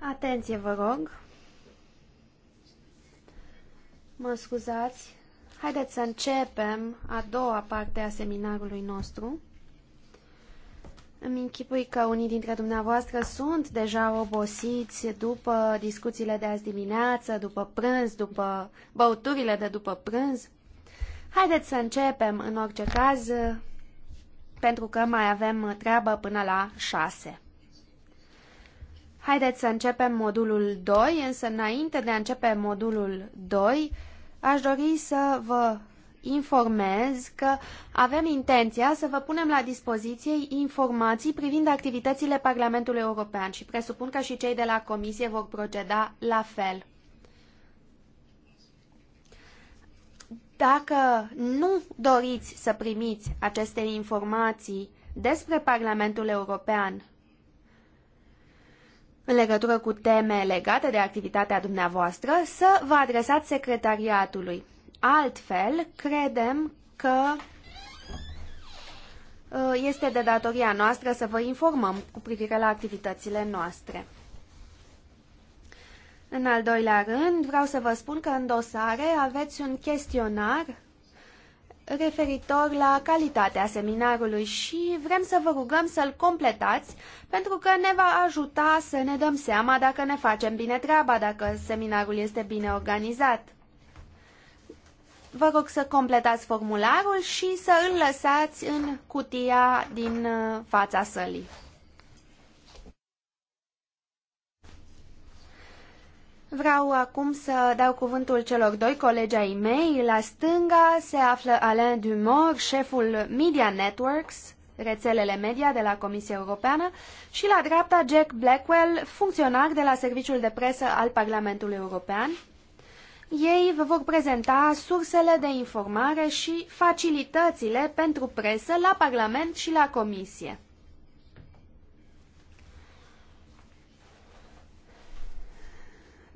Atenție, vă rog. Mă scuzați. Haideți să începem a doua parte a seminarului nostru. Îmi închipui că unii dintre dumneavoastră sunt deja obosiți după discuțiile de azi dimineață, după prânz, după băuturile de după prânz. Haideți să începem, în orice caz, pentru că mai avem treabă până la șase. Haideți să începem modulul 2, însă înainte de a începe modulul 2, aș dori să vă informez că avem intenția să vă punem la dispoziție informații privind activitățile Parlamentului European și presupun că și cei de la Comisie vor proceda la fel. Dacă nu doriți să primiți aceste informații despre Parlamentul European în legătură cu teme legate de activitatea dumneavoastră, să vă adresați secretariatului. Altfel, credem că uh, este de datoria noastră să vă informăm cu privire la activitățile noastre. În al doilea rând, vreau să vă spun că în dosare aveți un chestionar referitor la calitatea seminarului și vrem să vă rugăm să-l completați pentru că ne va ajuta să ne dăm seama dacă ne facem bine treaba, dacă seminarul este bine organizat. Vă rog să completați formularul și să îl lăsați în cutia din uh, fața sălii. Vreau acum să dau cuvântul celor doi colegi ai mei. La stânga se află Alain Dumont, șeful Media Networks, rețelele media de la Comisia Europeană, și la dreapta Jack Blackwell, funcționar de la Serviciul de Presă al Parlamentului European. Ei vă vor prezenta sursele de informare și facilitățile pentru presă la Parlament și la Comisie.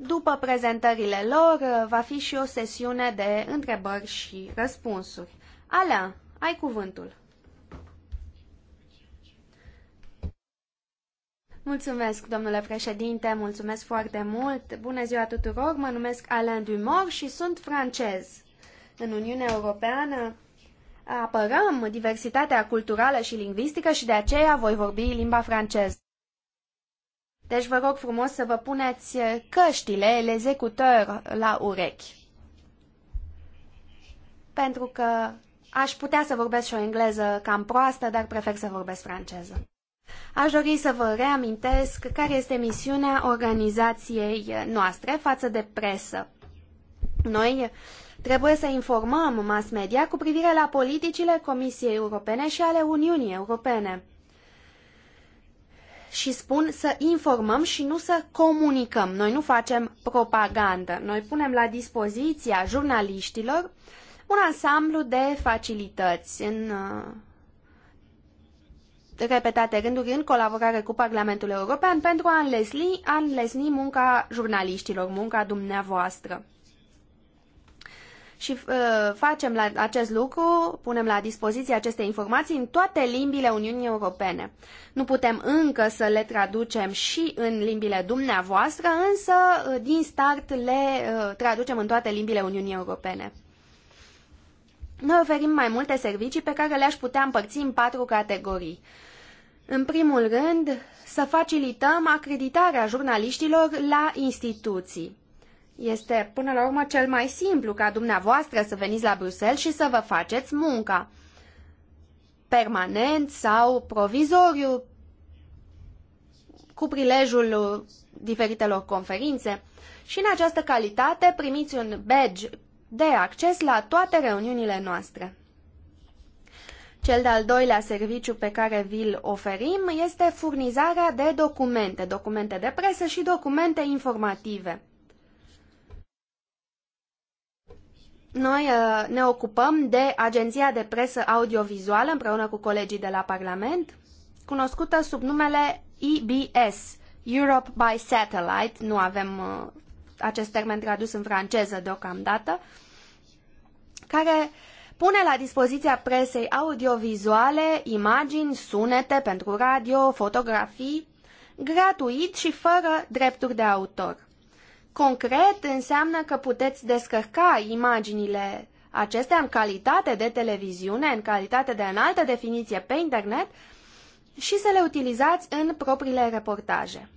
După prezentările lor, va fi și o sesiune de întrebări și răspunsuri. Alea, ai cuvântul. Mulțumesc, domnule președinte, mulțumesc foarte mult. Bună ziua tuturor, mă numesc Alain Dumor și sunt francez. În Uniunea Europeană apărăm diversitatea culturală și lingvistică și de aceea voi vorbi limba franceză. Deci vă rog frumos să vă puneți uh, căștile, les la urechi. Pentru că aș putea să vorbesc și o engleză cam proastă, dar prefer să vorbesc franceză. Aș dori să vă reamintesc care este misiunea organizației noastre față de presă. Noi trebuie să informăm mass media cu privire la politicile Comisiei Europene și ale Uniunii Europene și spun să informăm și nu să comunicăm. Noi nu facem propagandă. Noi punem la dispoziția jurnaliștilor un ansamblu de facilități în uh, repetate rânduri în colaborare cu Parlamentul European pentru a înlesni, a înlesni munca jurnaliștilor, munca dumneavoastră și uh, facem la acest lucru, punem la dispoziție aceste informații în toate limbile Uniunii Europene. Nu putem încă să le traducem și în limbile dumneavoastră, însă uh, din start le uh, traducem în toate limbile Uniunii Europene. Noi oferim mai multe servicii pe care le-aș putea împărți în patru categorii. În primul rând, să facilităm acreditarea jurnaliștilor la instituții. Este până la urmă cel mai simplu ca dumneavoastră să veniți la Bruxelles și să vă faceți munca. Permanent sau provizoriu, cu prilejul diferitelor conferințe. Și în această calitate primiți un badge de acces la toate reuniunile noastre. Cel de-al doilea serviciu pe care vi-l oferim este furnizarea de documente, documente de presă și documente informative. noi uh, ne ocupăm de Agenția de Presă Audiovizuală împreună cu colegii de la Parlament, cunoscută sub numele EBS, Europe by Satellite. Nu avem uh, acest termen tradus în franceză deocamdată, care pune la dispoziția presei audiovizuale imagini, sunete pentru radio, fotografii, gratuit și fără drepturi de autor. Concret înseamnă că puteți descărca imaginile acestea în calitate de televiziune, în calitate de înaltă definiție pe internet și să le utilizați în propriile reportaje.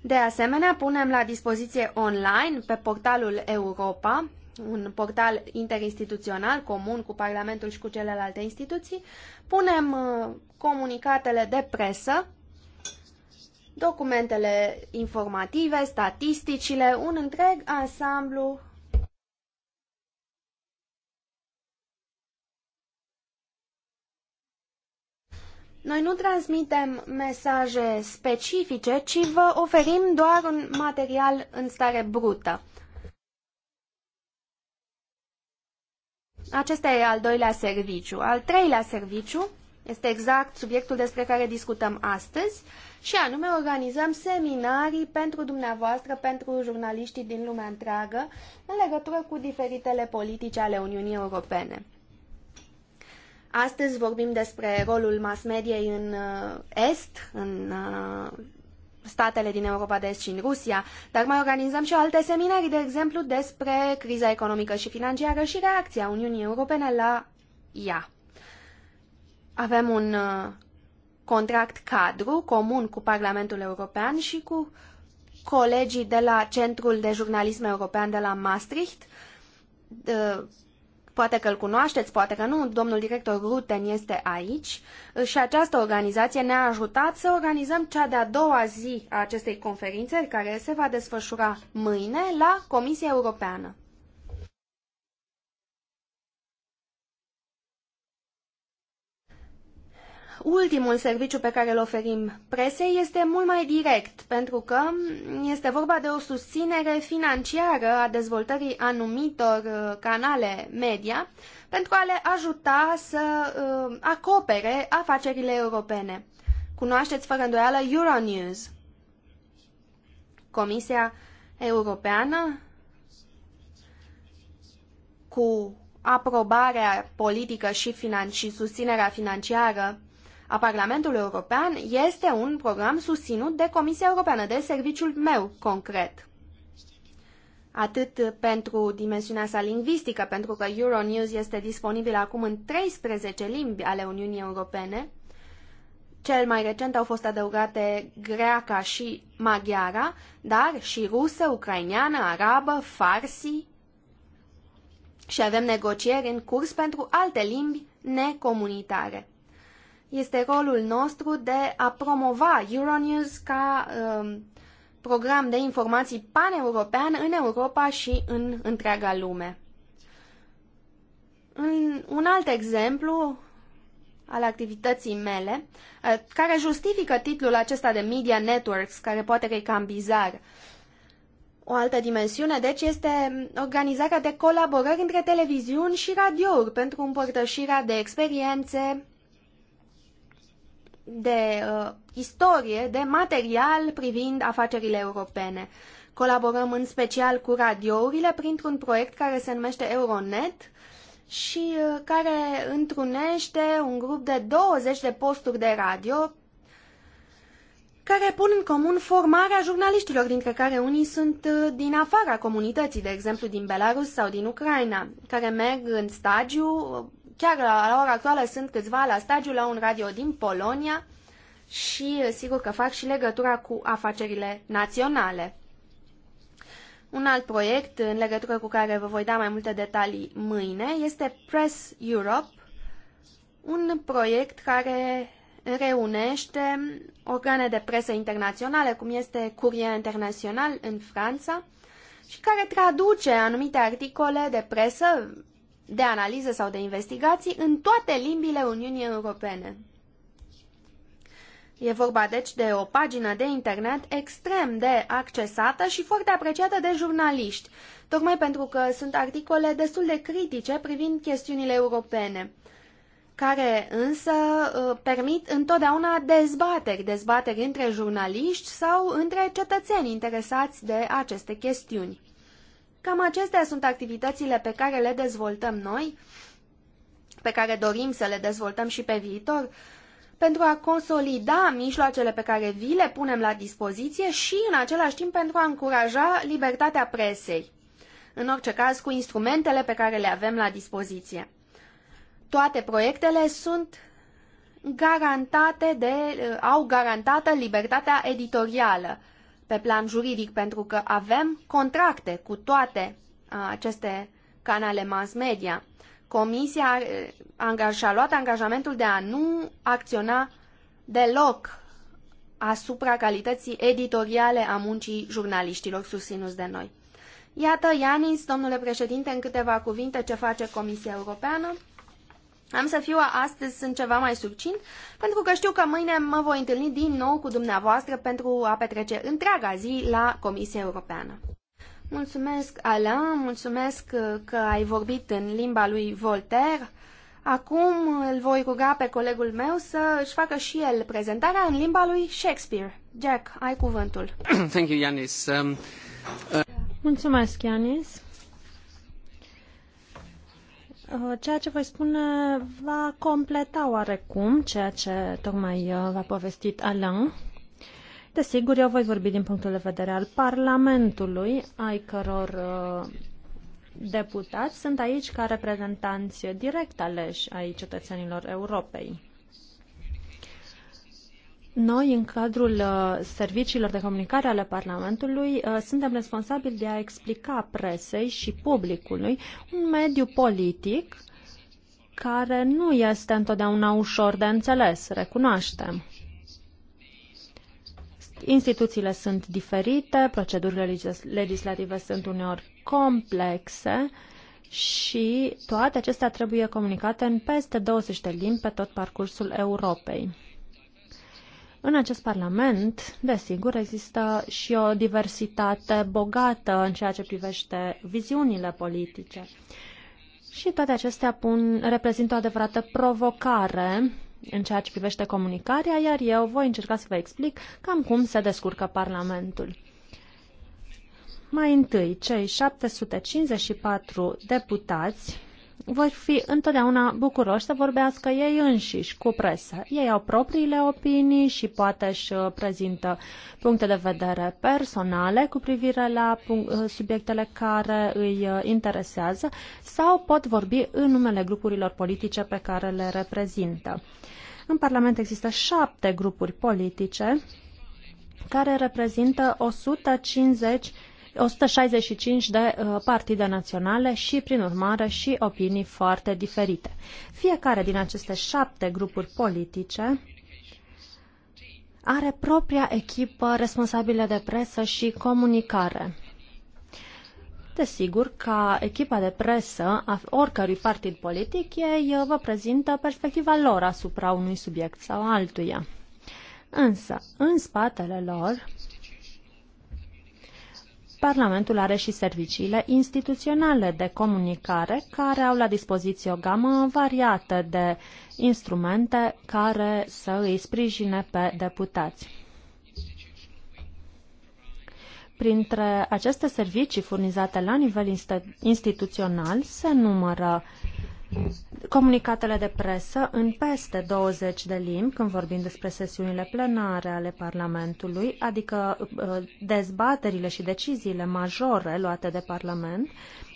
De asemenea, punem la dispoziție online pe portalul Europa, un portal interinstituțional comun cu Parlamentul și cu celelalte instituții, punem uh, comunicatele de presă documentele informative, statisticile, un întreg ansamblu Noi nu transmitem mesaje specifice, ci vă oferim doar un material în stare brută. Acesta e al doilea serviciu. Al treilea serviciu este exact subiectul despre care discutăm astăzi și anume organizăm seminarii pentru dumneavoastră, pentru jurnaliștii din lumea întreagă, în legătură cu diferitele politici ale Uniunii Europene. Astăzi vorbim despre rolul mass mediei în uh, Est, în uh, statele din Europa de Est și în Rusia, dar mai organizăm și alte seminarii, de exemplu, despre criza economică și financiară și reacția Uniunii Europene la ea. Avem un uh, contract cadru comun cu Parlamentul European și cu colegii de la Centrul de Jurnalism European de la Maastricht. Poate că îl cunoașteți, poate că nu, domnul director Ruten este aici și această organizație ne-a ajutat să organizăm cea de-a doua zi a acestei conferințe care se va desfășura mâine la Comisia Europeană. ultimul serviciu pe care îl oferim presei este mult mai direct, pentru că este vorba de o susținere financiară a dezvoltării anumitor uh, canale media pentru a le ajuta să uh, acopere afacerile europene. Cunoașteți fără îndoială Euronews. Comisia Europeană cu aprobarea politică și, finan- și susținerea financiară a Parlamentului European este un program susținut de Comisia Europeană, de serviciul meu concret. Atât pentru dimensiunea sa lingvistică, pentru că Euronews este disponibil acum în 13 limbi ale Uniunii Europene, cel mai recent au fost adăugate greaca și maghiara, dar și rusă, ucraineană, arabă, farsi. Și avem negocieri în curs pentru alte limbi necomunitare. Este rolul nostru de a promova Euronews ca um, program de informații paneuropean în Europa și în întreaga lume. În un alt exemplu al activității mele, uh, care justifică titlul acesta de Media Networks, care poate că e cam bizar, o altă dimensiune, deci, este organizarea de colaborări între televiziuni și radiouri pentru împărtășirea de experiențe, de uh, istorie, de material privind afacerile europene. Colaborăm în special cu radiourile printr-un proiect care se numește Euronet și uh, care întrunește un grup de 20 de posturi de radio care pun în comun formarea jurnaliștilor, dintre care unii sunt uh, din afara comunității, de exemplu din Belarus sau din Ucraina, care merg în stagiu uh, chiar la ora actuală sunt câțiva la stagiu la un radio din Polonia și eh, sigur că fac și legătura cu afacerile naționale. Un alt proiect în legătură cu care vă voi da mai multe detalii mâine este Press Europe, un proiect care reunește organe de presă internaționale, cum este Courrier Internațional în Franța, și care traduce anumite articole de presă de analiză sau de investigații în toate limbile Uniunii Europene. E vorba deci de o pagină de internet extrem de accesată și foarte apreciată de jurnaliști, tocmai pentru că sunt articole destul de critice privind chestiunile europene, care însă ă, permit întotdeauna dezbateri, dezbateri între jurnaliști sau între cetățeni interesați de aceste chestiuni. Cam acestea sunt activitățile pe care le dezvoltăm noi, pe care dorim să le dezvoltăm și pe viitor, pentru a consolida mijloacele pe care vi le punem la dispoziție și, în același timp, pentru a încuraja libertatea presei, în orice caz cu instrumentele pe care le avem la dispoziție. Toate proiectele sunt garantate de, au garantată libertatea editorială, pe plan juridic, pentru că avem contracte cu toate aceste canale mass media. Comisia și-a luat angajamentul de a nu acționa deloc asupra calității editoriale a muncii jurnaliștilor susținuți de noi. Iată, Ianis, domnule președinte, în câteva cuvinte ce face Comisia Europeană. Am să fiu astăzi în ceva mai succint, pentru că știu că mâine mă voi întâlni din nou cu dumneavoastră pentru a petrece întreaga zi la Comisia Europeană. Mulțumesc, Alain, mulțumesc uh, că ai vorbit în limba lui Voltaire. Acum îl voi ruga pe colegul meu să își facă și el prezentarea în limba lui Shakespeare. Jack, ai cuvântul. Thank you, Yanis. Um, uh... Mulțumesc, Yanis. Uh, ceea ce voi spune va completa oarecum ceea ce tocmai uh, v-a povestit Alain. Desigur, eu voi vorbi din punctul de vedere al Parlamentului, ai căror uh, deputați sunt aici ca reprezentanți direct aleși ai cetățenilor Europei. Noi, în cadrul uh, serviciilor de comunicare ale Parlamentului, uh, suntem responsabili de a explica presei și publicului un mediu politic care nu este întotdeauna ușor de înțeles, recunoaștem. Instituțiile sunt diferite, procedurile legislative sunt uneori complexe și toate acestea trebuie comunicate în peste 20 de limbi pe tot parcursul Europei. În acest Parlament, desigur, există și o diversitate bogată în ceea ce privește viziunile politice. Și toate acestea pun, reprezintă o adevărată provocare în ceea ce privește comunicarea, iar eu voi încerca să vă explic cam cum se descurcă Parlamentul. Mai întâi, cei 754 deputați vor fi întotdeauna bucuroși să vorbească ei înșiși cu presa. Ei au propriile opinii și poate își uh, prezintă puncte de vedere personale cu privire la uh, subiectele care îi uh, interesează sau pot vorbi în numele grupurilor politice pe care le reprezintă. În Parlament există șapte grupuri politice care reprezintă 150 165 de uh, partide naționale și, prin urmare, și opinii foarte diferite. Fiecare din aceste șapte grupuri politice are propria echipă responsabilă de presă și comunicare. Desigur, ca echipa de presă a oricărui partid politic, ei uh, vă prezintă perspectiva lor asupra unui subiect sau altuia. Însă, în spatele lor, Parlamentul are și serviciile instituționale de comunicare care au la dispoziție o gamă variată de instrumente care să îi sprijine pe deputați. Printre aceste servicii furnizate la nivel instituțional se numără uh, comunicatele de presă în peste 20 de limbi când vorbim despre sesiunile plenare ale Parlamentului, adică uh, dezbaterile și deciziile majore luate de Parlament,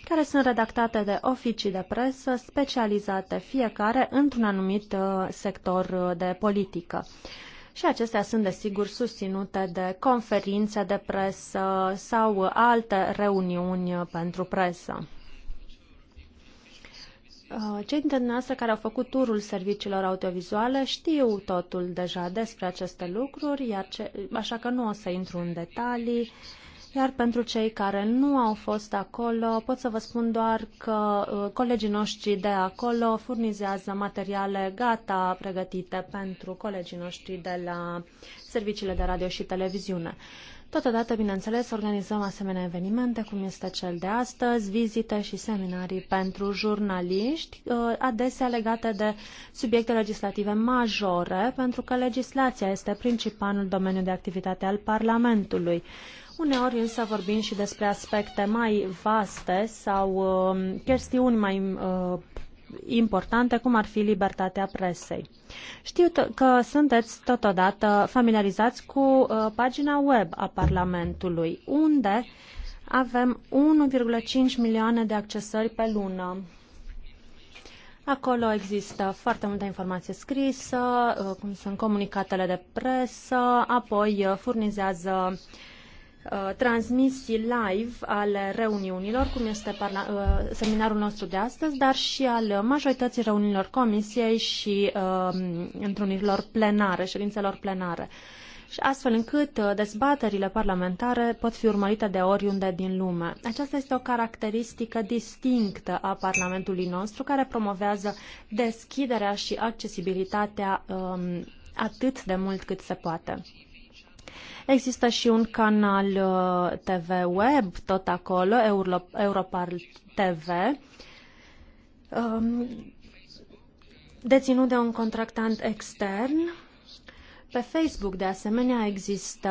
care sunt redactate de oficii de presă specializate fiecare într-un anumit uh, sector uh, de politică. Și acestea sunt, desigur, susținute de conferințe de presă sau alte reuniuni pentru presă. Uh, cei dintre noastre care au făcut turul serviciilor audiovizuale știu totul deja despre aceste lucruri, iar ce, așa că nu o să intru în detalii. Iar pentru cei care nu au fost acolo, pot să vă spun doar că uh, colegii noștri de acolo furnizează materiale gata, pregătite pentru colegii noștri de la serviciile de radio și televiziune. Totodată, bineînțeles, organizăm asemenea evenimente, cum este cel de astăzi, vizite și seminarii pentru jurnaliști, uh, adesea legate de subiecte legislative majore, pentru că legislația este principalul domeniu de activitate al Parlamentului. Uneori însă vorbim și despre aspecte mai vaste sau uh, chestiuni mai uh, importante, cum ar fi libertatea presei. Știu că sunteți totodată familiarizați cu uh, pagina web a Parlamentului, unde avem 1,5 milioane de accesări pe lună. Acolo există foarte multă informație scrisă, uh, cum sunt comunicatele de presă, apoi uh, furnizează Uh, transmisii live ale reuniunilor, cum este uh, seminarul nostru de astăzi, dar și al majorității reuniunilor comisiei și uh, întrunirilor plenare, ședințelor plenare și astfel încât dezbaterile parlamentare pot fi urmărite de oriunde din lume. Aceasta este o caracteristică distinctă a Parlamentului nostru care promovează deschiderea și accesibilitatea um, atât de mult cât se poate. Există și un canal uh, TV web tot acolo, Europarl TV, um, deținut de un contractant extern. Pe Facebook, de asemenea, există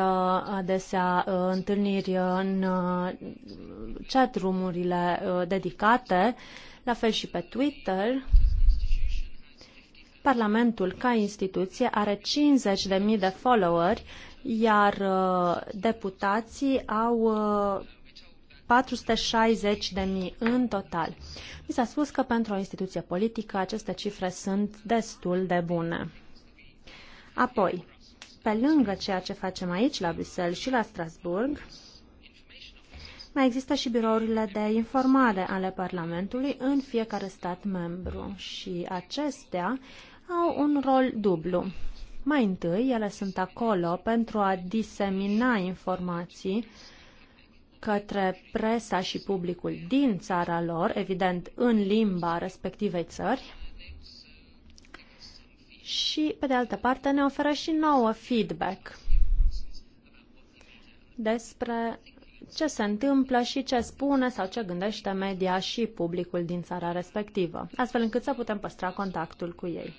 adesea uh, întâlniri în uh, chat chatrumurile dedicate, la fel și pe Twitter. Parlamentul, ca instituție, are 50.000 de followeri iar uh, deputații au 460 uh, de mii în total. Mi s-a spus că pentru o instituție politică aceste cifre sunt destul de bune. Apoi, pe lângă ceea ce facem aici la Bruxelles și la Strasburg, mai există și birourile de informare ale Parlamentului în fiecare stat membru și acestea au un rol dublu. Mai întâi, ele sunt acolo pentru a disemina informații către presa și publicul din țara lor, evident în limba respectivei țări, și, pe de altă parte, ne oferă și nouă feedback despre ce se întâmplă și ce spune sau ce gândește media și publicul din țara respectivă, astfel încât să putem păstra contactul cu ei.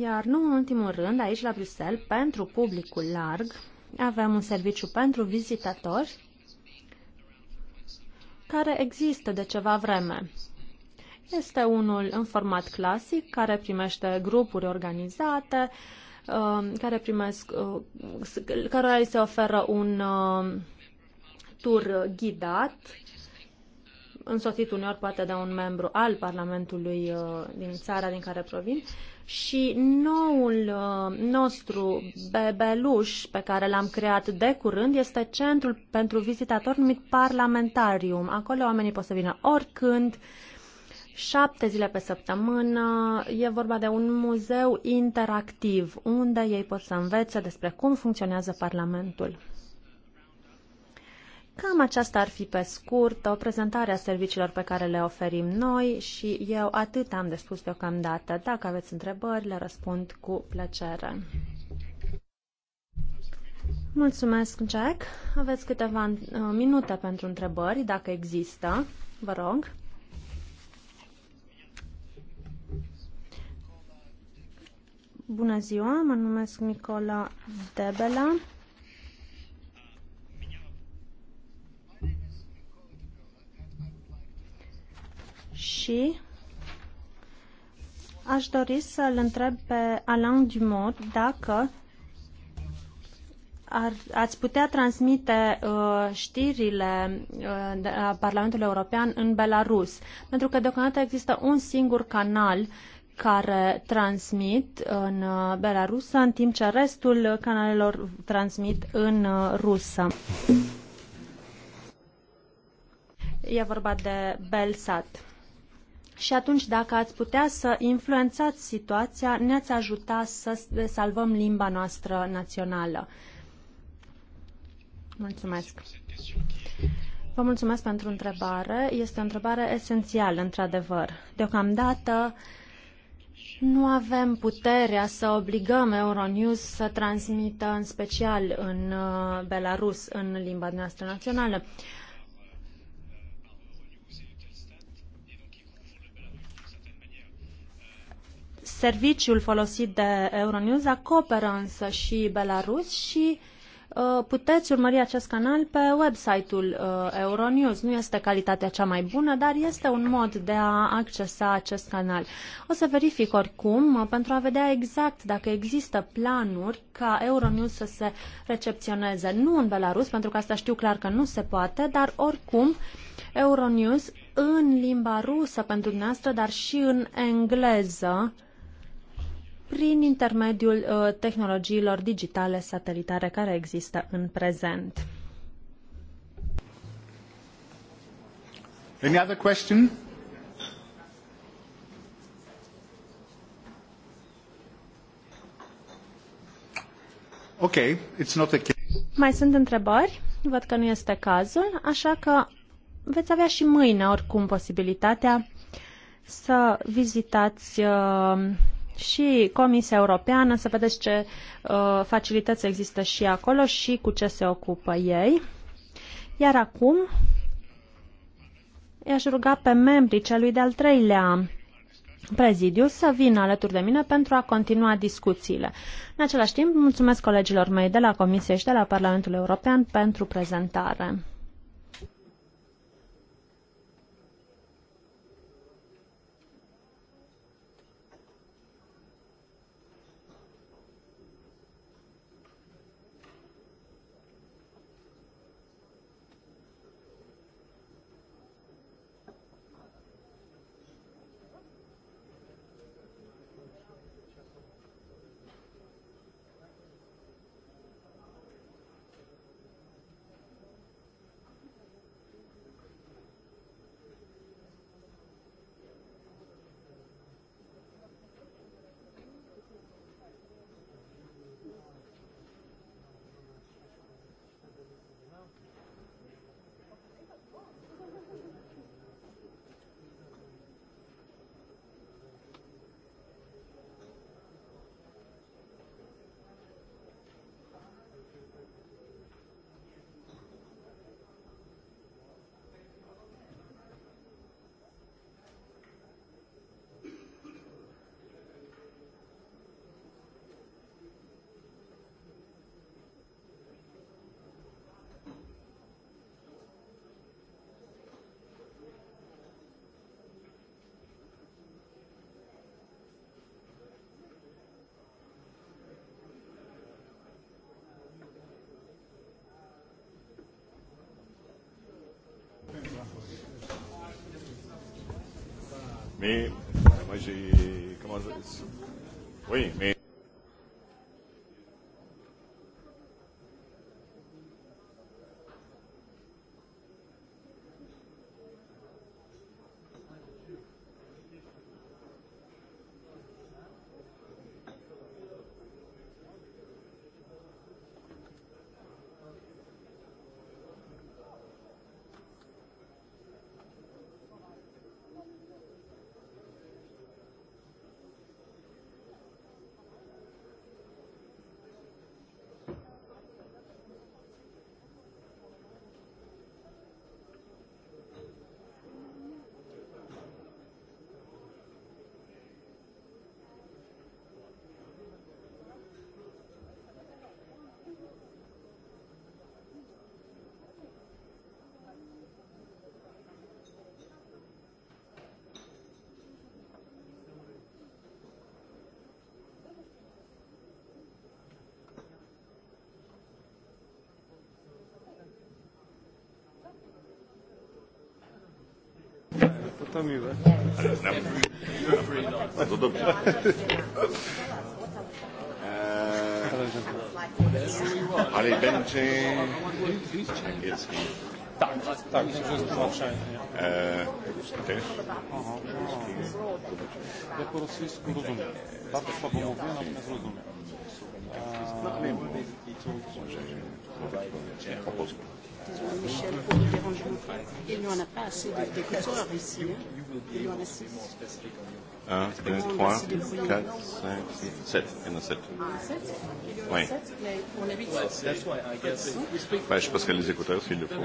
Iar nu în ultimul rând, aici la Bruxelles, pentru publicul larg, avem un serviciu pentru vizitatori care există de ceva vreme. Este unul în format clasic care primește grupuri organizate, um, care primesc, uh, care li se oferă un um, tur ghidat, însoțit uneori poate de un membru al Parlamentului uh, din țara din care provin, și noul uh, nostru bebeluș pe care l-am creat de curând este centrul pentru vizitatori numit Parlamentarium. Acolo oamenii pot să vină oricând, șapte zile pe săptămână. E vorba de un muzeu interactiv unde ei pot să învețe despre cum funcționează Parlamentul. Cam aceasta ar fi pe scurt o prezentare a serviciilor pe care le oferim noi și eu atât am de spus deocamdată. Dacă aveți întrebări, le răspund cu plăcere. Mulțumesc, Jack. Aveți câteva uh, minute pentru întrebări, dacă există. Vă rog. Bună ziua, mă numesc Nicola Debela și aș dori să-l întreb pe Alain Dumont dacă ar, ați putea transmite uh, știrile uh, de la Parlamentul European în Belarus, pentru că deocamdată există un singur canal care transmit în uh, belarusă, în timp ce restul canalelor transmit în uh, rusă. E vorba de Belsat. Și atunci, dacă ați putea să influențați situația, ne-ați ajuta să salvăm limba noastră națională. Mulțumesc. Vă mulțumesc pentru întrebare. Este o întrebare esențială, într-adevăr. Deocamdată nu avem puterea să obligăm Euronews să transmită în special în uh, Belarus, în limba noastră națională. Serviciul folosit de Euronews acoperă însă și Belarus și uh, puteți urmări acest canal pe website-ul uh, Euronews. Nu este calitatea cea mai bună, dar este un mod de a accesa acest canal. O să verific oricum uh, pentru a vedea exact dacă există planuri ca Euronews să se recepționeze. Nu în Belarus, pentru că asta știu clar că nu se poate, dar oricum Euronews în limba rusă pentru dumneavoastră, dar și în engleză prin intermediul uh, tehnologiilor digitale satelitare care există în prezent. Any other question? Okay, it's not case. Mai sunt întrebări? Văd că nu este cazul, așa că veți avea și mâine oricum posibilitatea să vizitați uh, și Comisia Europeană, să vedeți ce uh, facilități există și acolo și cu ce se ocupă ei. Iar acum i-aș ruga pe membrii celui de-al treilea prezidiu să vină alături de mine pentru a continua discuțiile. În același timp, mulțumesc colegilor mei de la Comisie și de la Parlamentul European pentru prezentare. Mais moi j'ai. Comment. Oui, mais. To miłe. Ale znam. No to dobrze. Ale będzie angielski. Tak, tak, myślę, że tłumaczenie. E, ruski też? Aha, ruski. Ja po rosyjsku rozumiem. Bardzo słabo mówię, natomiast rozumiem. może po polsku disons, Michel, pour le dérangement. Il n'y en a pas assez d'écouteurs ici. Hein. Il y en a six. 1, 2, 3, 4, 5, 6, 7. Il y en a 7. Ah, oui. Ouais, je passerai les écouteurs s'il le faut.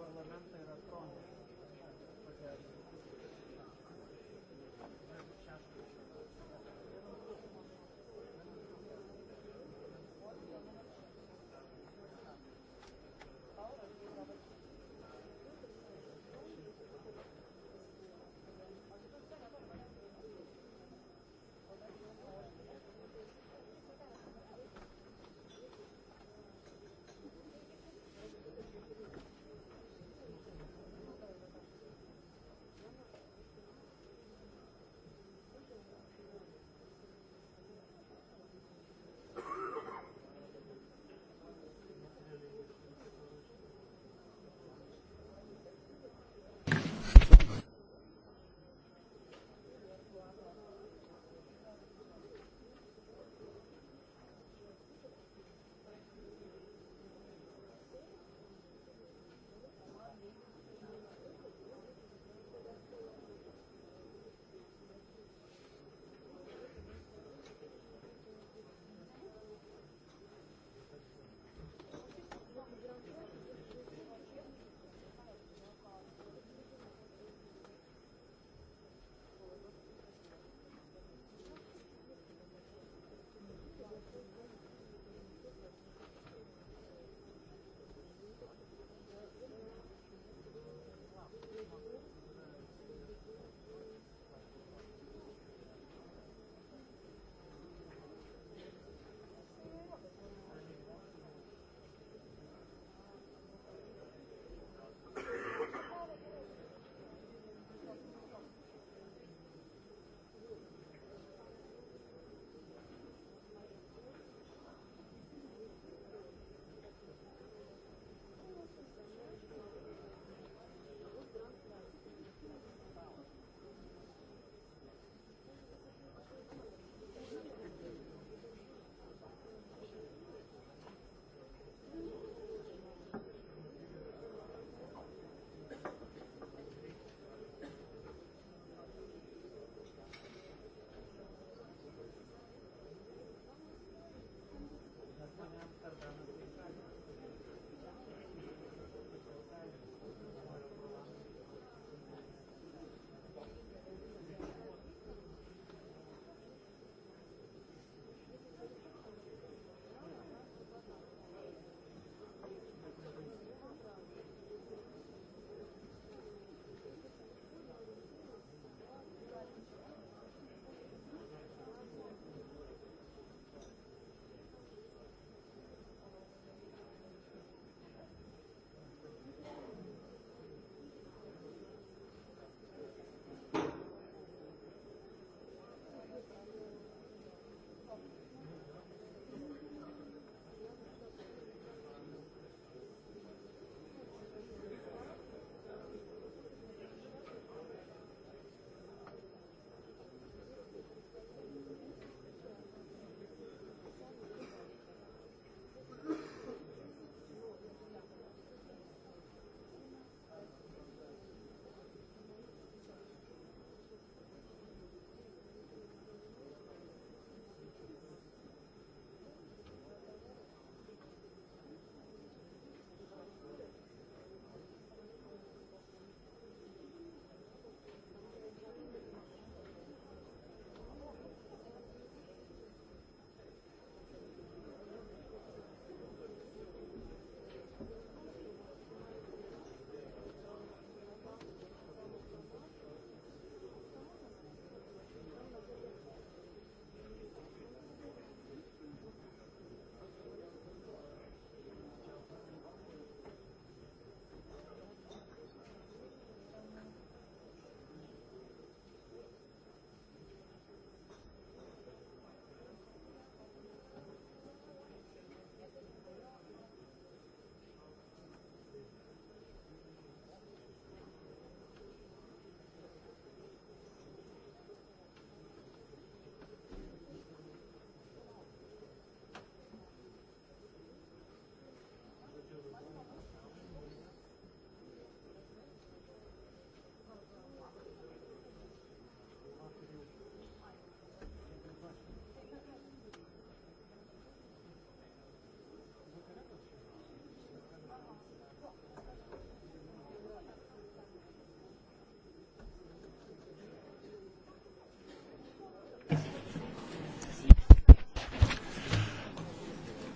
Parlamentul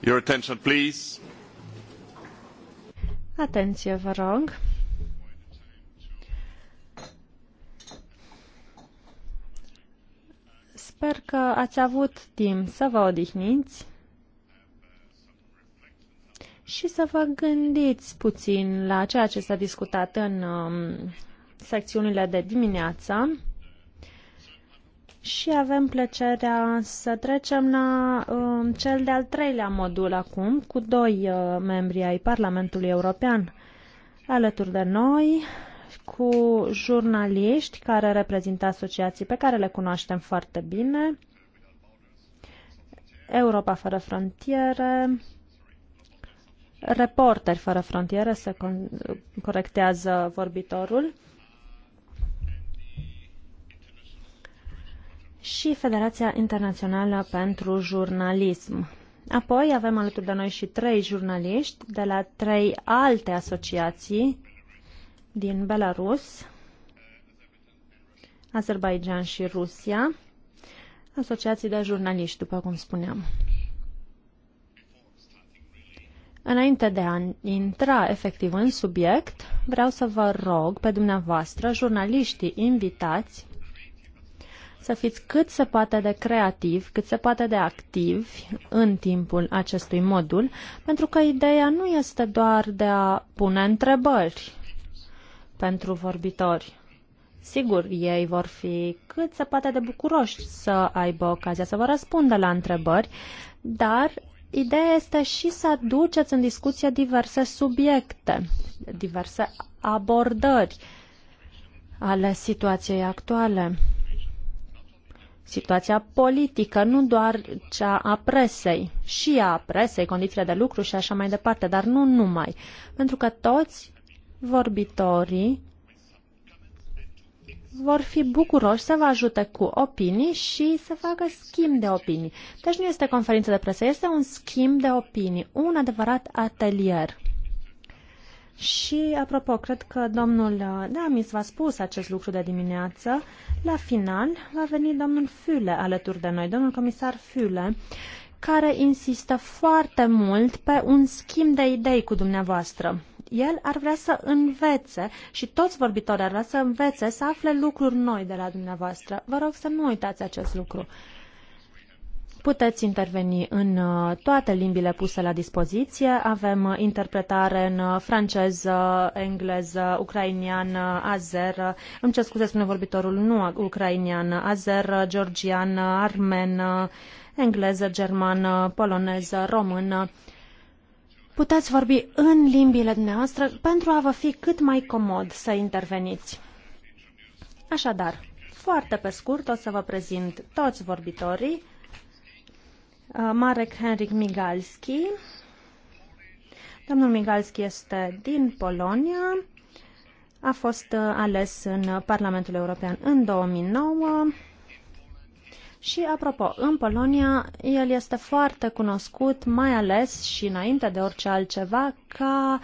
Your attention, please. Atenție, vă rog. Sper că ați avut timp să vă odihniți și să vă gândiți puțin la ceea ce s-a discutat în um, secțiunile de dimineață. Și avem plăcerea să trecem la uh, cel de-al treilea modul acum, cu doi uh, membri ai Parlamentului European alături de noi, cu jurnaliști care reprezintă asociații pe care le cunoaștem foarte bine, Europa fără frontiere, Reporteri fără frontiere, se corectează vorbitorul și Federația Internațională pentru Jurnalism. Apoi avem alături de noi și trei jurnaliști de la trei alte asociații din Belarus, Azerbaijan și Rusia, asociații de jurnaliști, după cum spuneam. Înainte de a intra efectiv în subiect, vreau să vă rog pe dumneavoastră, jurnaliștii invitați, să fiți cât se poate de creativ, cât se poate de activ în timpul acestui modul, pentru că ideea nu este doar de a pune întrebări pentru vorbitori. Sigur, ei vor fi cât se poate de bucuroși să aibă ocazia să vă răspundă la întrebări, dar ideea este și să aduceți în discuție diverse subiecte, diverse abordări ale situației actuale situația politică, nu doar cea a presei, și a presei, condițiile de lucru și așa mai departe, dar nu numai. Pentru că toți vorbitorii vor fi bucuroși să vă ajute cu opinii și să facă schimb de opinii. Deci nu este conferință de presă, este un schimb de opinii, un adevărat atelier. Și, apropo, cred că domnul Damis v-a spus acest lucru de dimineață. La final va veni domnul Füle alături de noi, domnul comisar Füle, care insistă foarte mult pe un schimb de idei cu dumneavoastră. El ar vrea să învețe și toți vorbitorii ar vrea să învețe, să afle lucruri noi de la dumneavoastră. Vă rog să nu uitați acest lucru. Puteți interveni în uh, toate limbile puse la dispoziție. Avem uh, interpretare în uh, franceză, engleză, ucrainian, azer. Îmi cer scuze, spune vorbitorul, nu ucrainian, azer, georgian, armen, engleză, germană, poloneză, română. Puteți vorbi în limbile dumneavoastră pentru a vă fi cât mai comod să interveniți. Așadar, foarte pe scurt o să vă prezint toți vorbitorii Uh, Marek Henrik Migalski. Domnul Migalski este din Polonia. A fost uh, ales în Parlamentul European în 2009. Și, apropo, în Polonia el este foarte cunoscut, mai ales și înainte de orice altceva, ca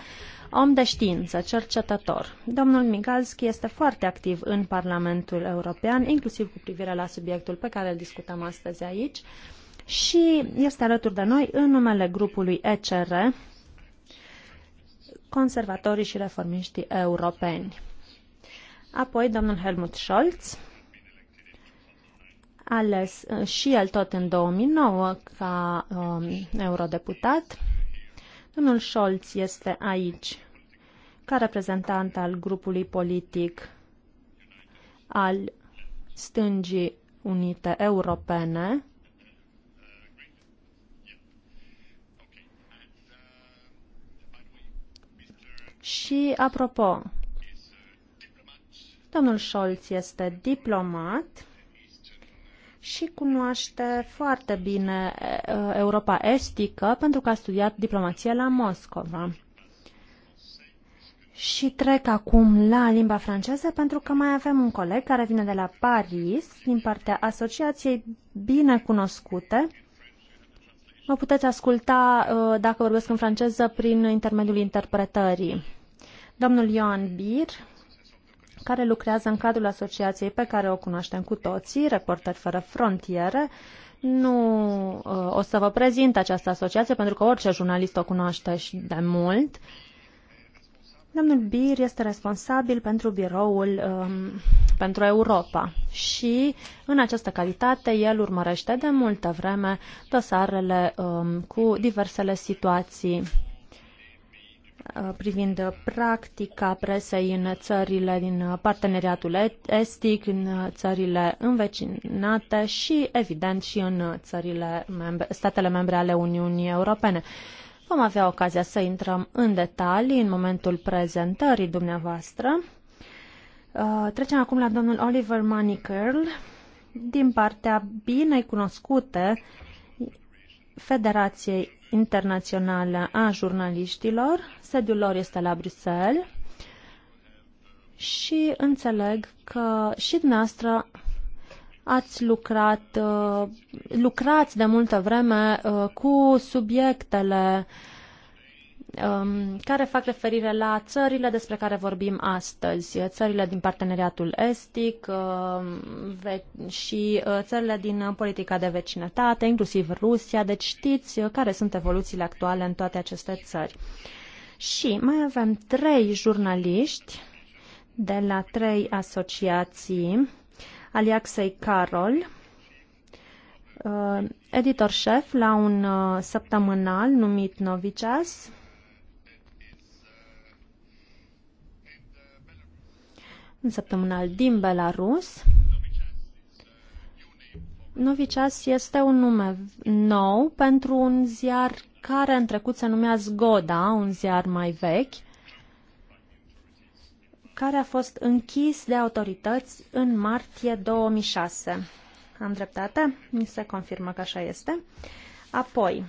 om de știință, cercetător. Domnul Migalski este foarte activ în Parlamentul European, inclusiv cu privire la subiectul pe care îl discutăm astăzi aici. Uh, și este alături de noi în numele grupului ECR, conservatorii și reformiștii europeni. Apoi domnul Helmut Scholz, ales uh, și el tot în 2009 ca um, eurodeputat. Domnul Scholz este aici ca reprezentant al grupului politic al stângii unite europene Și, apropo, domnul Scholz este diplomat și cunoaște foarte bine Europa Estică pentru că a studiat diplomație la Moscova. Și trec acum la limba franceză pentru că mai avem un coleg care vine de la Paris, din partea Asociației Binecunoscute, Mă puteți asculta, uh, dacă vorbesc în franceză, prin intermediul interpretării. Domnul Ioan Bir, care lucrează în cadrul asociației pe care o cunoaștem cu toții, Reporteri Fără Frontiere, nu uh, o să vă prezint această asociație, pentru că orice jurnalist o cunoaște și de mult, Domnul Bir este responsabil pentru biroul um, pentru Europa și în această calitate el urmărește de multă vreme dosarele um, cu diversele situații uh, privind practica presei în țările din parteneriatul estic, în țările învecinate și, evident, și în țările membre, statele membre ale Uniunii Europene. Vom avea ocazia să intrăm în detalii în momentul prezentării dumneavoastră. Uh, trecem acum la domnul Oliver Manicurl, din partea bine cunoscute Federației Internaționale a Jurnaliștilor. Sediul lor este la Bruxelles și înțeleg că și dumneavoastră ați lucrat, uh, lucrați de multă vreme uh, cu subiectele um, care fac referire la țările despre care vorbim astăzi, țările din parteneriatul estic uh, și țările din politica de vecinătate, inclusiv Rusia, deci știți care sunt evoluțiile actuale în toate aceste țări. Și mai avem trei jurnaliști de la trei asociații al Carol, uh, editor șef la un uh, săptămânal numit Noviceas. Un săptămânal din Belarus. Novicias este un nume nou pentru un ziar care în trecut se numea Zgoda, un ziar mai vechi care a fost închis de autorități în martie 2006. Am dreptate? Mi se confirmă că așa este. Apoi,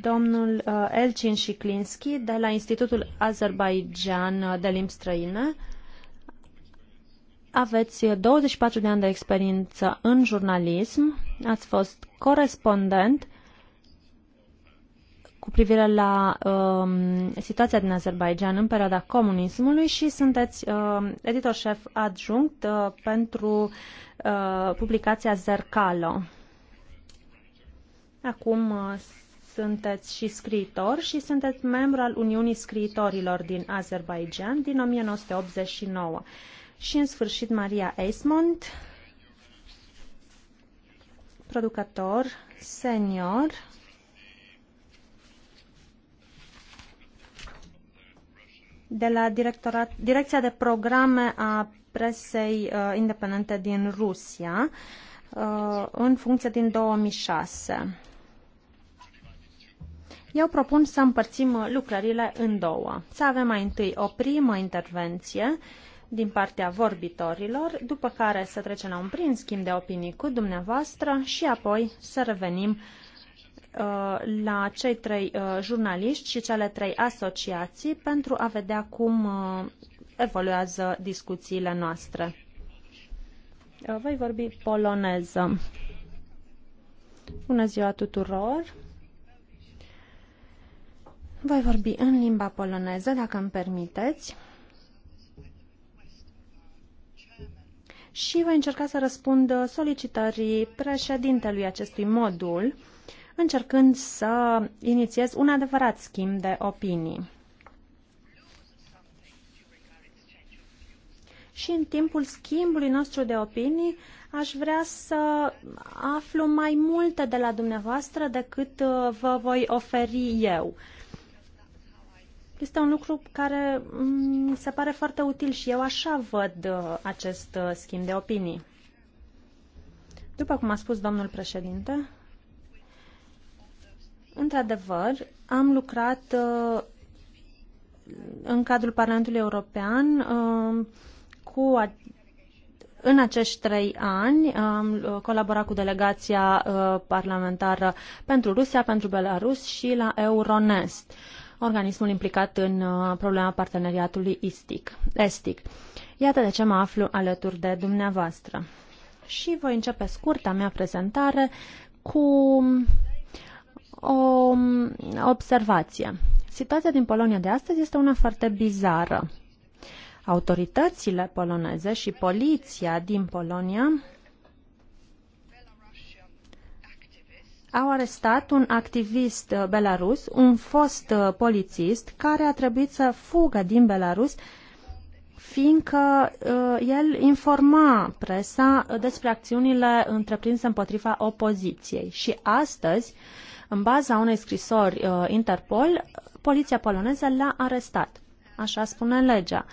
domnul uh, Elcin Șiclinski de la Institutul Azerbaijan uh, de Limbi Străine. Aveți 24 de ani de experiență în jurnalism, ați fost corespondent cu privire la um, situația din Azerbaijan în perioada comunismului și sunteți uh, um, editor șef adjunct uh, pentru uh, publicația Zercalo. Acum uh, sunteți și scriitor și sunteți membru al Uniunii Scriitorilor din Azerbaijan din 1989. Și în sfârșit Maria Eismont, producător senior de la directorat, Direcția de Programe a presei uh, independente din Rusia uh, în funcție din 2006. Eu propun să împărțim lucrările în două. Să avem mai întâi o primă intervenție din partea vorbitorilor, după care să trecem la un prim schimb de opinii cu dumneavoastră și apoi să revenim uh, Uh, la cei trei uh, jurnaliști și cele trei asociații pentru a vedea cum uh, evoluează discuțiile noastre. Voi vorbi poloneză. Bună ziua tuturor! Voi vorbi în limba poloneză, dacă îmi permiteți. Și voi încerca să răspund solicitării președintelui acestui modul încercând să inițiez un adevărat schimb de opinii. Și în timpul schimbului nostru de opinii aș vrea să aflu mai multe de la dumneavoastră decât uh, vă voi oferi eu. Este un lucru care mm, mi se pare foarte util și eu așa văd uh, acest uh, schimb de opinii. După cum a spus domnul președinte, Într-adevăr, am lucrat uh, în cadrul Parlamentului European uh, cu a, în acești trei ani am uh, colaborat cu delegația uh, parlamentară pentru Rusia, pentru Belarus și la Euronest, organismul implicat în uh, problema parteneriatului istic, estic. Iată de ce mă aflu alături de dumneavoastră. Și voi începe scurta mea prezentare cu o observație. Situația din Polonia de astăzi este una foarte bizară. Autoritățile poloneze și poliția din Polonia au arestat un activist belarus, un fost polițist, care a trebuit să fugă din Belarus fiindcă uh, el informa presa despre acțiunile întreprinse împotriva opoziției. Și astăzi uh, în baza unei scrisori uh, Interpol, poliția poloneză l-a arestat. Așa spune legea.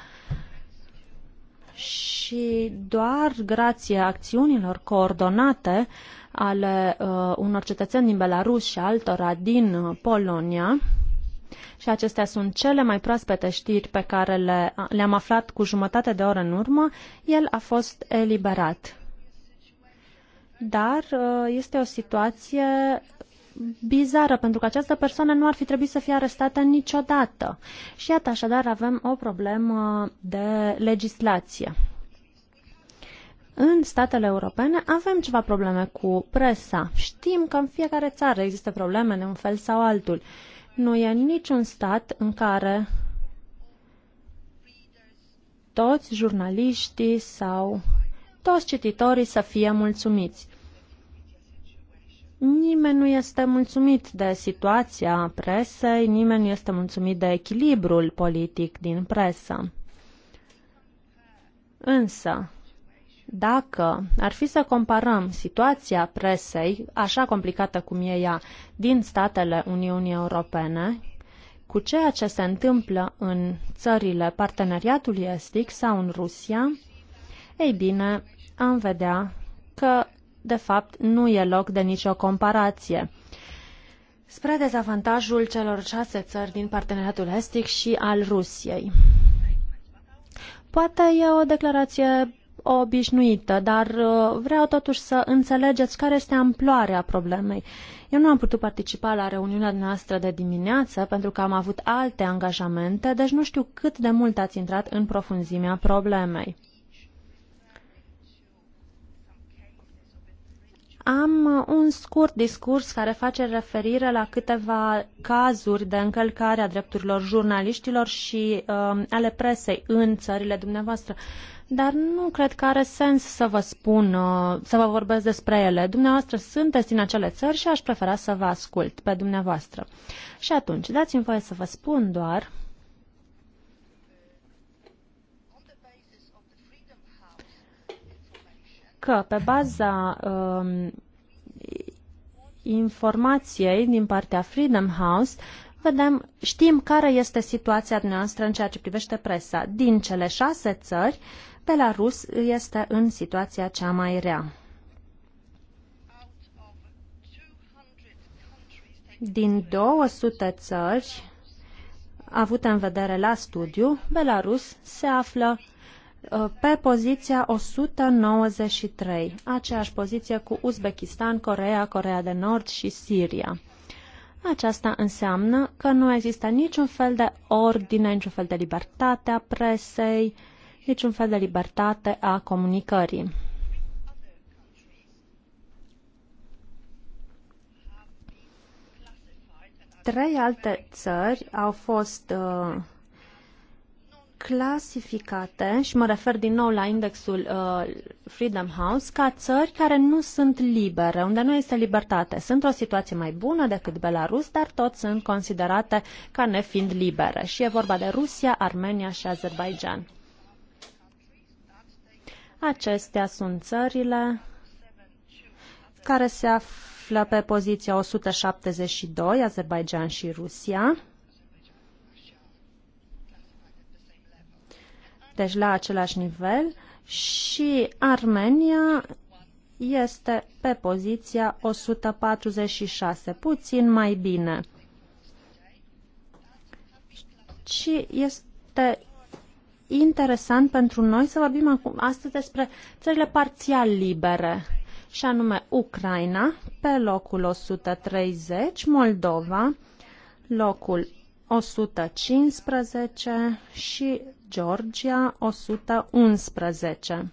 Și doar grație acțiunilor coordonate ale uh, unor cetățeni din Belarus și altora din uh, Polonia, și acestea sunt cele mai proaspete știri pe care le, uh, le-am aflat cu jumătate de oră în urmă, el a fost eliberat. Dar uh, este o situație bizară, pentru că această persoană nu ar fi trebuit să fie arestată niciodată. Și iată, așadar, avem o problemă de legislație. În statele europene avem ceva probleme cu presa. Știm că în fiecare țară există probleme de un fel sau altul. Nu e niciun stat în care toți jurnaliștii sau toți cititorii să fie mulțumiți. Nimeni nu este mulțumit de situația presei, nimeni nu este mulțumit de echilibrul politic din presă. Însă, dacă ar fi să comparăm situația presei, așa complicată cum e ea, din statele Uniunii Europene, cu ceea ce se întâmplă în țările parteneriatului estic sau în Rusia, ei bine, am vedea că de fapt, nu e loc de nicio comparație. Spre dezavantajul celor șase țări din parteneriatul estic și al Rusiei. Poate e o declarație obișnuită, dar uh, vreau totuși să înțelegeți care este amploarea problemei. Eu nu am putut participa la reuniunea noastră de dimineață pentru că am avut alte angajamente, deci nu știu cât de mult ați intrat în profunzimea problemei. Am uh, un scurt discurs care face referire la câteva cazuri de încălcare a drepturilor jurnaliștilor și uh, ale presei în țările dumneavoastră, dar nu cred că are sens să vă spun, uh, să vă vorbesc despre ele. Dumneavoastră sunteți din acele țări și aș prefera să vă ascult pe dumneavoastră. Și atunci, dați-mi voie să vă spun doar că pe baza um, informației din partea Freedom House vedem, știm care este situația noastră în ceea ce privește presa. Din cele șase țări, Belarus este în situația cea mai rea. Din 200 țări avute în vedere la studiu, Belarus se află pe poziția 193, aceeași poziție cu Uzbekistan, Corea, Corea de Nord și Siria. Aceasta înseamnă că nu există niciun fel de ordine, niciun fel de libertate a presei, niciun fel de libertate a comunicării. Trei alte țări au fost uh, clasificate, și mă refer din nou la indexul uh, Freedom House, ca țări care nu sunt libere, unde nu este libertate. Sunt o situație mai bună decât Belarus, dar tot sunt considerate ca nefiind libere. Și e vorba de Rusia, Armenia și Azerbaijan. Acestea sunt țările care se află pe poziția 172, Azerbaijan și Rusia. deci la același nivel, și Armenia este pe poziția 146, puțin mai bine. Și este interesant pentru noi să vorbim acum astăzi despre țările parțial libere, și anume Ucraina, pe locul 130, Moldova, locul 115 și Georgia 111.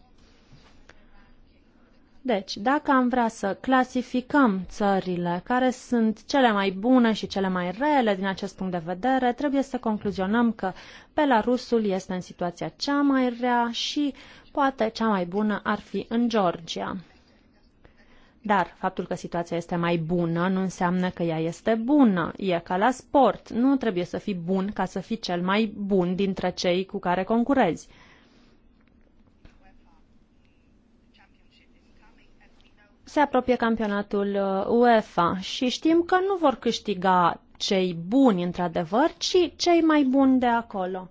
Deci, dacă am vrea să clasificăm țările care sunt cele mai bune și cele mai rele din acest punct de vedere, trebuie să concluzionăm că Belarusul este în situația cea mai rea și poate cea mai bună ar fi în Georgia. Dar faptul că situația este mai bună nu înseamnă că ea este bună. E ca la sport. Nu trebuie să fii bun ca să fii cel mai bun dintre cei cu care concurezi. Se apropie campionatul uh, UEFA și știm că nu vor câștiga cei buni, într-adevăr, ci cei mai buni de acolo.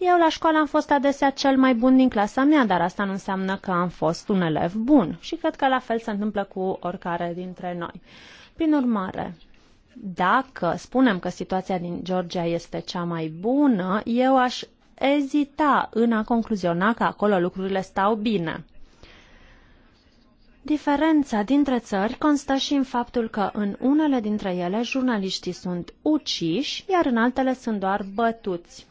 Eu la școală am fost adesea cel mai bun din clasa mea, dar asta nu înseamnă că am fost un elev bun. Și cred că la fel se întâmplă cu oricare dintre noi. Prin urmare, dacă spunem că situația din Georgia este cea mai bună, eu aș ezita în a concluziona că acolo lucrurile stau bine. Diferența dintre țări constă și în faptul că în unele dintre ele jurnaliștii sunt uciși, iar în altele sunt doar bătuți.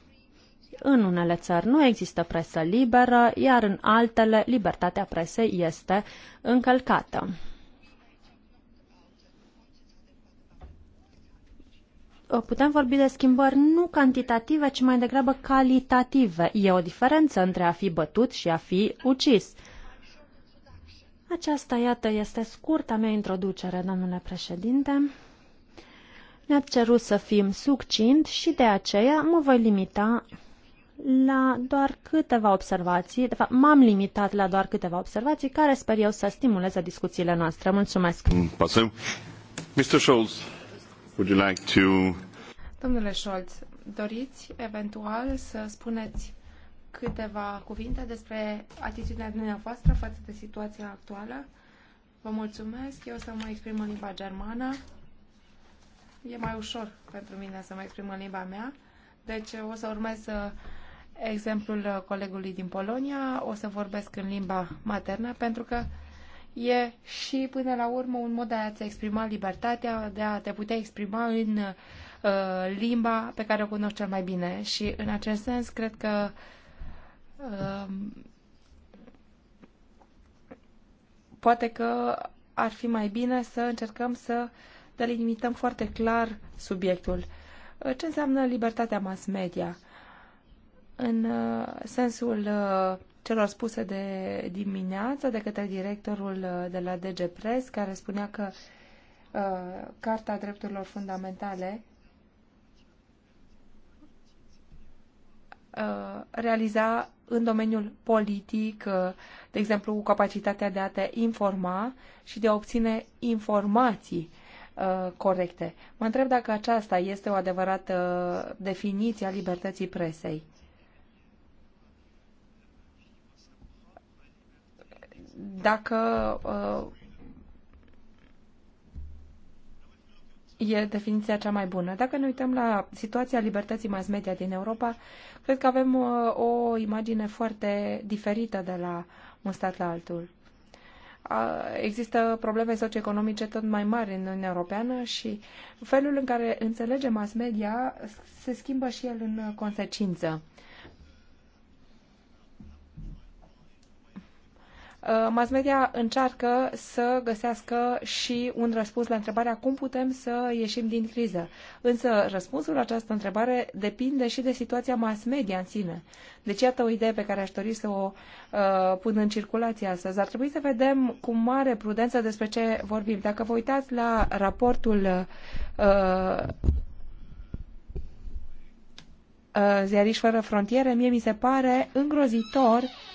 În unele țări nu există presă liberă, iar în altele libertatea presei este încălcată. putem vorbi de schimbări nu cantitative, ci mai degrabă calitative. E o diferență între a fi bătut și a fi ucis. Aceasta, iată, este scurta mea introducere, domnule președinte. Ne-ați cerut să fim succint și de aceea mă voi limita la doar câteva observații, de fapt m-am limitat la doar câteva observații care sper eu să stimuleze discuțiile noastre. Mulțumesc. Pasăm. Mr. Scholz, would you like to... Domnule Scholz, doriți eventual să spuneți câteva cuvinte despre atitudinea dumneavoastră față de situația actuală? Vă mulțumesc, eu să mă exprim în limba germană. E mai ușor pentru mine să mă exprim în limba mea. Deci o să urmez să uh, exemplul colegului din Polonia, o să vorbesc în limba maternă, pentru că e și până la urmă un mod de a-ți exprima libertatea, de a te putea exprima în uh, limba pe care o cunoști cel mai bine. Și în acest sens, cred că uh, poate că ar fi mai bine să încercăm să delimităm foarte clar subiectul. Ce înseamnă libertatea mass media? în uh, sensul uh, celor spuse de dimineață de către directorul uh, de la DG Press, care spunea că Carta Drepturilor Fundamentale realiza în domeniul politic, de exemplu, capacitatea de a te informa și de a obține informații corecte. Mă întreb dacă aceasta este o adevărată definiție a libertății presei. dacă uh, e definiția cea mai bună. Dacă ne uităm la situația libertății mass media din Europa, cred că avem uh, o imagine foarte diferită de la un stat la altul. Există probleme socioeconomice tot mai mari în Uniunea Europeană și felul în care înțelegem mass media se schimbă și el în consecință. Uh, mass media încearcă să găsească și un răspuns la întrebarea cum putem să ieșim din criză. Însă răspunsul la această întrebare depinde și de situația mass media în sine. Deci iată o idee pe care aș dori să o uh, pun în circulație astăzi. Ar trebui să vedem cu mare prudență despre ce vorbim. Dacă vă uitați la raportul uh, uh Ziariș fără frontiere, mie mi se pare îngrozitor uh,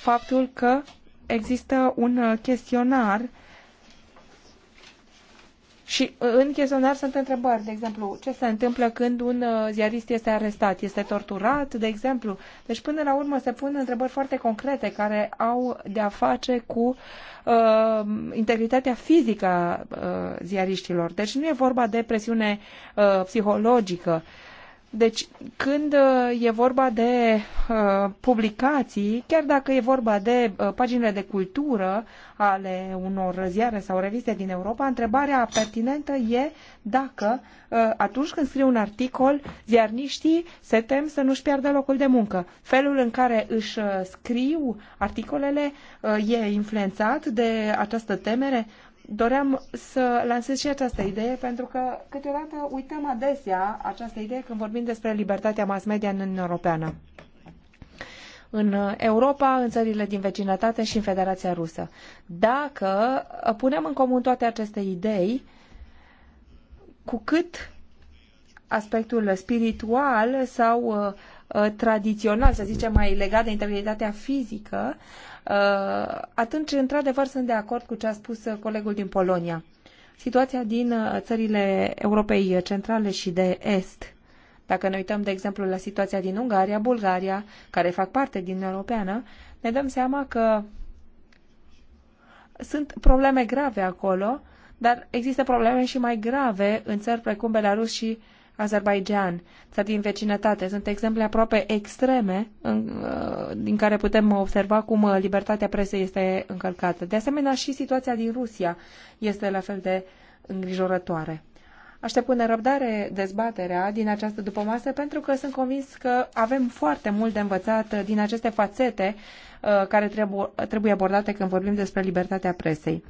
faptul că există un uh, chestionar și uh, în chestionar sunt întrebări, de exemplu, ce se întâmplă când un uh, ziarist este arestat, este torturat, de exemplu. Deci, până la urmă, se pun întrebări foarte concrete care au de-a face cu uh, integritatea fizică a uh, ziariștilor. Deci nu e vorba de presiune uh, psihologică. Uh, deci, când uh, e vorba de uh, publicații, chiar dacă e vorba de uh, paginile de cultură ale unor ziare sau reviste din Europa, întrebarea pertinentă e dacă uh, atunci când scrie un articol, ziarniștii se tem să nu-și piardă locul de muncă. Felul în care își uh, scriu articolele uh, e influențat de această temere doream să lansez și această idee pentru că câteodată uităm adesea această idee când vorbim despre libertatea mass media în Uniunea Europeană în Europa, în țările din vecinătate și în Federația Rusă. Dacă punem în comun toate aceste idei, cu cât aspectul spiritual sau uh, tradițional, să zicem, mai legat de integritatea fizică, Uh, atunci, într-adevăr, sunt de acord cu ce a spus colegul din Polonia. Situația din uh, țările Europei Centrale și de Est, dacă ne uităm, de exemplu, la situația din Ungaria, Bulgaria, care fac parte din Europeană, ne dăm seama că sunt probleme grave acolo, dar există probleme și mai grave în țări precum Belarus și uh, Azerbaijan, țări din vecinătate. Sunt exemple aproape extreme în, uh, din care putem observa cum uh, libertatea presei este încălcată. De asemenea, și situația din Rusia este la fel de îngrijorătoare. Aștept cu nerăbdare dezbaterea din această dupămasă pentru că sunt convins că avem foarte mult de învățat uh, din aceste fațete care trebuie abordate când vorbim despre libertatea presei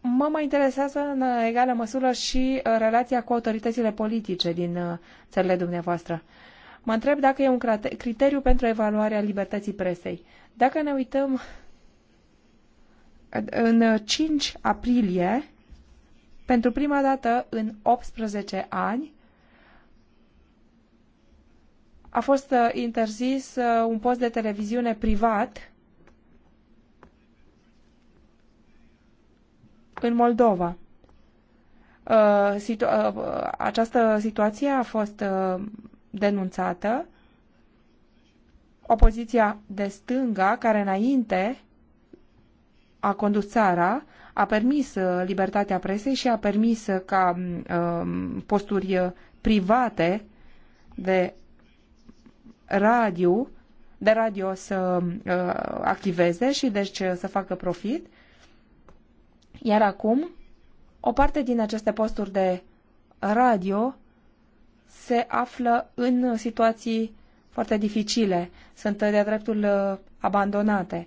mă mai interesează în egală măsură și uh, relația cu autoritățile politice din uh, țările dumneavoastră. Mă întreb dacă e un criteriu pentru evaluarea libertății presei. Dacă ne uităm uh, în 5 aprilie, pentru prima dată în 18 ani, a fost interzis un post de televiziune privat în Moldova. Uh, situ uh, uh, această situație a fost denunțată. Opoziția de stânga, care înainte a condus țara, a permis libertatea presei și a permis ca um, posturi private de radio, de radio să activeze și deci să facă profit iar acum, o parte din aceste posturi de radio se află în situații foarte dificile, sunt de-a dreptul uh, abandonate.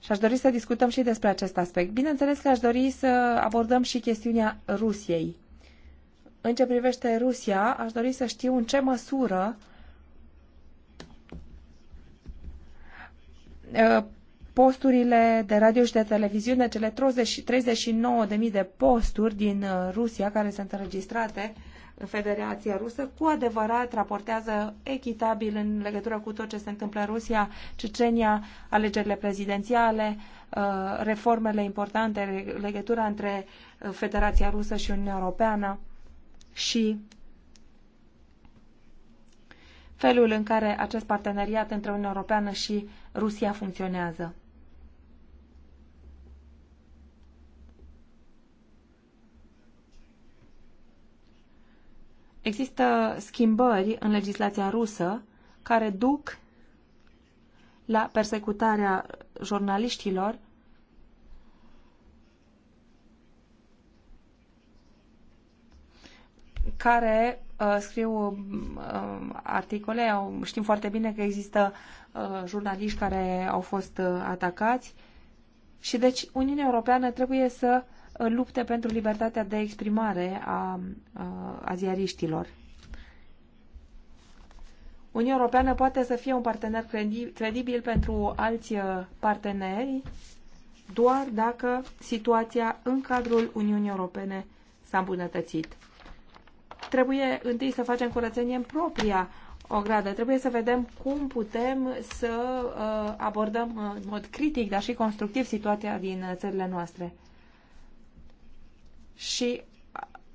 Și aș dori să discutăm și despre acest aspect. Bineînțeles că aș dori să abordăm și chestiunea Rusiei. În ce privește Rusia, aș dori să știu în ce măsură uh, posturile de radio și de televiziune, cele 30, 39.000 de posturi din uh, Rusia care sunt înregistrate în Federația Rusă, cu adevărat raportează echitabil în legătură cu tot ce se întâmplă în Rusia, Cecenia, alegerile prezidențiale, uh, reformele importante, legătura între uh, Federația Rusă și Uniunea Europeană și felul în care acest parteneriat între Uniunea Europeană și Rusia funcționează. Există schimbări în legislația rusă care duc la persecutarea jurnaliștilor care uh, scriu uh, articole. Știm foarte bine că există uh, jurnaliști care au fost uh, atacați. Și deci Uniunea Europeană trebuie să uh, Uh, lupte pentru libertatea de exprimare a, uh, a ziariștilor. Uniunea Europeană poate să fie un partener credibil pentru alți uh, parteneri doar dacă situația în cadrul Uniunii Europene s-a îmbunătățit. Trebuie întâi să facem curățenie în propria ogradă. Trebuie să vedem cum putem să abordăm în mod critic, dar și constructiv situația din țările noastre și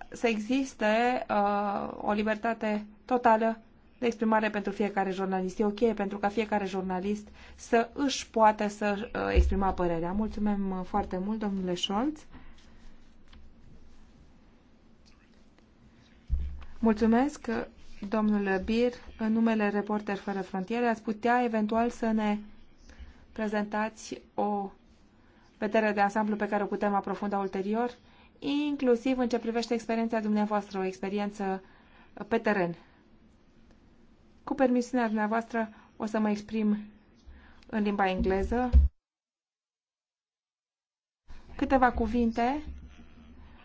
să existe uh, o libertate totală de exprimare pentru fiecare jurnalist. E ok pentru ca fiecare jurnalist să își poată să uh, exprima părerea. Mulțumim uh, foarte mult, domnule Scholz. Mulțumesc, domnule Bir, în numele Reporter Fără Frontiere. Ați putea eventual să ne prezentați o vedere de ansamblu pe care o putem aprofunda ulterior? inclusiv în ce privește experiența dumneavoastră, o experiență pe teren. Cu permisiunea dumneavoastră, o să mă exprim în limba engleză câteva cuvinte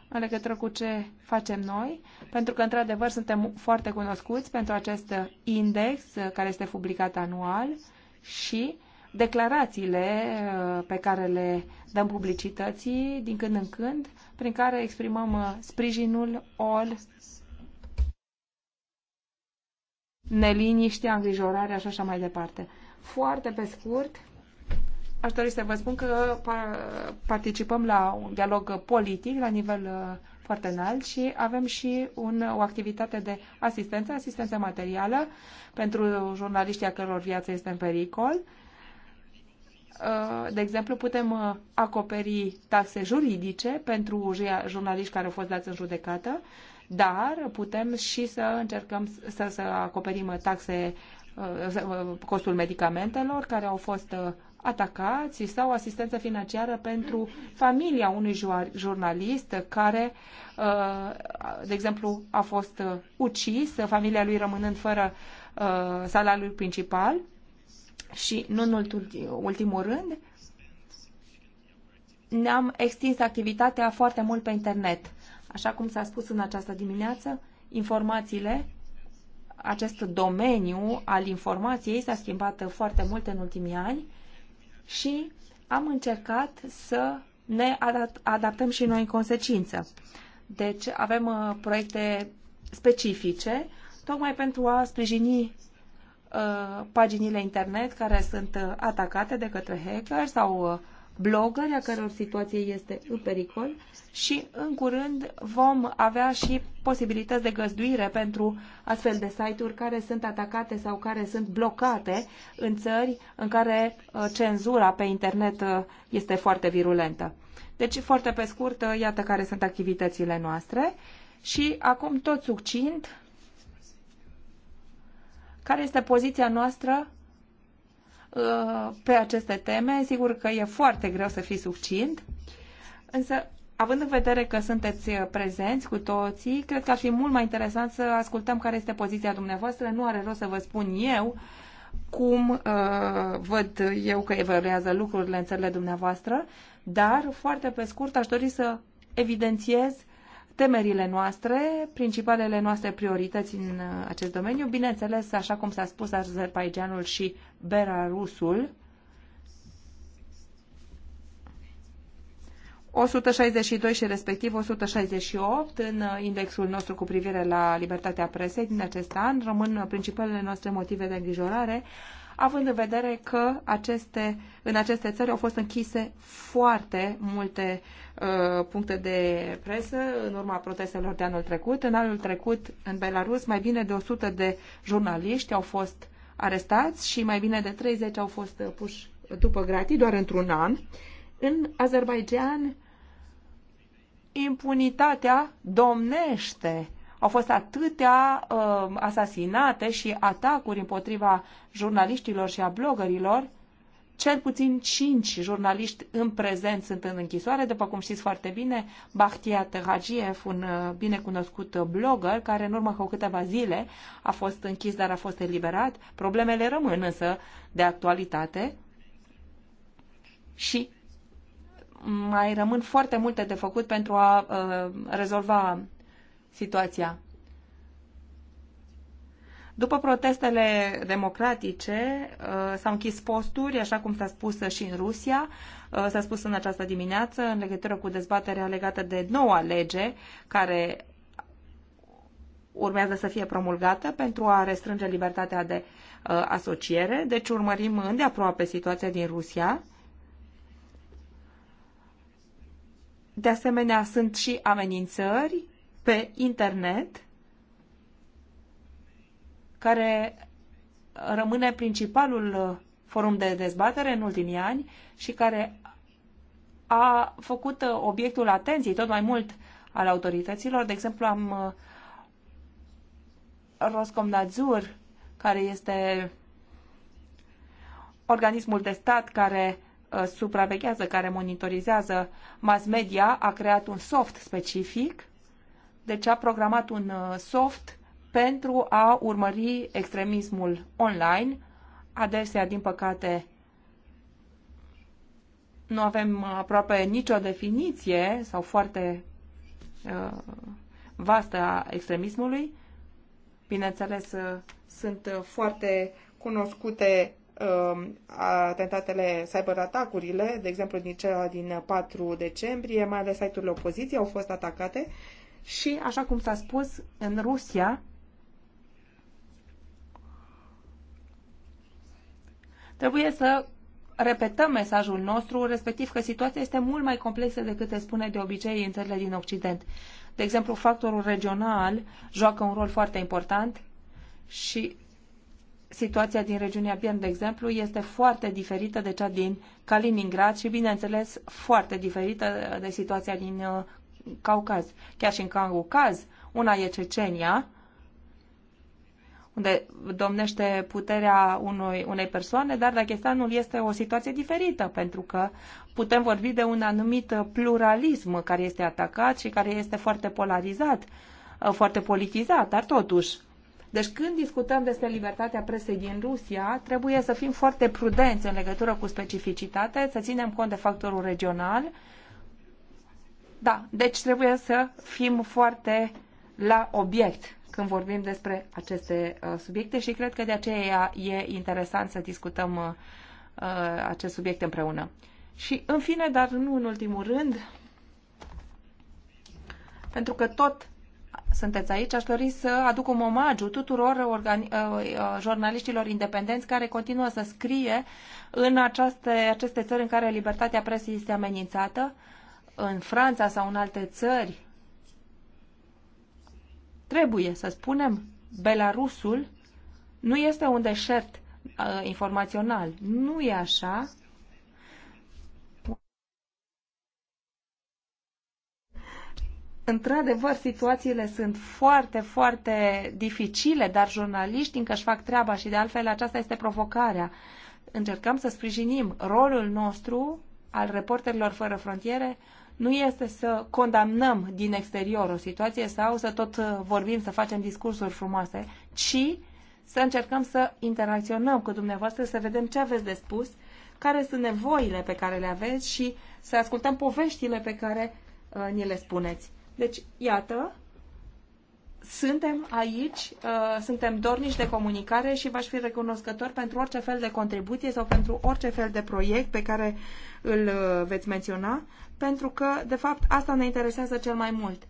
în legătură cu ce facem noi, pentru că, într-adevăr, suntem foarte cunoscuți pentru acest index care este publicat anual și declarațiile pe care le dăm publicității din când în când prin care exprimăm uh, sprijinul, ol, neliniștea, îngrijorarea și așa mai departe. Foarte pe scurt, aș dori să vă spun că participăm la un dialog politic la nivel uh, foarte înalt și avem și un, o activitate de asistență, asistență materială pentru jurnaliștii a căror viață este în pericol Uh, de exemplu, putem uh, acoperi taxe juridice pentru jurnaliști care au fost dați în judecată, dar putem și să încercăm să, să acoperim taxe, uh, costul medicamentelor care au fost atacați sau asistență financiară pentru familia unui jurnalist care, de exemplu, a fost ucis, familia lui rămânând fără salariul principal și, nu în ultimul rând, ne-am extins activitatea foarte mult pe internet. Așa cum s-a spus în această dimineață, informațiile, acest domeniu al informației s-a schimbat foarte mult în ultimii ani și am încercat să ne adaptăm și noi în consecință. Deci avem uh, proiecte specifice, tocmai pentru a sprijini Uh, paginile internet care sunt uh, atacate de către hacker sau uh, blogări a căror situație este în pericol și în curând vom avea și posibilități de găzduire pentru astfel de site-uri care sunt atacate sau care sunt blocate în țări în care cenzura pe internet este foarte virulentă. Deci, foarte pe scurt, iată care sunt activitățile noastre și acum tot succint care este poziția noastră uh, pe aceste teme. Sigur că e foarte greu să fii succint, însă având în vedere că sunteți uh, prezenți cu toții, cred că ar fi mult mai interesant să ascultăm care este poziția dumneavoastră. Nu are rost să vă spun eu cum uh, văd eu că evoluează lucrurile în țările dumneavoastră, dar foarte pe scurt aș dori să evidențiez temerile noastre, principalele noastre priorități în uh, acest domeniu. Bineînțeles, așa cum s-a spus, Azerbaijanul și Belarusul. 162 și respectiv 168 în uh, indexul nostru cu privire la libertatea presei din acest an rămân uh, principalele noastre motive de îngrijorare. Uh, având în vedere că aceste, în aceste țări au fost închise foarte multe uh, puncte de presă în urma protestelor de anul trecut. În anul trecut, în Belarus, mai bine de 100 de jurnaliști au fost arestați și mai bine de 30 au fost uh, puși după gratii doar într-un an. În Azerbaijan, impunitatea domnește au fost atâtea uh, asasinate și atacuri împotriva jurnaliștilor și a blogărilor. Cel puțin cinci jurnaliști în prezent sunt în închisoare, după cum știți foarte bine, Bahtia Terhagiev, un uh, binecunoscut blogger, care în urmă cu câteva zile a fost închis, dar a fost eliberat. Problemele rămân însă de actualitate și mai rămân foarte multe de făcut pentru a uh, rezolva situația. După protestele democratice uh, s-au închis posturi, așa cum s-a spus și în Rusia, uh, s-a spus în această dimineață, în legătură cu dezbaterea legată de noua lege care urmează să fie promulgată pentru a restrânge libertatea de uh, asociere. Deci urmărim îndeaproape situația din Rusia. De asemenea, sunt și amenințări pe internet, care rămâne principalul uh, forum de dezbatere în ultimii ani și care a făcut uh, obiectul atenției tot mai mult al autorităților. De exemplu, am uh, Roscomnadzur, care este organismul de stat care supraveghează, care monitorizează mass media, a creat un soft specific deci a programat un uh, soft pentru a urmări extremismul online. Adesea, din păcate, nu avem uh, aproape nicio definiție sau foarte uh, vastă a extremismului. Bineînțeles, sunt foarte cunoscute um, atentatele, cyberatacurile, de exemplu din cea din 4 decembrie, mai ales site-urile opoziției au fost atacate și, așa cum s-a spus, în Rusia trebuie să repetăm mesajul nostru, respectiv că situația este mult mai complexă decât se spune de obicei în țările din Occident. De exemplu, factorul regional joacă un rol foarte important și situația din regiunea Bien, de exemplu, este foarte diferită de cea din Kaliningrad și, bineînțeles, foarte diferită de situația din uh, Caucaz. Chiar și în Caucaz, una e Cecenia, unde domnește puterea unui, unei persoane, dar Dagestanul este o situație diferită, pentru că putem vorbi de un anumit pluralism care este atacat și care este foarte polarizat, uh, foarte politizat, dar totuși. Deci când discutăm despre libertatea presei din Rusia, trebuie să fim foarte prudenți în legătură cu specificitate, să ținem cont de factorul regional, da, deci trebuie să fim foarte la obiect când vorbim despre aceste uh, subiecte și cred că de aceea e interesant să discutăm uh, uh, acest subiect împreună. Și în fine, dar nu în ultimul rând, pentru că tot sunteți aici, aș dori să aduc un omagiu tuturor jurnaliștilor independenți care continuă să scrie în aceste, aceste țări în care libertatea presei este amenințată. Uh, în Franța sau în alte țări, trebuie să spunem, Belarusul nu este un deșert uh, informațional. Nu e așa. Într-adevăr, situațiile sunt foarte, foarte dificile, dar jurnaliștii încă își fac treaba și de altfel aceasta este provocarea. Încercăm să sprijinim rolul nostru al reporterilor fără frontiere, uh, nu este să condamnăm din exterior o situație sau să tot uh, vorbim, să facem discursuri frumoase, ci să încercăm să interacționăm cu dumneavoastră, să vedem ce aveți de spus, care sunt nevoile pe care le aveți și să ascultăm poveștile pe care uh, ni le spuneți. Deci, iată, suntem aici, uh, suntem dornici de comunicare și v-aș fi recunoscător pentru orice fel de contribuție sau pentru orice fel de proiect pe care îl uh, veți menționa, pentru că, de fapt, asta ne interesează cel mai mult.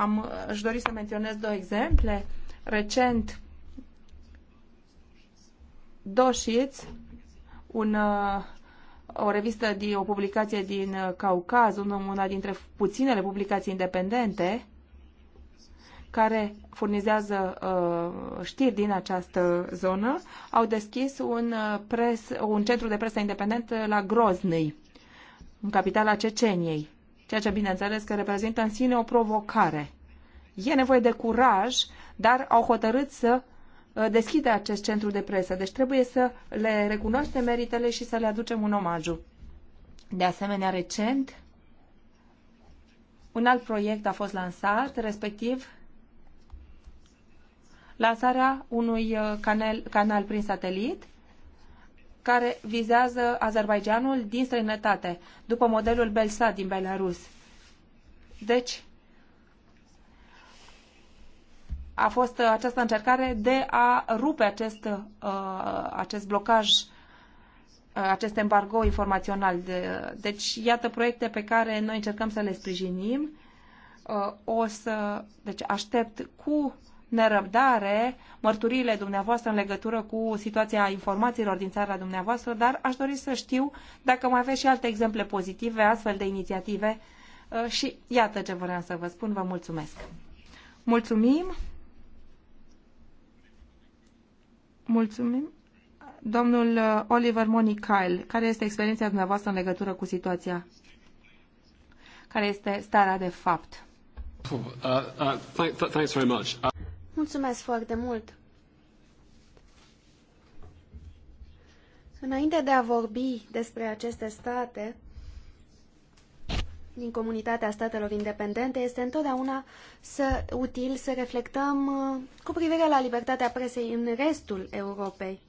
Am, uh, aș dori să menționez două exemple. Recent, Doșiț, un, o revistă, o publicație din Caucaz, una dintre puținele publicații independente, care furnizează uh, știri din această zonă, au deschis un, uh, pres, un centru de presă independent uh, la Groznăi, în capitala Ceceniei, ceea ce bineînțeles că reprezintă în sine o provocare. E nevoie de curaj, dar au hotărât să uh, deschide acest centru de presă, deci trebuie să le recunoaștem meritele și să le aducem un omagiu. De asemenea, recent, un alt proiect a fost lansat, respectiv lansarea unui uh, canal, canal prin satelit care vizează Azerbaijanul din străinătate, după modelul Belsat din Belarus. Deci, a fost uh, această încercare de a rupe acest, uh, acest blocaj, acest embargo informațional. deci, iată proiecte pe care noi încercăm să le sprijinim. o să, deci, aștept cu nerăbdare mărturiile dumneavoastră în legătură cu situația informațiilor din țara dumneavoastră, dar aș dori să știu dacă mai aveți și alte exemple pozitive, astfel de inițiative uh, și iată ce vreau să vă spun, vă mulțumesc. Mulțumim. Mulțumim. Domnul uh, Oliver Monicail, care este experiența dumneavoastră în legătură cu situația? Care este starea de fapt? Uh, uh, th- thanks very much. Mulțumesc foarte mult! Înainte de a vorbi despre aceste state din comunitatea statelor independente, este întotdeauna să, util să reflectăm uh, cu privire la libertatea presei în restul Europei.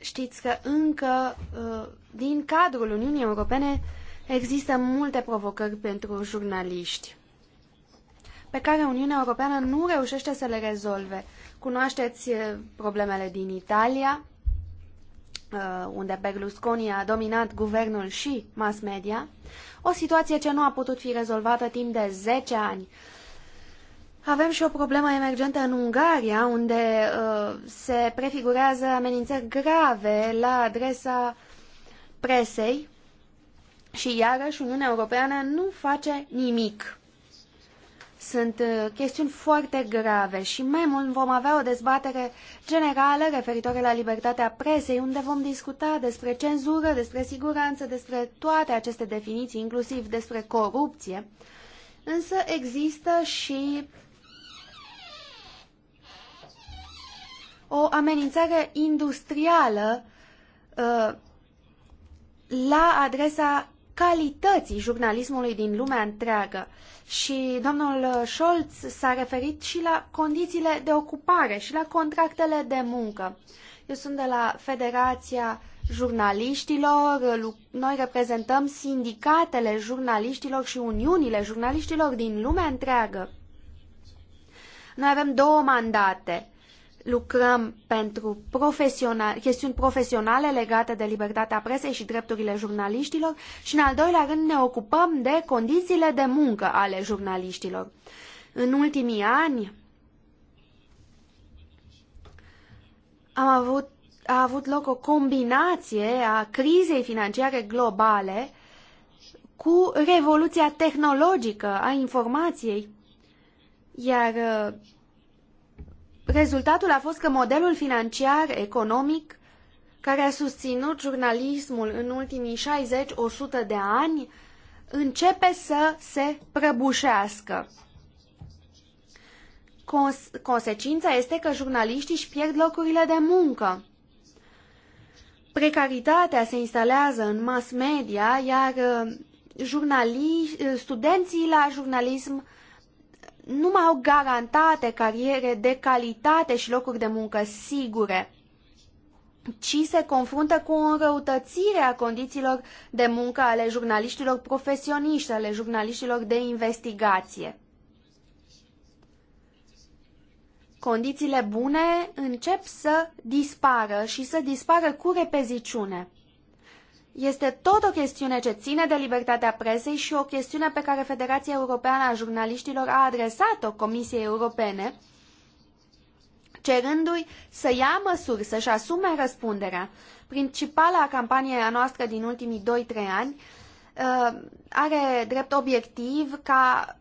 Știți că încă uh, din cadrul Uniunii Europene Există multe provocări pentru jurnaliști pe care Uniunea Europeană nu reușește să le rezolve. Cunoașteți uh, problemele din Italia, uh, unde Berlusconi a dominat guvernul și mass media, o situație ce nu a putut fi rezolvată timp de 10 ani. Avem și o problemă emergentă în Ungaria, unde uh, se prefigurează amenințări grave la adresa presei și iarăși Uniunea Europeană nu face nimic. Sunt uh, chestiuni foarte grave și mai mult vom avea o dezbatere generală referitoare la libertatea presei, unde vom discuta despre cenzură, despre siguranță, despre toate aceste definiții, inclusiv despre corupție. Însă există și o amenințare industrială uh, la adresa calității jurnalismului din lumea întreagă. Și domnul Scholz s-a referit și la condițiile de ocupare și la contractele de muncă. Eu sunt de la Federația Jurnaliștilor, noi reprezentăm sindicatele jurnaliștilor și uniunile jurnaliștilor din lumea întreagă. Noi avem două mandate lucrăm pentru profesional, chestiuni profesionale legate de libertatea presei și drepturile jurnaliștilor și, în al doilea rând, ne ocupăm de condițiile de muncă ale jurnaliștilor. În ultimii ani am avut, a avut loc o combinație a crizei financiare globale cu revoluția tehnologică a informației, iar Rezultatul a fost că modelul financiar economic care a susținut jurnalismul în ultimii 60-100 de ani începe să se prăbușească. Cons- consecința este că jurnaliștii își pierd locurile de muncă. Precaritatea se instalează în mass media, iar uh, jurnali- uh, studenții la jurnalism nu mai au garantate cariere de calitate și locuri de muncă sigure, ci se confruntă cu o înrăutățire a condițiilor de muncă ale jurnaliștilor profesioniști, ale jurnaliștilor de investigație. Condițiile bune încep să dispară și să dispară cu repeziciune. Este tot o chestiune ce ține de libertatea presei și o chestiune pe care Federația Europeană a Jurnaliștilor a adresat-o Comisiei Europene, cerându-i să ia măsuri, să-și asume răspunderea. Principala campanie a noastră din ultimii 2-3 ani uh, are drept obiectiv ca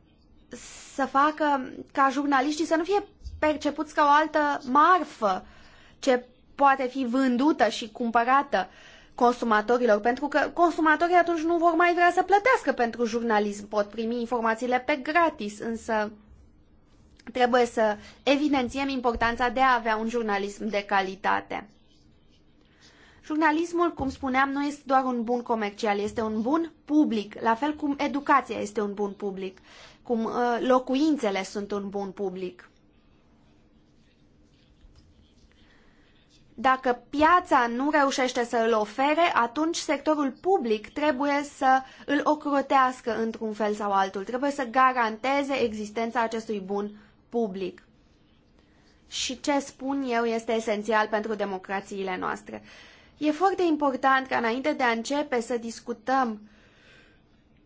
să facă ca jurnaliștii să nu fie percepuți ca o altă marfă ce poate fi vândută și cumpărată uh, consumatorilor, pentru că consumatorii atunci nu vor mai vrea să plătească pentru jurnalism, pot primi informațiile pe gratis, însă trebuie să evidențiem importanța de a avea un jurnalism de calitate. Jurnalismul, cum spuneam, nu este doar un bun comercial, este un bun public, la fel cum educația este un bun public, cum uh, locuințele sunt un bun public. Dacă piața nu reușește să îl ofere, atunci sectorul public trebuie să îl ocrotească într-un fel sau altul. Trebuie să garanteze existența acestui bun public. Și ce spun eu este esențial pentru democrațiile noastre. E foarte important ca înainte de a începe să discutăm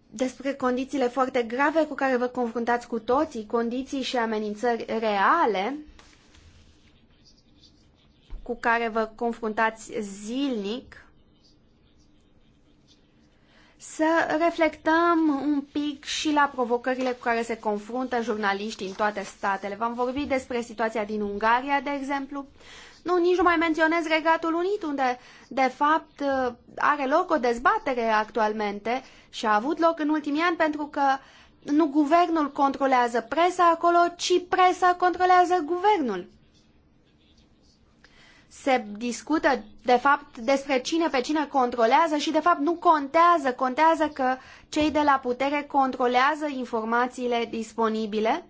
despre condițiile foarte grave cu care vă confruntați cu toții, condiții și amenințări reale, cu care vă confruntați zilnic, să reflectăm un pic și la provocările cu care se confruntă jurnaliștii în toate statele. V-am vorbit despre situația din Ungaria, de exemplu. Nu, nici nu mai menționez Regatul Unit, unde, de fapt, are loc o dezbatere actualmente și a avut loc în ultimii ani pentru că nu guvernul controlează presa acolo, ci presa controlează guvernul se discută de fapt despre cine pe cine controlează și de fapt nu contează, contează că cei de la putere controlează informațiile disponibile,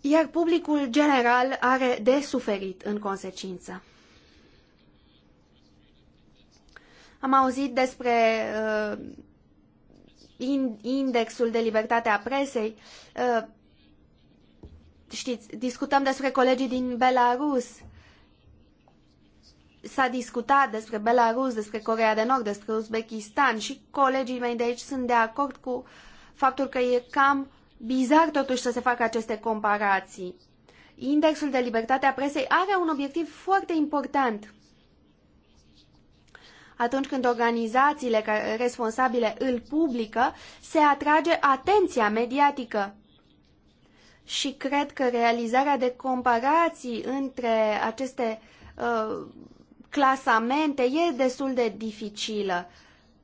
iar publicul general are de suferit în consecință. Am auzit despre uh, indexul de libertate a presei. Uh, știți, discutăm despre colegii din Belarus. S-a discutat despre Belarus, despre Corea de Nord, despre Uzbekistan și colegii mei de aici sunt de acord cu faptul că e cam bizar totuși să se facă aceste comparații. Indexul de libertate a presei are un obiectiv foarte important. Atunci când organizațiile responsabile îl publică, se atrage atenția mediatică și cred că realizarea de comparații între aceste uh, clasamente e destul de dificilă.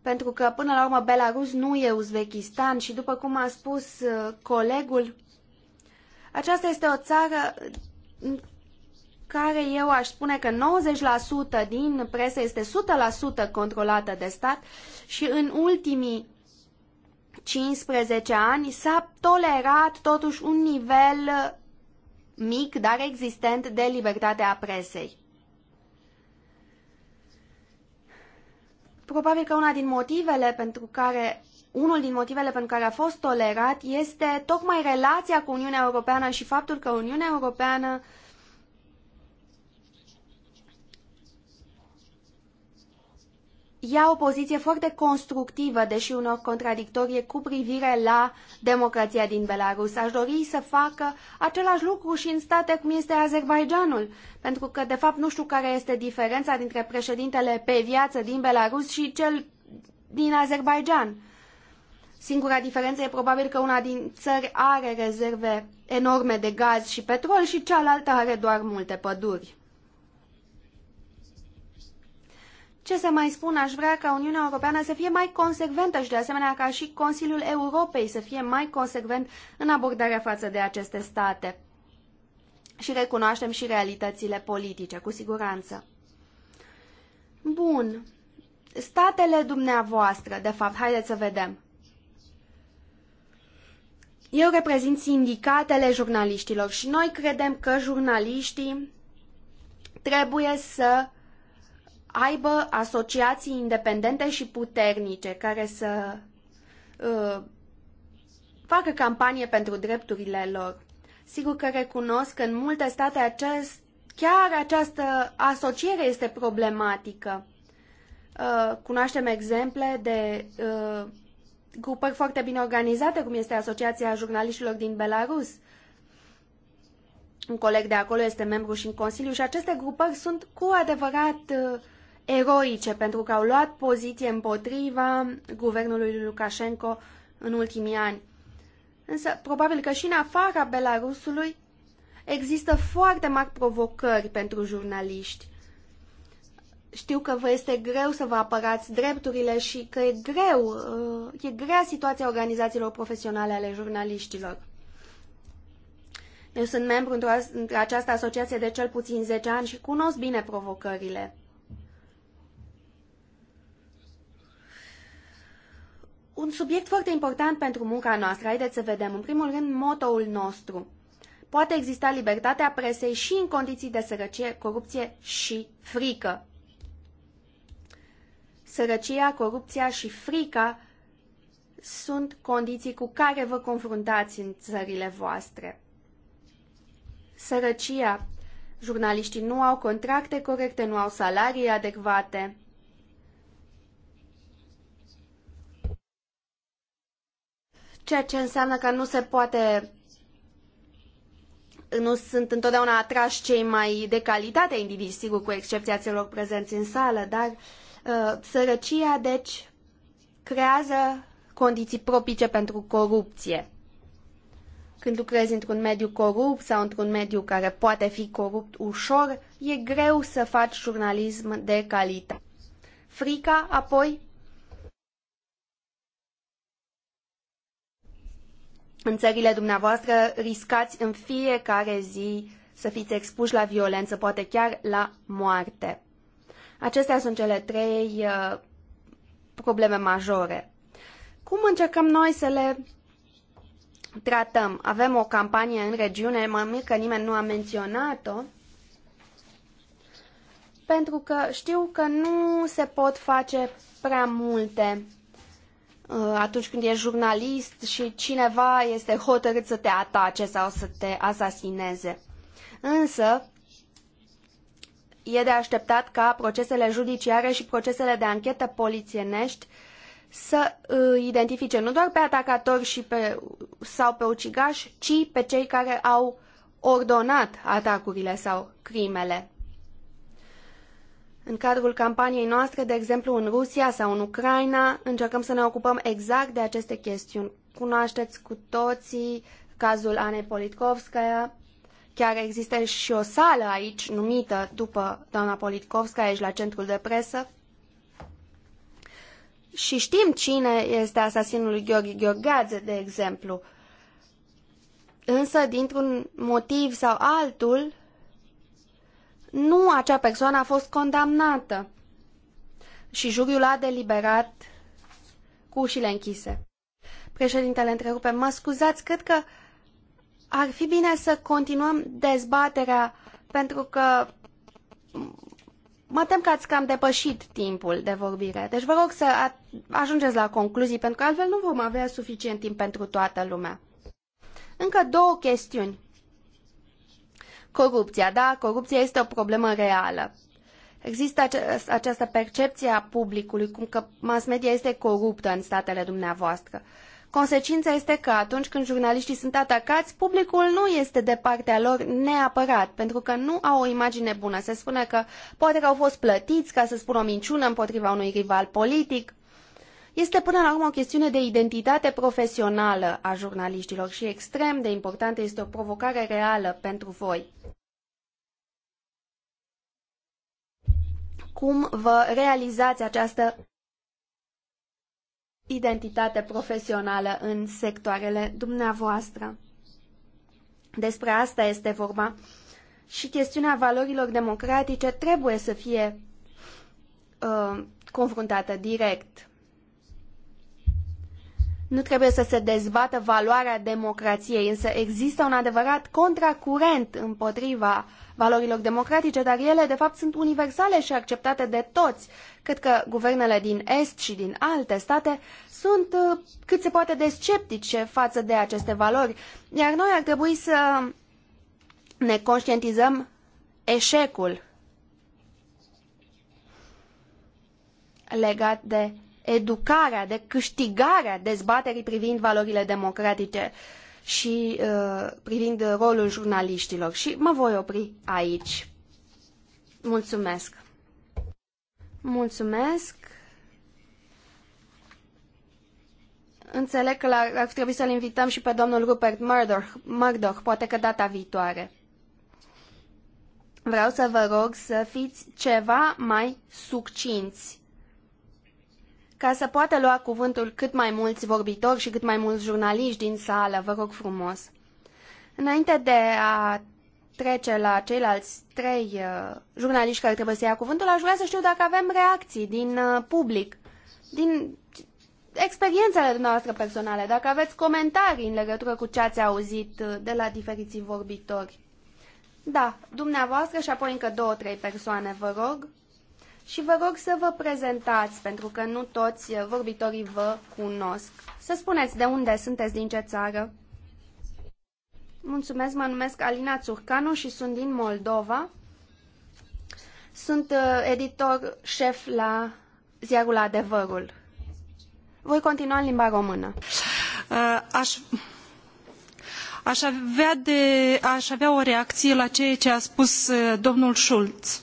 Pentru că, până la urmă, Belarus nu e Uzbekistan și, după cum a spus uh, colegul, aceasta este o țară în care eu aș spune că 90% din presă este 100% controlată de stat și în ultimii 15 ani s-a tolerat totuși un nivel uh, mic, dar existent, de libertate a presei. Probabil că una din motivele pentru care unul din motivele pentru care a fost tolerat este tocmai relația cu Uniunea Europeană și faptul că Uniunea Europeană uh, ia o poziție foarte constructivă, deși unor contradictorie, cu privire la democrația din Belarus. Aș dori să facă același lucru și în state cum este Azerbaijanul, pentru că, de fapt, nu știu care este diferența dintre președintele pe viață din Belarus și cel din Azerbaijan. Singura diferență e probabil că una din țări are rezerve enorme de gaz și petrol și cealaltă are doar multe păduri. Ce să mai spun, aș vrea ca Uniunea Europeană să fie mai consecventă și de asemenea ca și Consiliul Europei să fie mai consecvent în abordarea față de aceste state. Și recunoaștem și realitățile politice, cu siguranță. Bun. Statele dumneavoastră, de fapt, haideți să vedem. Eu reprezint sindicatele jurnaliștilor și noi credem că jurnaliștii trebuie să aibă asociații independente și puternice care să uh, facă campanie pentru drepturile lor. Sigur că recunosc că în multe state acest, chiar această asociere este problematică. Uh, cunoaștem exemple de uh, grupări foarte bine organizate, cum este Asociația Jurnaliștilor din Belarus. Un coleg de acolo este membru și în Consiliu și aceste grupări sunt cu adevărat uh, eroice pentru că au luat poziție împotriva guvernului lui Lukashenko în ultimii ani. Însă, probabil că și în afara Belarusului există foarte mari provocări pentru jurnaliști. Știu că vă este greu să vă apărați drepturile și că e greu, uh, e grea situația organizațiilor profesionale ale jurnaliștilor. Eu sunt membru într-o, într această asociație de cel puțin 10 ani și cunosc bine provocările. un subiect foarte important pentru munca noastră. Haideți să vedem, în primul rând, motoul nostru. Poate exista libertatea presei și în condiții de sărăcie, corupție și frică. Sărăcia, corupția și frica sunt condiții cu care vă confruntați în țările voastre. Sărăcia. Jurnaliștii nu au contracte corecte, nu au salarii adecvate ceea ce înseamnă că nu se poate nu sunt întotdeauna atrași cei mai de calitate indivizi, sigur, cu excepția celor prezenți în sală, dar uh, sărăcia, deci, creează condiții propice pentru corupție. Când lucrezi într-un mediu corupt sau într-un mediu care poate fi corupt ușor, e greu să faci jurnalism de calitate. Frica, apoi, în țările dumneavoastră riscați în fiecare zi să fiți expuși la violență, poate chiar la moarte. Acestea sunt cele trei uh, probleme majore. Cum încercăm noi să le tratăm? Avem o campanie în regiune, mă mir că nimeni nu a menționat-o, pentru că știu că nu se pot face prea multe Uh, atunci când ești jurnalist și cineva este hotărât să te atace sau să te asasineze. Însă, e de așteptat ca procesele judiciare și procesele de anchetă polițienești să uh, identifice nu doar pe atacatori și pe, sau pe ucigași, ci pe cei care au ordonat atacurile sau crimele. În cadrul campaniei noastre, de exemplu, în Rusia sau în Ucraina, încercăm să ne ocupăm exact de aceste chestiuni. Cunoașteți cu toții cazul Anei Politkovskaya. Chiar există și o sală aici numită după doamna Politkovskaya, aici la centrul de presă. Și știm cine este asasinul lui Gheorghe Gheorgheadze, de exemplu. Însă, dintr-un motiv sau altul, nu acea persoană a fost condamnată și juriul a deliberat cu ușile închise. Președintele întrerupe, mă scuzați, cred că ar fi bine să continuăm dezbaterea pentru că mă tem că ați cam depășit timpul de vorbire. Deci vă rog să ajungeți la concluzii pentru că altfel nu vom avea suficient timp pentru toată lumea. Încă două chestiuni corupția. Da, corupția este o problemă reală. Există această percepție a publicului cum că mass media este coruptă în statele dumneavoastră. Consecința este că atunci când jurnaliștii sunt atacați, publicul nu este de partea lor neapărat, pentru că nu au o imagine bună. Se spune că poate că au fost plătiți ca să spună o minciună împotriva unui rival politic, este până la urmă o chestiune de identitate profesională a jurnaliștilor și extrem de importantă este o provocare reală pentru voi. Cum vă realizați această identitate profesională în sectoarele dumneavoastră? Despre asta este vorba. Și chestiunea valorilor democratice trebuie să fie uh, confruntată direct. Nu trebuie să se dezbată valoarea democrației, însă există un adevărat contracurent împotriva valorilor democratice, dar ele, de fapt, sunt universale și acceptate de toți. Cred că guvernele din Est și din alte state sunt uh, cât se poate de sceptice față de aceste valori, iar noi ar trebui să ne conștientizăm eșecul legat de educarea, de câștigarea dezbaterii privind valorile democratice și uh, privind rolul jurnaliștilor. Și mă voi opri aici. Mulțumesc. Mulțumesc. Înțeleg că ar trebui să-l invităm și pe domnul Rupert Murdoch, Murdoch, poate că data viitoare. Vreau să vă rog să fiți ceva mai succinți ca să poată lua cuvântul cât mai mulți vorbitori și cât mai mulți jurnaliști din sală. Vă rog frumos. Înainte de a trece la ceilalți trei uh, jurnaliști care trebuie să ia cuvântul, aș vrea să știu dacă avem reacții din uh, public, din experiențele noastre personale, dacă aveți comentarii în legătură cu ce ați auzit uh, de la diferiții vorbitori. Da, dumneavoastră și apoi încă două, trei persoane, vă rog și vă rog să vă prezentați, pentru că nu toți vorbitorii vă cunosc. Să spuneți de unde sunteți, din ce țară. Mulțumesc, mă numesc Alina Țurcanu și sunt din Moldova. Sunt uh, editor șef la ziarul Adevărul. Voi continua în limba română. Uh, aș, aș, avea, de, aș avea o reacție la ceea ce a spus uh, domnul Schulz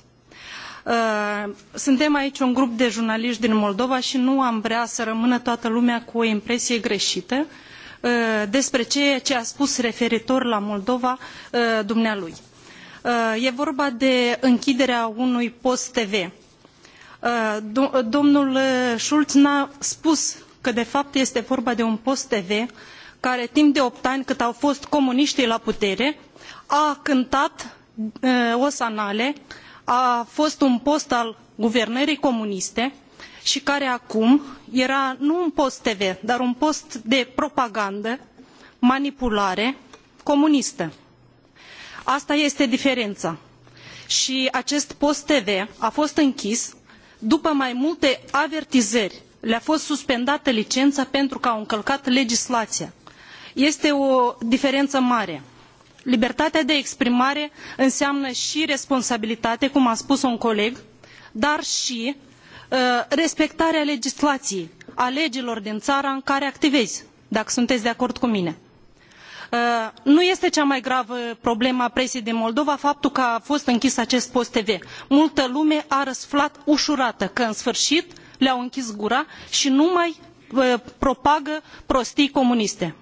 Uh, suntem aici un grup de jurnaliști din Moldova și nu am vrea să rămână toată lumea cu o impresie greșită uh, despre ceea ce a spus referitor la Moldova uh, dumnealui. E vorba de închiderea unui post TV. Domnul Schulz n-a spus că de fapt este vorba de un post TV care timp de opt ani cât au fost comuniștii la putere a cântat osanale uh, a fost un post al guvernării comuniste și care acum era nu un post tv dar un post de propagandă manipulare comunistă. asta este diferența. Și acest post tv a fost închis după mai multe avertizări le a fost suspendată licența pentru că au încălcat legislația. este o diferență mare libertatea de exprimare înseamnă și responsabilitate cum a spus un coleg dar și uh, respectarea legislației a legilor din țara în care activezi dacă sunteți de acord cu mine. Uh, nu este cea mai gravă problemă a presiei din moldova faptul că a fost închis acest post tv. multă lume a răsflat ușurată că în sfârșit le au închis gura și nu mai uh, propagă prostii comuniste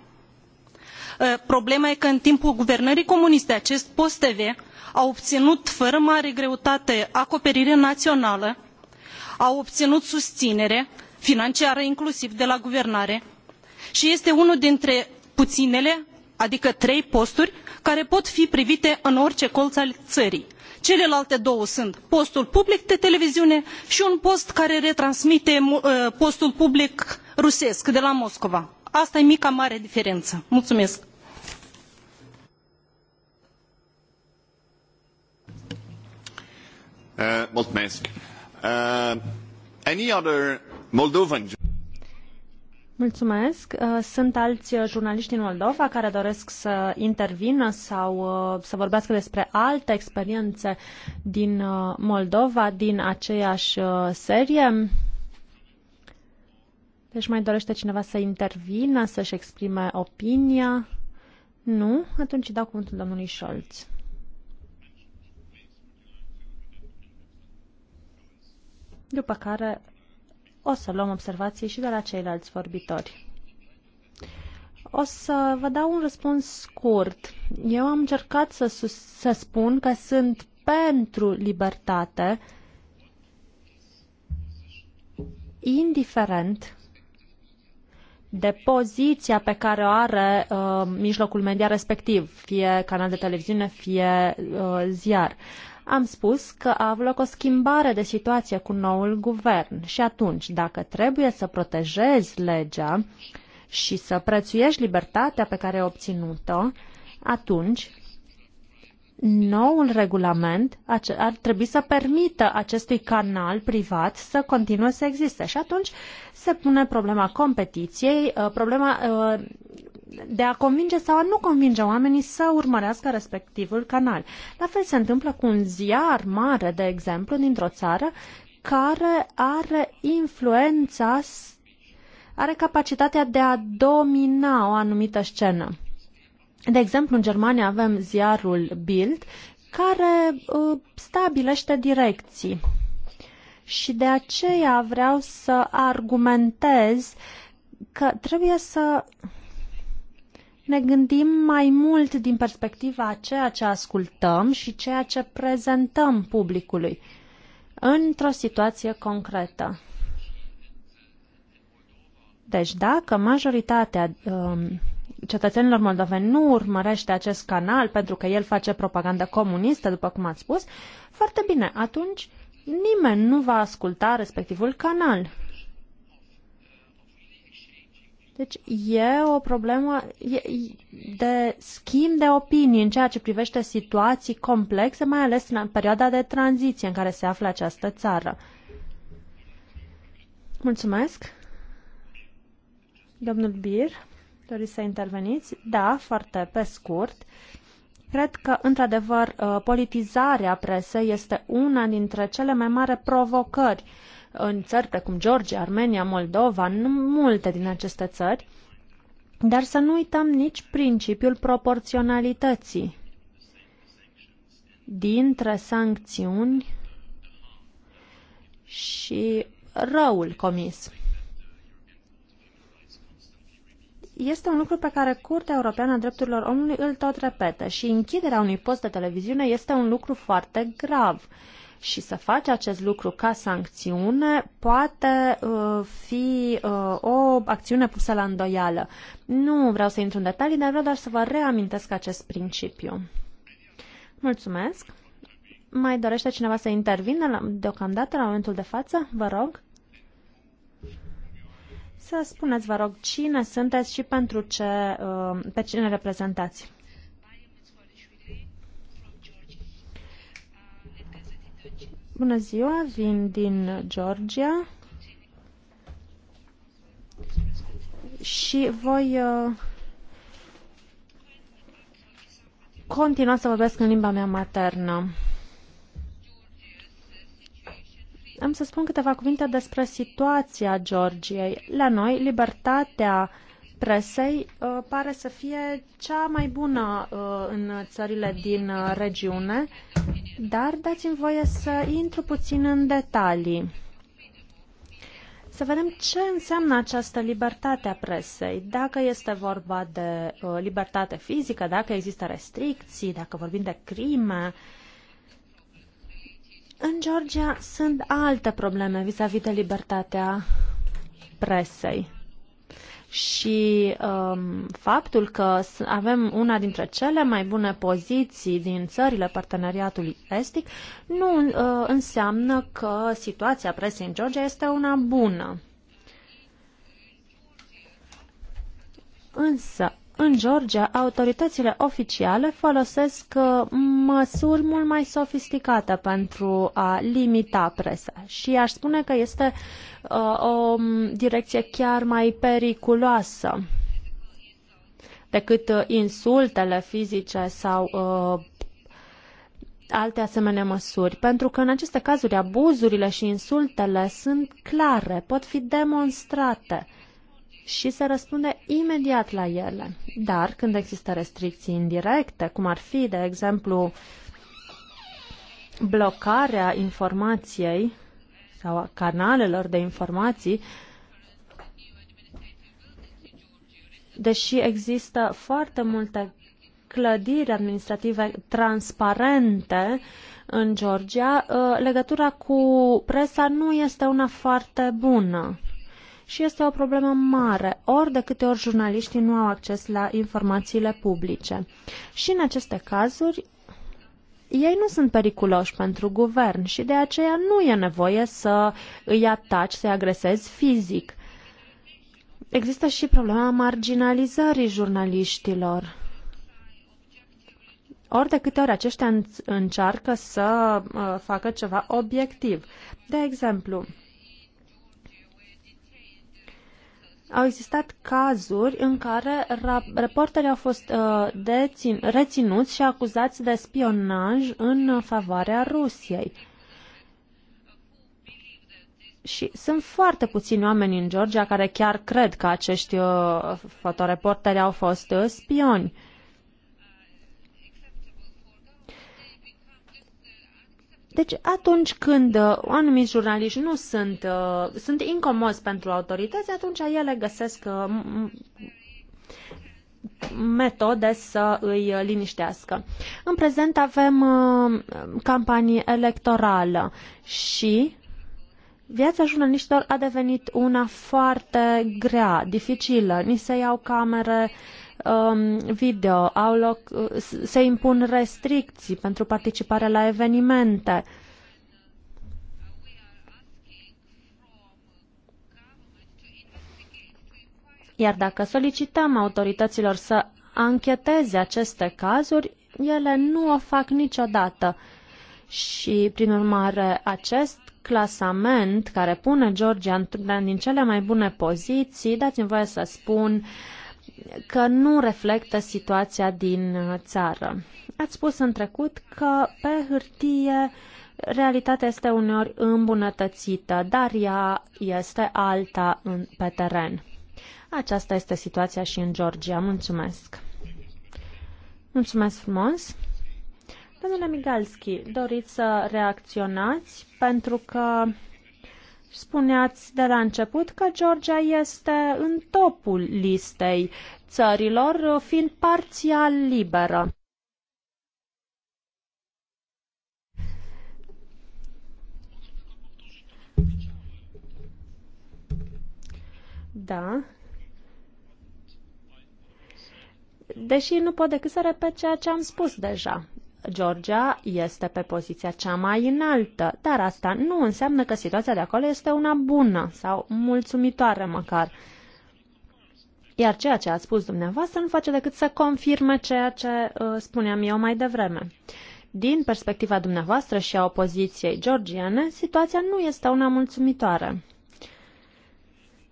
Uh, problema e că în timpul guvernării comuniste acest post tv a obținut fără mare greutate acoperire națională a obținut susținere financiară inclusiv de la guvernare și este unul dintre puținele adică trei posturi care pot fi privite în orice colț al țării. celelalte două sunt postul public de televiziune și un post care retransmite uh, postul public rusesc de la moscova Asta e mica mare diferență. Mulțumesc! Uh, mulțumesc. Uh, any other Moldovan... Mulțumesc. Eh, sunt alți jurnaliști din Moldova care doresc să intervină sau să vorbească despre alte experiențe din Moldova, din aceeași serie. Deci mai dorește cineva să intervină, să-și exprime opinia? Nu? Atunci dau cuvântul domnului Scholz. După care o să luăm observații și de la ceilalți vorbitori. O să vă dau un răspuns scurt. Eu am încercat să, să spun că sunt pentru libertate, indiferent de poziția pe care o are uh, mijlocul media respectiv, fie canal de televiziune, fie uh, ziar. Am spus că a avut loc o schimbare de situație cu noul guvern și atunci, dacă trebuie să protejezi legea și să prețuiești libertatea pe care ai obținut-o, atunci noul regulament ar trebui să permită acestui canal privat să continue să existe. Și atunci se pune problema competiției, uh, problema uh, de a convinge sau a nu convinge oamenii să urmărească respectivul canal. La fel se întâmplă cu un ziar mare, de exemplu, dintr-o țară care are influența, are capacitatea de a domina o anumită scenă. De exemplu, în Germania avem ziarul Bild, care uh, stabilește direcții. Și de aceea vreau să argumentez că trebuie să ne gândim mai mult din perspectiva a ceea ce ascultăm și ceea ce prezentăm publicului într-o situație concretă. Deci dacă majoritatea um, cetățenilor moldoveni nu urmărește acest canal pentru că el face propagandă comunistă, după cum ați spus, foarte bine, atunci nimeni nu va asculta respectivul canal. Deci e o problemă de schimb de opinii în ceea ce privește situații complexe, mai ales în perioada de tranziție în care se află această țară. Mulțumesc. Domnul Bir. Doriți să interveniți? Da, foarte pe scurt. Cred că, într-adevăr, uh, politizarea presei este una dintre cele mai mari provocări în țări precum Georgia, Armenia, Moldova, în multe din aceste țări, dar să nu uităm nici principiul proporționalității dintre sancțiuni și răul comis. este un lucru pe care Curtea Europeană a Drepturilor Omului îl tot repetă și închiderea unui post de televiziune este un lucru foarte grav. Și să faci acest lucru ca sancțiune poate uh, fi uh, o acțiune pusă la îndoială. Nu vreau să intru în detalii, dar vreau doar să vă reamintesc acest principiu. Mulțumesc. Mai dorește cineva să intervină deocamdată la momentul de față? Vă rog. Să spuneți, vă rog, cine sunteți și pentru ce, uh, pe cine reprezentați. Bună ziua, vin din Georgia și voi uh, continua să vorbesc în limba mea maternă. am să spun câteva cuvinte despre situația Georgiei. La noi, libertatea presei uh, pare să fie cea mai bună uh, în țările din uh, regiune, dar dați-mi voie să intru puțin în detalii. Să vedem ce înseamnă această libertate a presei. Dacă este vorba de libertate fizică, dacă există restricții, dacă vorbim de crime, uh, în Georgia sunt alte probleme vis-a-vis -vis de libertatea presei. Și um, faptul că avem una dintre cele mai bune poziții din țările parteneriatului estic nu uh, înseamnă că situația presei în Georgia este una bună. Însă, în Georgia, autoritățile oficiale folosesc uh, măsuri mult mai sofisticate pentru a limita presa și aș spune că este uh, o direcție chiar mai periculoasă decât uh, insultele fizice sau alte asemenea măsuri, pentru că în aceste cazuri abuzurile și insultele sunt clare, pot fi demonstrate și se răspunde imediat la ele. Dar când există restricții indirecte, cum ar fi, de exemplu, blocarea informației sau a canalelor de informații, deși există foarte multe clădiri administrative transparente în Georgia, ă, legătura cu presa nu este una foarte bună și este o problemă mare, ori de câte ori jurnaliștii nu au acces la informațiile publice. Și în aceste cazuri, ei nu sunt periculoși pentru guvern și de aceea nu e nevoie să îi ataci, să-i agresezi fizic. Există și problema marginalizării jurnaliștilor. Ori de câte ori aceștia încearcă să uh, facă ceva obiectiv. De exemplu, au existat cazuri în care reporterii au fost uh, dețin, reținuți și acuzați de spionaj în favoarea Rusiei. Și sunt foarte puțini oameni în Georgia care chiar cred că acești uh, fotoreporteri au fost uh, spioni. Uh, Deci atunci când uh, anumiți jurnaliști nu sunt, uh, sunt incomozi pentru autorități, atunci ele găsesc uh, metode să îi liniștească. În prezent avem campanie electorală și viața jurnaliștilor a devenit una foarte grea, dificilă. Ni se iau camere, uh, Um, video, au loc, uh, se impun restricții pentru participarea la evenimente. Iar dacă solicităm autorităților să ancheteze aceste cazuri, ele nu o fac niciodată. Și, prin urmare, acest clasament care pune Georgia în una din cele mai bune poziții, dați-mi voie să spun, uh, că nu reflectă situația din uh, țară. Ați spus în trecut că pe hârtie realitatea este uneori îmbunătățită, dar ea este alta în, pe teren. Aceasta este situația și în Georgia. Mulțumesc! Mulțumesc frumos! Domnule Migalski, doriți să reacționați pentru că Spuneați de la început că Georgia este în topul listei țărilor, fiind parțial liberă. Da. Deși nu pot decât să repet ceea ce am spus deja. Georgia este pe poziția cea mai înaltă, dar asta nu înseamnă că situația de acolo este una bună sau mulțumitoare măcar. Iar ceea ce a spus dumneavoastră nu face decât să confirme ceea ce uh, spuneam eu mai devreme. Din perspectiva dumneavoastră și a opoziției georgiene, situația nu este una mulțumitoare.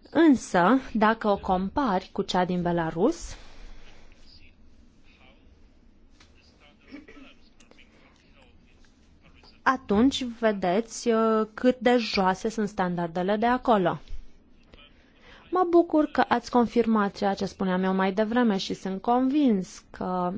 Însă, dacă o compari cu cea din Belarus, atunci vedeți uh, cât de joase sunt standardele de acolo. Mă bucur că ați confirmat ceea ce spuneam eu mai devreme și sunt convins că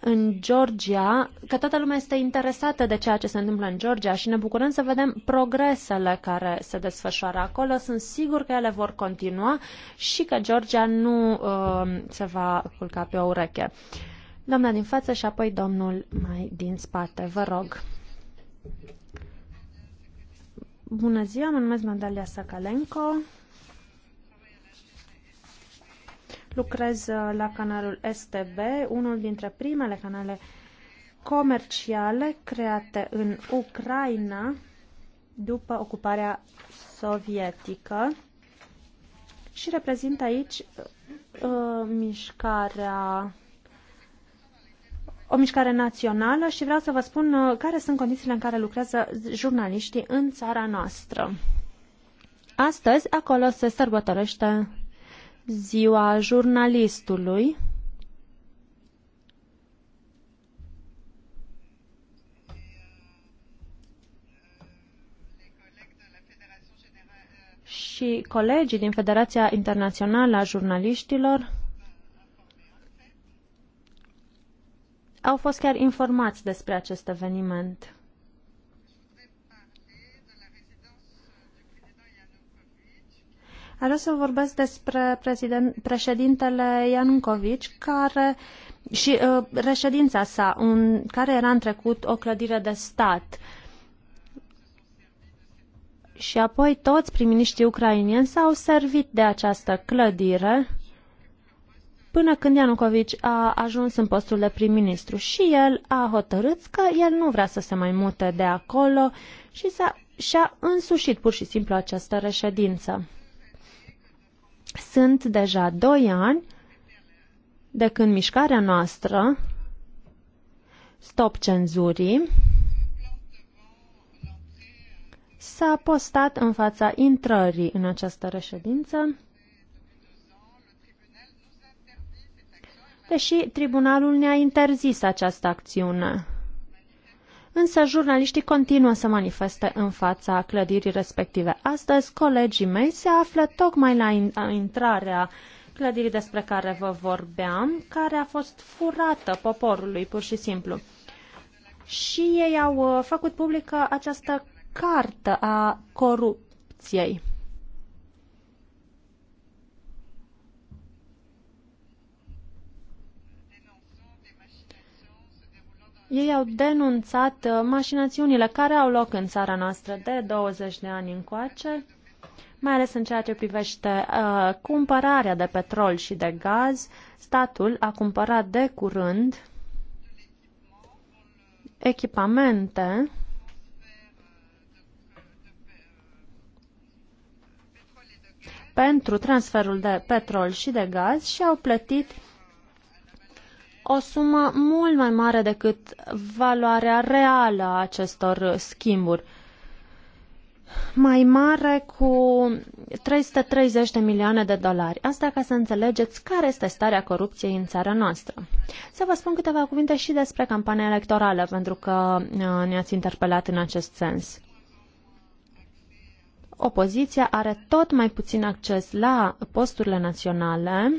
în Georgia, că toată lumea este interesată de ceea ce se întâmplă în Georgia și ne bucurăm să vedem progresele care se desfășoară acolo. Sunt sigur că ele vor continua și că Georgia nu uh, se va culca pe o ureche. Uh, Doamna din față și apoi domnul mai din spate. Vă rog. Bună ziua, mă numesc Mandalia Sakalenko. Lucrez uh, la canalul STB, unul dintre primele canale comerciale create în Ucraina după ocuparea sovietică și reprezint aici uh, mișcarea o mișcare națională și vreau să vă spun uh, care sunt condițiile în care lucrează jurnaliștii în țara noastră. Astăzi, acolo se sărbătorește ziua jurnalistului. Și colegii din Federația Internațională a Jurnaliștilor au fost chiar informați despre acest eveniment. Ar să vorbesc despre președintele Ianucovici, care și uh, reședința sa, un, care era în trecut o clădire de stat. Și apoi toți prim ucrainieni s-au servit de această clădire până când Ianucovici a ajuns în postul de prim-ministru și el a hotărât că el nu vrea să se mai mute de acolo și s-a, și-a însușit pur și simplu această reședință. Sunt deja doi ani de când mișcarea noastră Stop Cenzurii s-a postat în fața intrării în această reședință deși tribunalul ne-a interzis această acțiune. Însă jurnaliștii continuă să manifeste în fața clădirii respective. Astăzi, colegii mei se află tocmai la intrarea clădirii despre care vă vorbeam, care a fost furată poporului, pur și simplu. Și ei au uh, făcut publică această cartă a corupției. Ei au denunțat uh, mașinațiunile care au loc în țara noastră de 20 de ani încoace, mai ales în ceea ce privește uh, cumpărarea de petrol și de gaz. Statul a cumpărat de curând echipamente pentru transferul de petrol și de gaz și au plătit o sumă mult mai mare decât valoarea reală a acestor schimburi. Mai mare cu 330 de milioane de dolari. Asta ca să înțelegeți care este starea corupției în țara noastră. Să vă spun câteva cuvinte și despre campania electorală, pentru că uh, ne-ați interpelat în acest sens opoziția are tot mai puțin acces la posturile naționale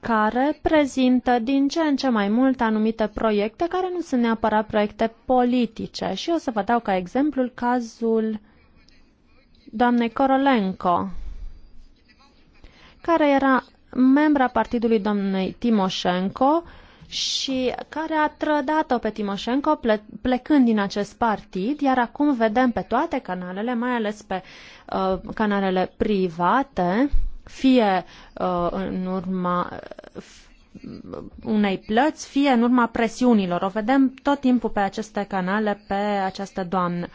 care prezintă din ce în ce mai mult anumite proiecte care nu sunt neapărat proiecte politice. Și o să vă dau ca exemplu cazul doamnei Corolenco, care era membra partidului doamnei Timoșenco și care a trădat-o pe Timoșenco plecând din acest partid, iar acum vedem pe toate canalele, mai ales pe uh, canalele private, fie uh, în urma unei plăți, fie în urma presiunilor. O vedem tot timpul pe aceste canale, pe această doamnă.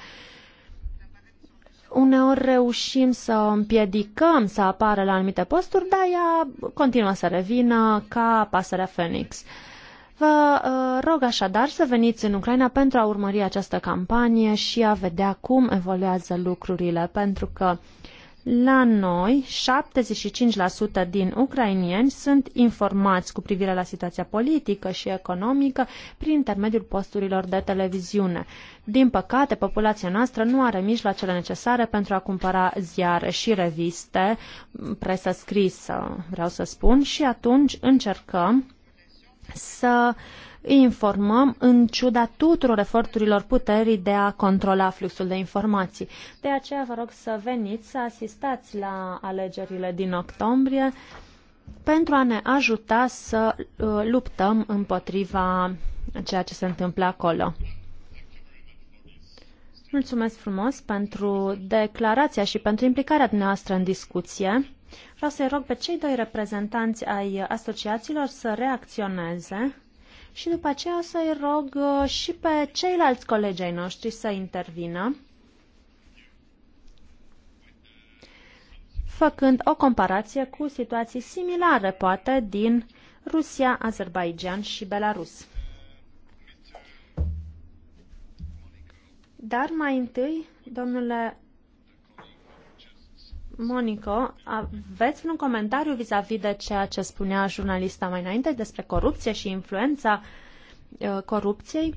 Uneori reușim să împiedicăm să apară la anumite posturi, dar ea continuă să revină ca pasărea Phoenix. Vă uh, rog așadar să veniți în Ucraina pentru a urmări această campanie și a vedea cum evoluează lucrurile, pentru că uh, la noi, 75% din ucrainieni sunt informați cu privire la situația politică și economică prin intermediul posturilor de televiziune. Din păcate, populația noastră nu are mijloacele necesare pentru a cumpăra ziare și reviste, presă scrisă, vreau să spun, și atunci încercăm să uh, îi informăm în ciuda tuturor eforturilor puterii de a controla fluxul de informații. De aceea vă rog să veniți să asistați la alegerile din octombrie pentru a ne ajuta să uh, luptăm împotriva ceea ce se întâmplă acolo. Mulțumesc frumos pentru declarația și pentru implicarea dumneavoastră în discuție. Vreau să-i rog pe cei doi reprezentanți ai asociațiilor să reacționeze și după aceea o să-i rog uh, și pe ceilalți colegi ai noștri să intervină, făcând o comparație cu situații similare, poate, din Rusia, Azerbaijan și Belarus. Dar mai întâi, domnule Monico, aveți un comentariu vis-a-vis -vis de ceea ce spunea jurnalista mai înainte despre corupție și influența uh, corupției?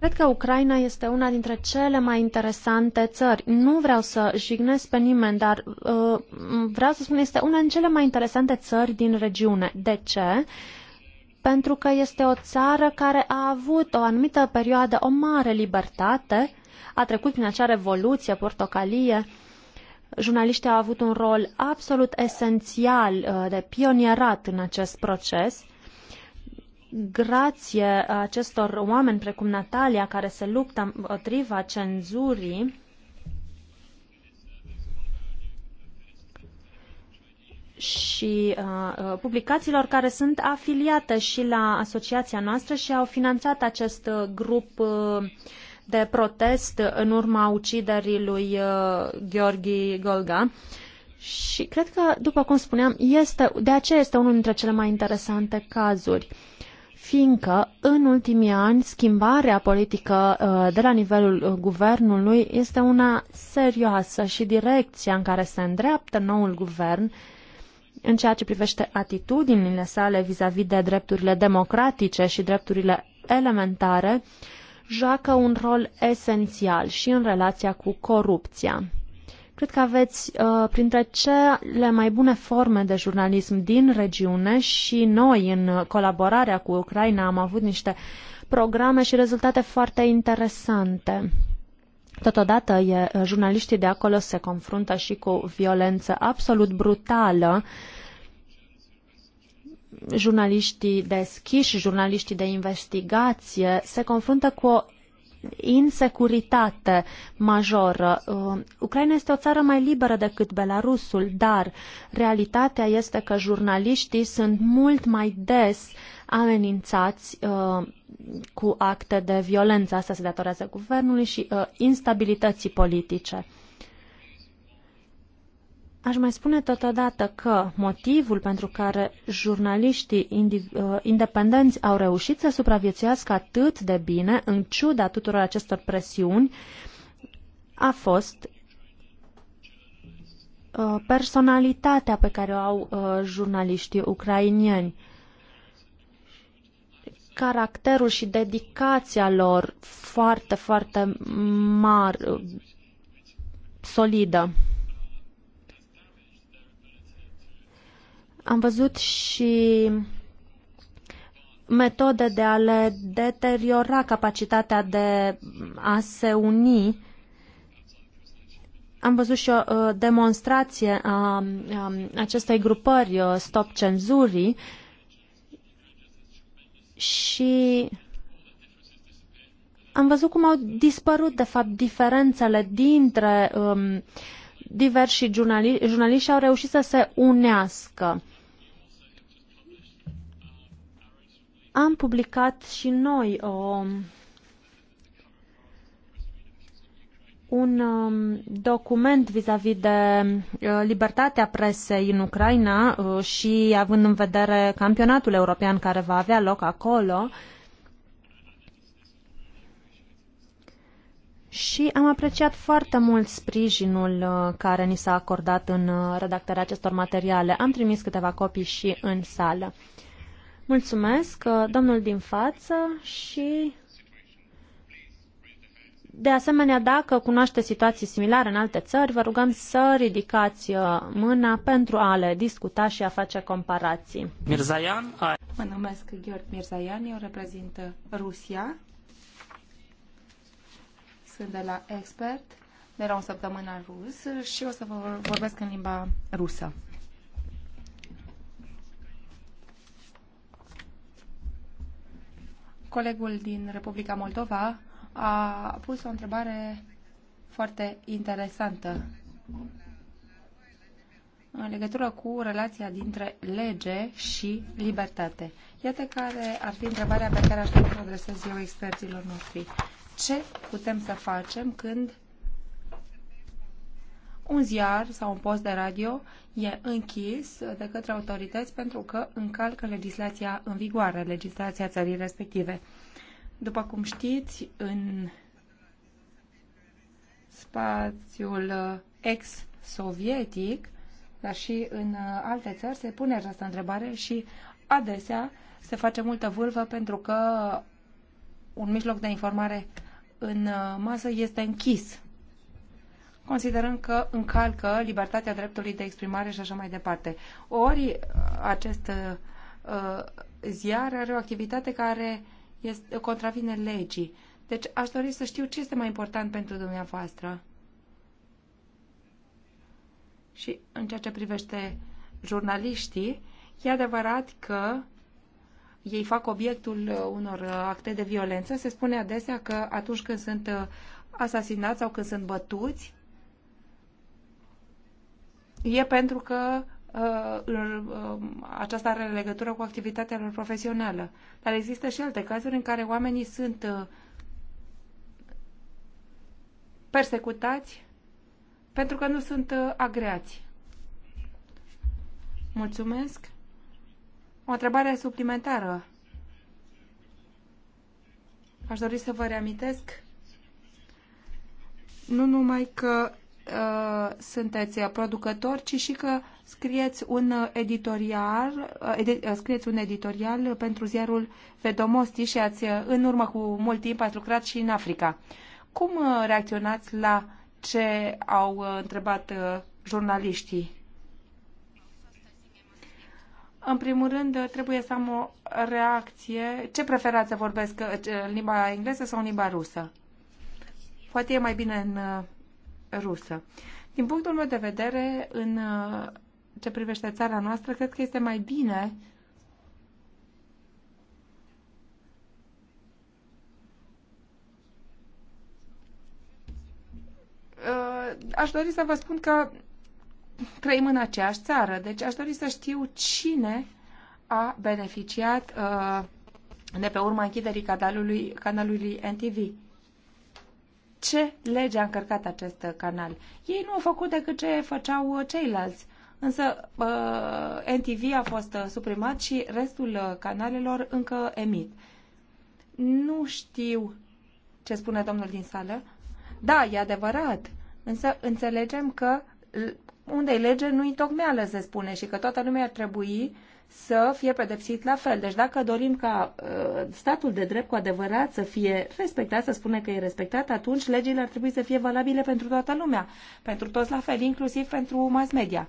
Cred că Ucraina este una dintre cele mai interesante țări. Nu vreau să jignesc pe nimeni, dar uh, vreau să spun este una dintre cele mai interesante țări din regiune. De ce? Pentru că este o țară care a avut o anumită perioadă o mare libertate a trecut prin acea revoluție portocalie, jurnaliștii au avut un rol absolut esențial uh, de pionierat în acest proces. Grație acestor oameni precum Natalia, care se luptă împotriva cenzurii, și uh, uh publicațiilor care sunt afiliate și la asociația noastră și au finanțat acest uh, grup uh, de protest în urma uciderii lui uh, Gheorghi Golga. Și cred că, după cum spuneam, este, de aceea este unul dintre cele mai interesante cazuri fiindcă în ultimii ani schimbarea politică uh, de la nivelul uh, guvernului este una serioasă și direcția în care se îndreaptă noul guvern în ceea ce privește atitudinile sale vis-a-vis -vis de drepturile democratice și drepturile elementare joacă un rol esențial și în relația cu corupția. Cred că aveți uh, printre cele mai bune forme de jurnalism din regiune și noi, în colaborarea cu Ucraina, am avut niște programe și rezultate foarte interesante. Totodată, e, uh, jurnaliștii de acolo se confruntă și cu violență absolut brutală uh, jurnaliștii deschiși, jurnaliștii de investigație, se confruntă cu o insecuritate majoră. Uh, Ucraina este o țară mai liberă decât Belarusul, dar realitatea este că jurnaliștii sunt mult mai des amenințați uh, cu acte de violență. Asta se datorează guvernului și uh, instabilității politice. Aș mai spune totodată că motivul pentru care jurnaliștii uh, independenți au reușit să supraviețuiască atât de bine, în ciuda tuturor acestor presiuni, a fost uh, personalitatea pe care o au uh, jurnaliștii ucrainieni caracterul și dedicația lor foarte, foarte mare, solidă. Am văzut și metode de a le deteriora capacitatea de a se uni. Am văzut și o demonstrație a acestei grupări uh, Stop Cenzurii și am văzut cum au dispărut, de fapt, diferențele dintre um, diversi jurnali- jurnaliști și au reușit să se unească. Am publicat și noi o, um, un um, document vis-a-vis -vis de uh, libertatea presei în Ucraina uh, și având în vedere campionatul european care va avea loc acolo. Și am apreciat foarte mult sprijinul uh, care ni s-a acordat în uh, redactarea acestor materiale. Am trimis câteva copii și în sală. Mulțumesc, uh, domnul din față și de asemenea, dacă cunoaște situații similare în alte țări, vă rugăm să ridicați uh, mâna pentru a le discuta și a face comparații. Mirzayan, ai... Mă numesc Gheorghe Mirzayan, eu reprezint Rusia. Sunt de la Expert, de la o săptămână rus și o să vă vorbesc în limba rusă. Colegul din Republica Moldova a pus o întrebare foarte interesantă în legătură cu relația dintre lege și libertate. Iată care ar fi întrebarea pe care aș vrea să o adresez eu experților noștri. Ce putem să facem când un ziar sau un post de radio e închis de către autorități pentru că încalcă legislația în vigoare, legislația țării respective. După cum știți, în spațiul uh, ex-sovietic, dar și în uh, alte țări se pune această întrebare și adesea se face multă vârvă pentru că un mijloc de informare în uh, masă este închis considerând că încalcă libertatea dreptului de exprimare și așa mai departe. Ori uh, acest uh, ziar are o activitate care este, contravine legii. Deci aș dori să știu ce este mai important pentru dumneavoastră. Și în ceea ce privește jurnaliștii, e adevărat că ei fac obiectul uh, unor uh, acte de violență. Se spune adesea că atunci când sunt asasinați sau când sunt bătuți, e pentru că uh, uh, aceasta are legătură cu activitatea lor profesională. Dar există și alte cazuri în care oamenii sunt uh, persecutați pentru că nu sunt agreați. Mulțumesc. O întrebare suplimentară. Aș dori să vă reamintesc nu numai că Uh, sunteți producător, ci și că scrieți un editorial, uh, edi, uh, scrieți un editorial pentru ziarul Vedomosti și ați, în urmă cu mult timp ați lucrat și în Africa. Cum reacționați la ce au întrebat jurnaliștii? În primul rând, trebuie să am o reacție. Ce preferați să vorbesc în limba engleză sau în limba rusă? Poate e mai bine în rusă. Din punctul meu de vedere, în uh, ce privește țara noastră, cred că este mai bine uh, Aș dori să vă spun că trăim în aceeași țară, deci aș dori să știu cine a beneficiat uh, de pe urma închiderii canalului, canalului NTV ce lege a încărcat acest canal. Ei nu au făcut decât ce făceau uh, ceilalți. Însă uh, NTV a fost uh, suprimat și restul uh, canalelor încă emit. Nu știu ce spune domnul din sală. Da, e adevărat. Însă înțelegem că unde e lege, nu-i tocmeală, se spune, și că toată lumea ar trebui uh, să fie pedepsit la fel. Deci dacă dorim ca uh, statul de drept cu adevărat să fie respectat, să spune că e respectat, atunci legile ar trebui să fie valabile pentru toată lumea, pentru toți la fel, inclusiv pentru mass media.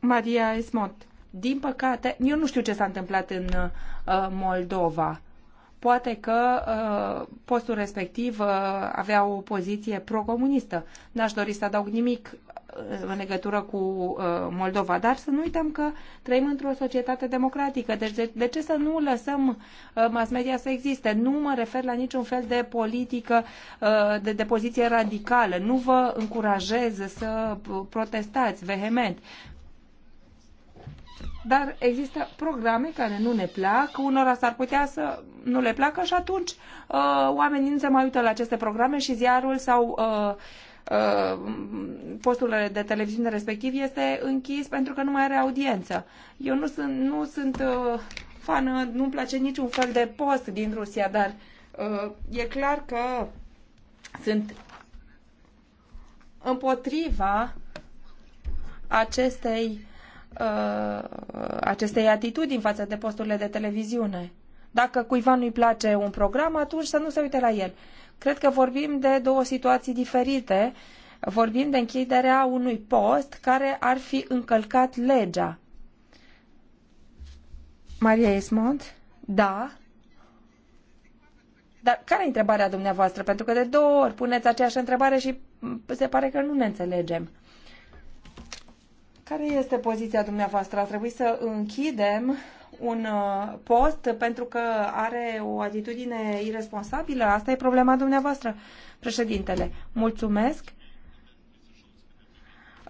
Maria Esmont, din păcate, eu nu știu ce s-a întâmplat în uh, Moldova poate că uh, postul respectiv uh, avea o poziție pro-comunistă. N-aș dori să adaug nimic în legătură cu uh, Moldova, dar să nu uităm că trăim într-o societate democratică. Deci de, de ce să nu lăsăm uh, mass media să existe? Nu mă refer la niciun fel de politică, uh, de, de poziție radicală. Nu vă încurajez să protestați vehement. Dar există programe care nu ne plac, unora s-ar putea să nu le placă și atunci uh, oamenii nu se mai uită la aceste programe și ziarul sau uh, Uh, postul de televiziune respectiv este închis pentru că nu mai are audiență. Eu nu sunt, nu sunt uh, fan, nu-mi place niciun fel de post din Rusia, dar uh, e clar că sunt împotriva acestei, acestei atitudini față de posturile de televiziune. Dacă cuiva nu-i place un program, atunci să nu se uite la el. Cred că vorbim de două situații diferite. Vorbim de închiderea unui post care ar fi încălcat legea. Maria Ismont? Da. Dar care e întrebarea dumneavoastră? Pentru că de două ori puneți aceeași întrebare și se pare că nu ne înțelegem. Care este poziția dumneavoastră? A trebuit să închidem un uh, post pentru că are o atitudine irresponsabilă? Asta e problema dumneavoastră, președintele. Mulțumesc.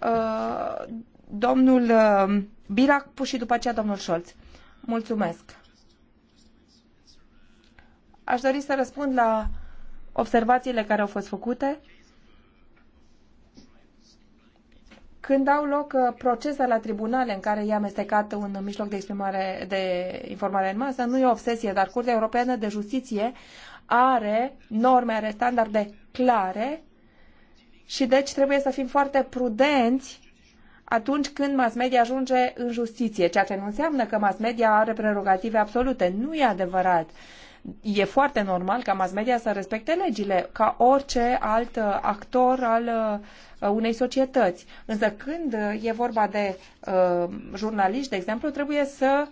Uh, domnul uh, Birac și după aceea domnul Scholz. Mulțumesc. Aș dori să răspund la observațiile care au fost făcute. Când au loc uh, procese la tribunale în care e amestecat un mijloc de exprimare de informare în masă, nu e o obsesie, dar Curtea Europeană de Justiție are norme, are standarde clare și deci trebuie să fim foarte prudenți atunci când mass media ajunge în justiție, ceea ce nu înseamnă că mass media are prerogative absolute. Nu e adevărat. E foarte normal ca mass media să respecte legile, ca orice alt uh, actor al uh, Uh, unei societăți. Însă când uh, e vorba de uh, jurnaliști, de exemplu, trebuie să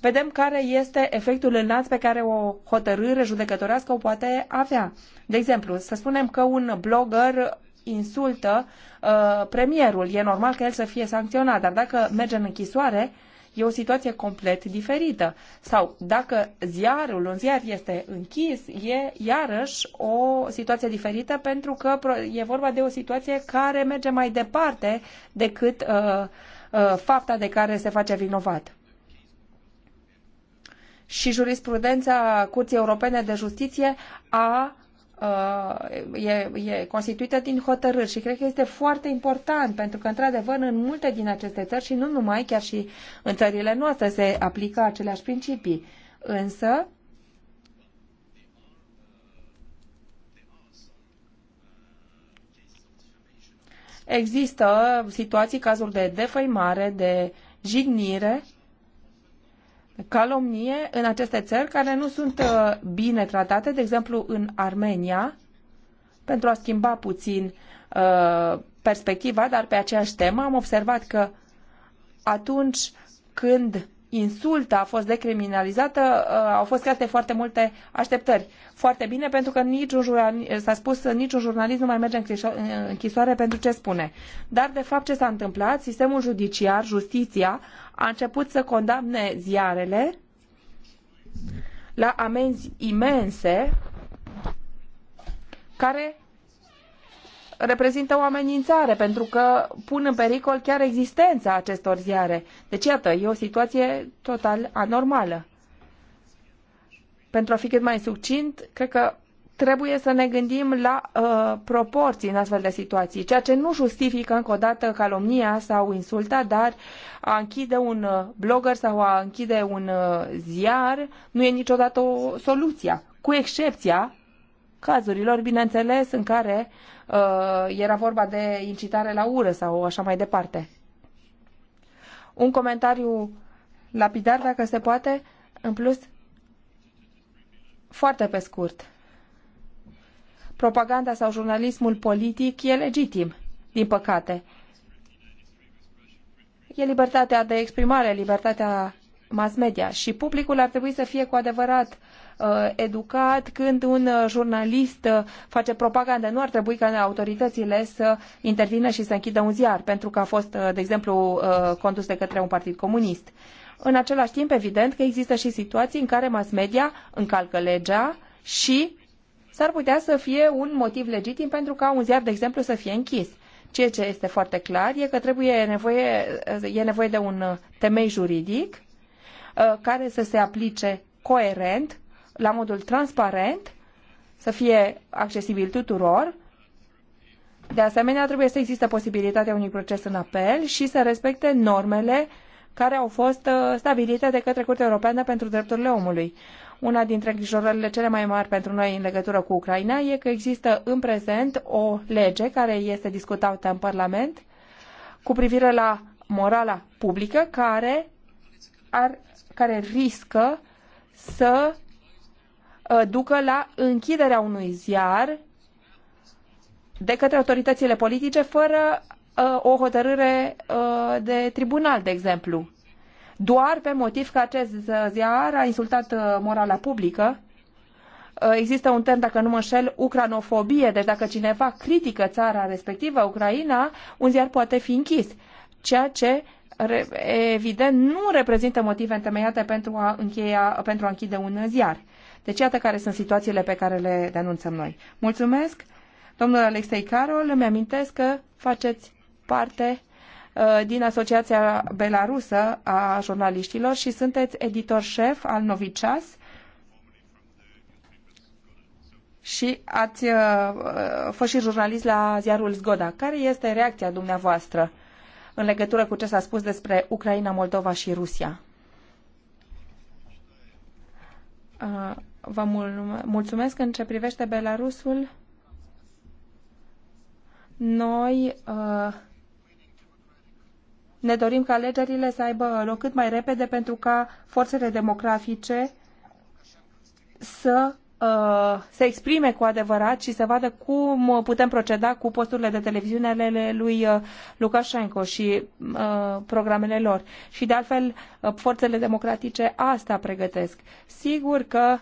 vedem care este efectul înalt pe care o hotărâre judecătorească o poate avea. De exemplu, să spunem că un blogger insultă uh, premierul. E normal că el să fie sancționat, dar dacă merge în închisoare, uh, e o situație complet diferită. Sau dacă ziarul, un ziar este închis, e iarăși o situație diferită pentru că e vorba de o situație care merge mai departe decât uh, uh, fapta de care se face vinovat și jurisprudența Curții Europene de Justiție a Uh, e, e constituită din hotărâri și cred că este foarte important pentru că, într-adevăr, în multe din aceste țări și nu numai, chiar și în țările noastre se aplică aceleași principii. Însă, există situații, cazuri de defăimare, de jignire, calomnie în aceste țări care nu sunt uh, bine tratate, de exemplu în Armenia, pentru a schimba puțin uh, perspectiva, dar pe aceeași temă am observat că atunci când insulta a fost decriminalizată, uh, au fost create foarte multe așteptări. Foarte bine, pentru că niciun jurnalist, s-a spus niciun jurnalist nu mai merge în închisoare pentru ce spune. Dar, de fapt, ce s-a întâmplat? Sistemul judiciar, justiția, a început să condamne ziarele la amenzi imense care reprezintă o amenințare pentru că pun în pericol chiar existența acestor ziare. Deci, iată, e o situație total anormală. Pentru a fi cât mai succint, cred că trebuie să ne gândim la uh, proporții în astfel de situații, ceea ce nu justifică încă o dată calomnia sau insulta, dar a închide un uh, blogger sau a închide un uh, ziar nu e niciodată o soluție, cu excepția cazurilor, bineînțeles, în care Uh, era vorba de incitare la ură sau așa mai departe. Un comentariu lapidar, dacă se poate, în plus, foarte pe scurt. Propaganda sau jurnalismul politic e legitim, din păcate. E libertatea de exprimare, libertatea mass media și publicul ar trebui să fie cu adevărat uh, educat când un uh, jurnalist uh, face propagandă. Nu ar trebui ca autoritățile să intervină și să închidă un ziar pentru că a fost, de exemplu, condus de către un partid comunist. În același timp, evident că există și situații în care mass media încalcă legea și s-ar putea să fie un motiv legitim pentru ca un ziar, de exemplu, să fie închis. Ceea ce este foarte clar e că trebuie nevoie, e nevoie de un temei juridic Uh, care să se aplice coerent, la modul transparent, să fie accesibil tuturor. De asemenea, trebuie să existe posibilitatea unui proces în apel și să respecte normele care au fost uh, stabilite de către Curtea Europeană pentru Drepturile Omului. Una dintre îngrijorările cele mai mari pentru noi în legătură cu Ucraina e că există în prezent o lege care este discutată în Parlament cu privire la morala publică care ar care riscă să uh, ducă la închiderea unui ziar de către autoritățile politice fără uh, o hotărâre uh, de tribunal, de exemplu. Doar pe motiv că acest ziar a insultat morala publică, există un term, dacă nu mă înșel, ucranofobie, deci dacă cineva critică țara respectivă, Ucraina, un ziar poate fi închis, ceea ce evident, nu reprezintă motive întemeiate pentru a, încheia, pentru a închide un ziar. Deci iată care sunt situațiile pe care le denunțăm noi. Mulțumesc, domnul Alexei Carol, îmi amintesc că faceți parte uh, din Asociația Belarusă a Jurnaliștilor și sunteți editor șef al Novicias și ați uh, uh, fost și jurnalist la ziarul Zgoda. Care este reacția dumneavoastră? în legătură cu ce s-a spus despre Ucraina, Moldova și Rusia. Vă mulțumesc în ce privește Belarusul. Noi ne dorim ca alegerile să aibă loc cât mai repede pentru ca forțele democratice să Uh, se exprime cu adevărat și să vadă cum putem proceda cu posturile de televiziune ale lui uh, Lukashenko și uh, programele lor. Și de altfel, forțele democratice asta pregătesc. Sigur că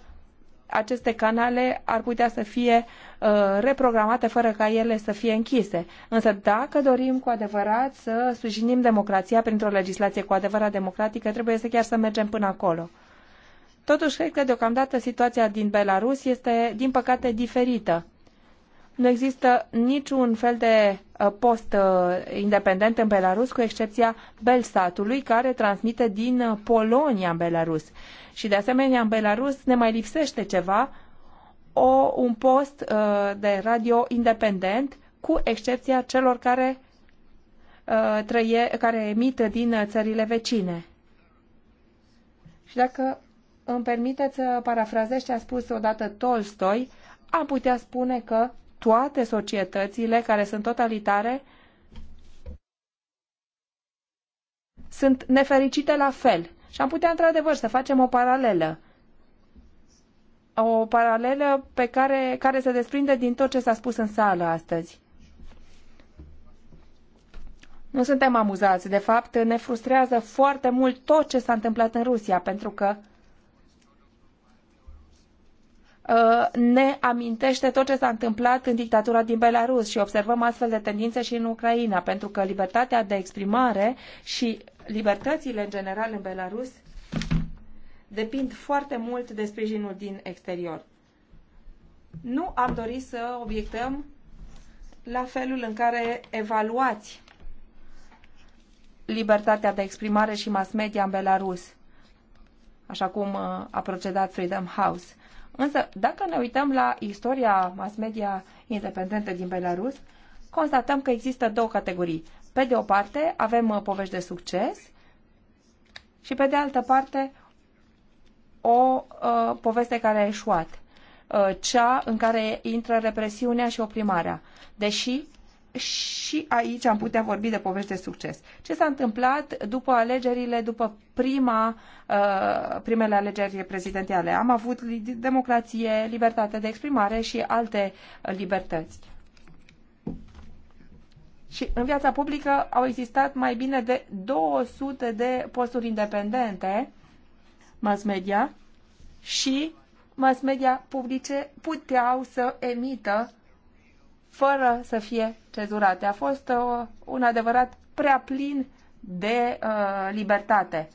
aceste canale ar putea să fie reprogramate fără ca ele să fie închise. Însă dacă dorim cu adevărat să sprijinim democrația printr-o legislație cu adevărat democratică, trebuie să chiar să mergem până acolo. Totuși, cred că deocamdată situația din Belarus este, din păcate, diferită. Nu există niciun fel de uh, post uh, independent în Belarus, cu excepția Belstatului, care transmite din uh, Polonia în Belarus. Și, de asemenea, în Belarus ne mai lipsește ceva, o, un post uh, de radio independent, cu excepția celor care, uh, trăie, care emită din țările vecine. Și dacă îmi permiteți să parafrazez ce a spus odată Tolstoi, am putea spune că toate societățile care sunt totalitare sunt nefericite la fel. Și am putea, într-adevăr, să facem o paralelă. O paralelă pe care, care se desprinde din tot ce s-a spus în sală astăzi. Nu suntem amuzați. De fapt, ne frustrează foarte mult tot ce s-a întâmplat în Rusia, pentru că Uh, ne amintește tot ce s-a întâmplat în dictatura din Belarus și observăm astfel de tendințe și în Ucraina, pentru că libertatea de exprimare și libertățile în general în Belarus depind foarte mult de sprijinul din exterior. Nu am dorit să obiectăm la felul în care evaluați libertatea de exprimare și mass media în Belarus, așa cum uh, a procedat Freedom House. Însă, dacă ne uităm la istoria mass media independentă din Belarus, constatăm că există două categorii. Pe de o parte, avem uh, povești de succes și pe de altă parte, o uh, poveste care a eșuat, uh, cea în care intră represiunea și oprimarea. Deși și aici am putea vorbi de povești de succes. Ce s-a întâmplat după alegerile, după prima, uh, primele alegeri prezidențiale? Am avut democrație, libertate de exprimare și alte libertăți. Și în viața publică au existat mai bine de 200 de posturi independente, mass media, și mass media publice puteau să emită fără să fie cezurate. A fost uh, un adevărat prea plin de uh, libertate,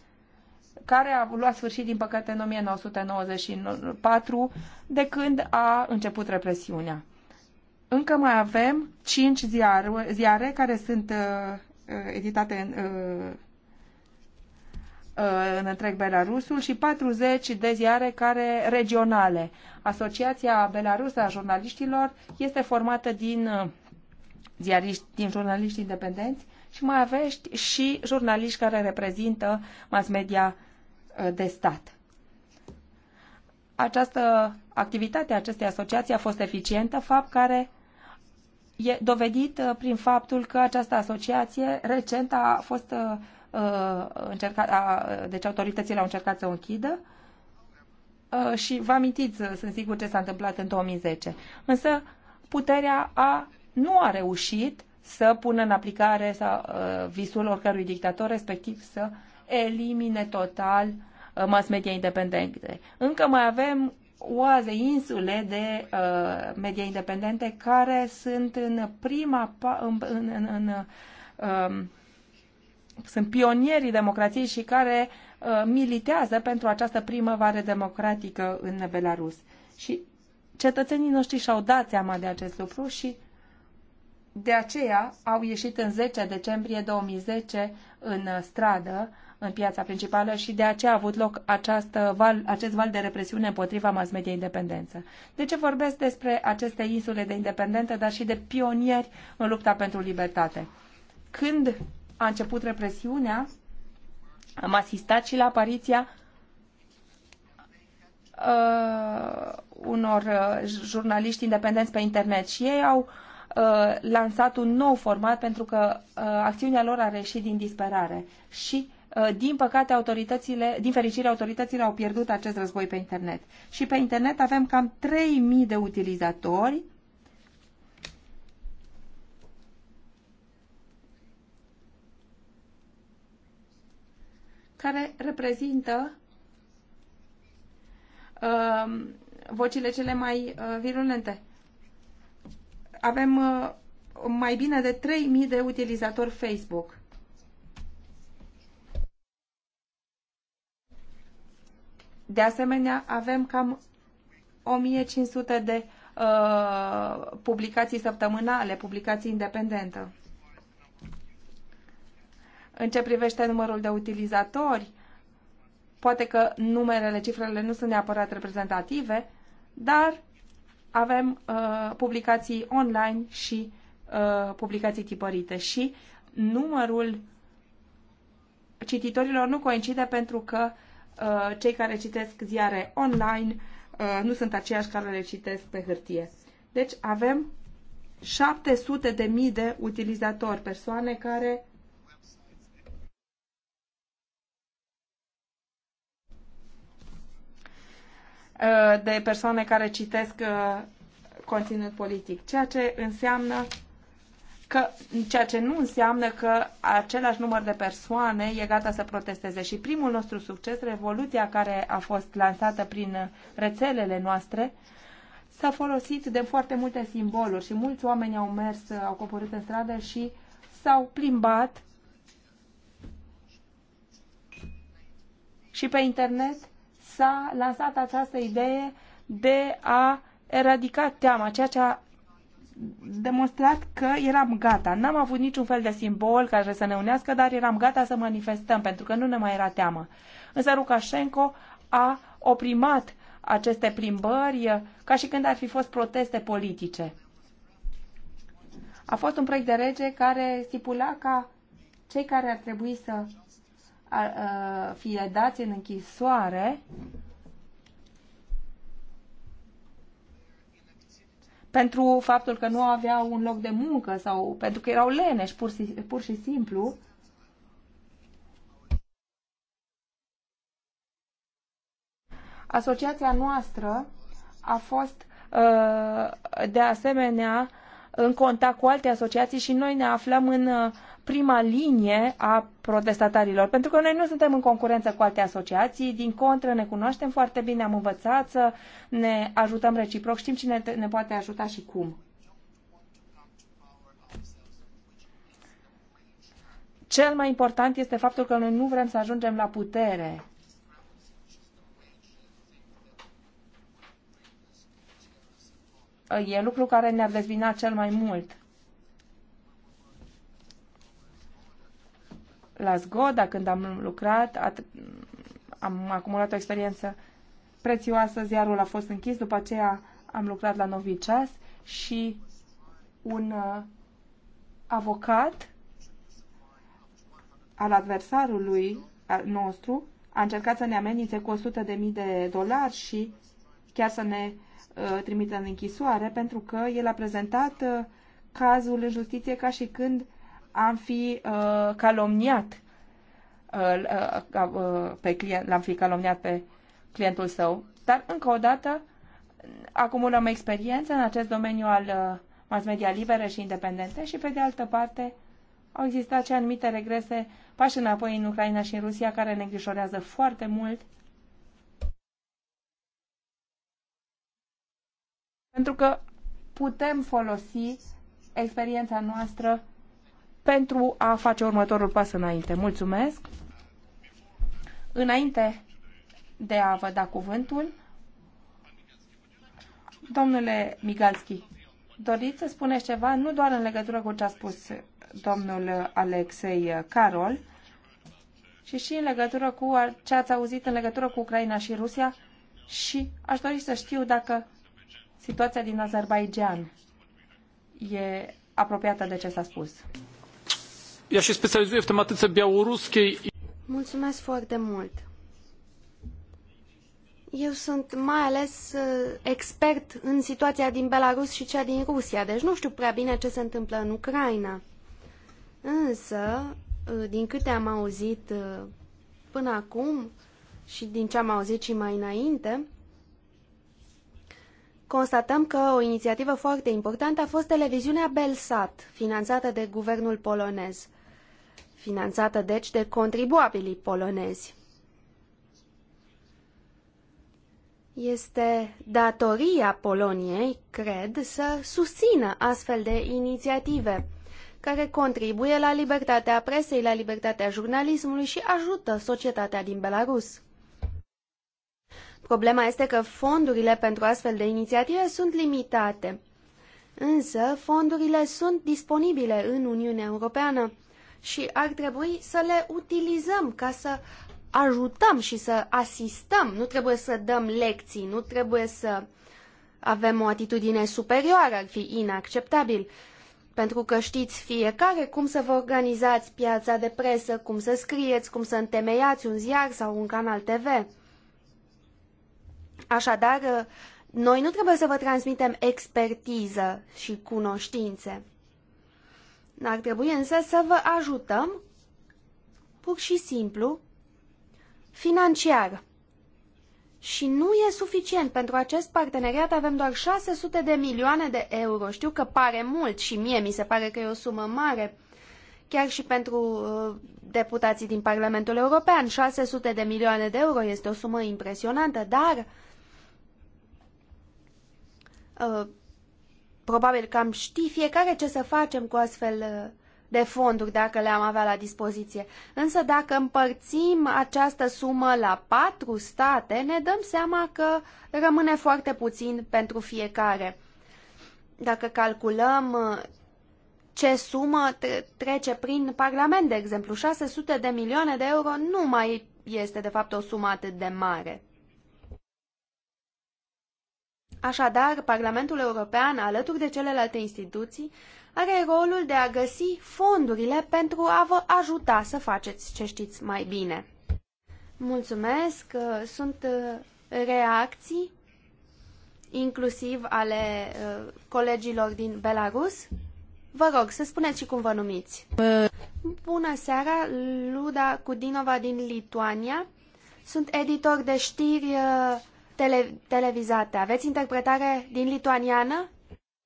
care a luat sfârșit, din păcate, în 1994, de când a început represiunea. Încă mai avem cinci ziare, ziare care sunt uh, uh editate în, uh, Uh, în întreg Belarusul și 40 de ziare care regionale. Asociația Belarusă a jurnaliștilor este formată din uh, ziariști, din jurnaliști independenți și mai avești și jurnaliști care reprezintă mass media uh, de stat. Această activitate a acestei asociații a fost eficientă, fapt care e dovedit prin faptul că această asociație recent a fost Uh, încercat, a, deci autoritățile au încercat să o închidă uh, și vă amintiți, uh, sunt sigur, ce s-a întâmplat în 2010. Însă puterea a, nu a reușit să pună în aplicare sau, visul oricărui dictator, respectiv să elimine total mass media independente. Încă mai avem oaze, insule de uh, media independente care sunt în prima, în, în, în, în um, sunt pionierii democrației și care uh, militează pentru această primăvară democratică în Belarus. Și cetățenii noștri și-au dat seama de acest lucru și de aceea au ieșit în 10 decembrie 2010 în stradă, în piața principală și de aceea a avut loc această val, acest val de represiune împotriva mass media independență. De ce vorbesc despre aceste insule de independență, dar și de pionieri în lupta pentru libertate? Când a început represiunea, am asistat și la apariția uh, unor uh, jurnaliști independenți pe internet și ei au uh, lansat un nou format pentru că uh, acțiunea lor a reșit din disperare și uh, din păcate, autoritățile, din fericire, autoritățile au pierdut acest război pe internet. Și pe internet avem cam 3.000 de utilizatori care reprezintă uh, vocile cele mai uh, virulente. Avem uh, mai bine de 3.000 de utilizatori Facebook. De asemenea, avem cam 1500 de uh, publicații săptămânale, publicații independente. În ce privește numărul de utilizatori, poate că numerele, cifrele nu sunt neapărat reprezentative, dar avem uh, publicații online și uh, publicații tipărite și numărul cititorilor nu coincide pentru că uh, cei care citesc ziare online uh, nu sunt aceiași care le citesc pe hârtie. Deci avem 700 de mii de utilizatori, persoane care Uh, de persoane care citesc uh, conținut politic, ceea ce înseamnă că, ceea ce nu înseamnă că același număr de persoane e gata să protesteze. Și primul nostru succes, revoluția care a fost lansată prin rețelele noastre, s-a folosit de foarte multe simboluri și mulți oameni au mers, au coborât în stradă și s-au plimbat și pe internet s-a lansat această idee de a eradica teama, ceea ce a demonstrat că eram gata. N-am avut niciun fel de simbol care să ne unească, dar eram gata să manifestăm, pentru că nu ne mai era teamă. Însă Lukashenko a oprimat aceste plimbări eh, ca și când ar fi fost proteste politice. A fost un proiect de rege care stipula ca cei care ar trebui să fie dați în închisoare pentru faptul că nu aveau un loc de muncă sau pentru că erau leneși pur și, pur și simplu. Asociația noastră a fost ă, de asemenea în contact cu alte asociații și noi ne aflăm în prima linie a protestatarilor, pentru că noi nu suntem în concurență cu alte asociații, din contră ne cunoaștem foarte bine, am învățat să ne ajutăm reciproc, știm cine ne poate ajuta și cum. Cel mai important este faptul că noi nu vrem să ajungem la putere. E lucru care ne-ar dezvina cel mai mult. la Zgoda, când am lucrat, am acumulat o experiență prețioasă, ziarul a fost închis, după aceea am lucrat la Noviceas și un uh, avocat al adversarului nostru a încercat să ne amenințe cu 100.000 de de dolari și chiar să ne uh, trimită în închisoare pentru că el a prezentat uh, cazul în justiție ca și când am fi uh, calomniat uh, uh, uh, pe client, l-am fi calomniat pe clientul său. Dar, încă o dată, acumulăm experiență în acest domeniu al uh, mass media libere și independente și, pe de altă parte, au existat și anumite regrese, pași înapoi în Ucraina și în Rusia, care ne îngrijorează foarte mult. Pentru că putem folosi experiența noastră pentru a face următorul pas înainte. Mulțumesc! Înainte de a vă da cuvântul, domnule Migalski, doriți să spuneți ceva nu doar în legătură cu ce a spus domnul Alexei Carol, ci și în legătură cu ce ați auzit în legătură cu Ucraina și Rusia și aș dori să știu dacă situația din Azerbaijan e apropiată de ce s-a spus. Ja się specjalizuję w tematyce białoruskiej. Mulțumesc foarte mult. Eu sunt mai ales expert în situația din Belarus și cea din Rusia, deci nu știu prea bine ce se întâmplă în Ucraina. Însă, din câte am auzit până acum și din ce am auzit și mai înainte, constatăm că o inițiativă foarte importantă a fost televiziunea Belsat, finanțată de guvernul polonez finanțată deci de contribuabilii polonezi. Este datoria Poloniei, cred, să susțină astfel de inițiative care contribuie la libertatea presei, la libertatea jurnalismului și ajută societatea din Belarus. Problema este că fondurile pentru astfel de inițiative sunt limitate. Însă, fondurile sunt disponibile în Uniunea Europeană și ar trebui să le utilizăm ca să ajutăm și să asistăm. Nu trebuie să dăm lecții, nu trebuie să avem o atitudine superioară, ar fi inacceptabil. Pentru că știți fiecare cum să vă organizați piața de presă, cum să scrieți, cum să întemeiați un ziar sau un canal TV. Așadar, noi nu trebuie să vă transmitem expertiză și cunoștințe. Ar trebui însă să vă ajutăm pur și simplu financiar. Și nu e suficient. Pentru acest parteneriat avem doar 600 de milioane de euro. Știu că pare mult și mie mi se pare că e o sumă mare. Chiar și pentru uh, deputații din Parlamentul European, 600 de milioane de euro este o sumă impresionantă, dar uh, probabil că am ști fiecare ce să facem cu astfel uh, de fonduri dacă le-am avea la dispoziție. Însă dacă împărțim această sumă la patru state, ne dăm seama că rămâne foarte puțin pentru fiecare. Dacă calculăm uh, ce sumă trece prin Parlament, de exemplu, 600 de milioane de euro nu mai este de fapt o sumă atât de mare. Așadar, Parlamentul European, alături de celelalte instituții, are rolul de a găsi fondurile pentru a vă ajuta să faceți ce știți mai bine. Mulțumesc! Sunt uh, reacții, inclusiv ale uh, colegilor din Belarus. Vă rog, să spuneți și cum vă numiți. Bună seara, Luda Kudinova din Lituania. Sunt editor de știri uh, tele- televizate. Aveți interpretare din lituaniană?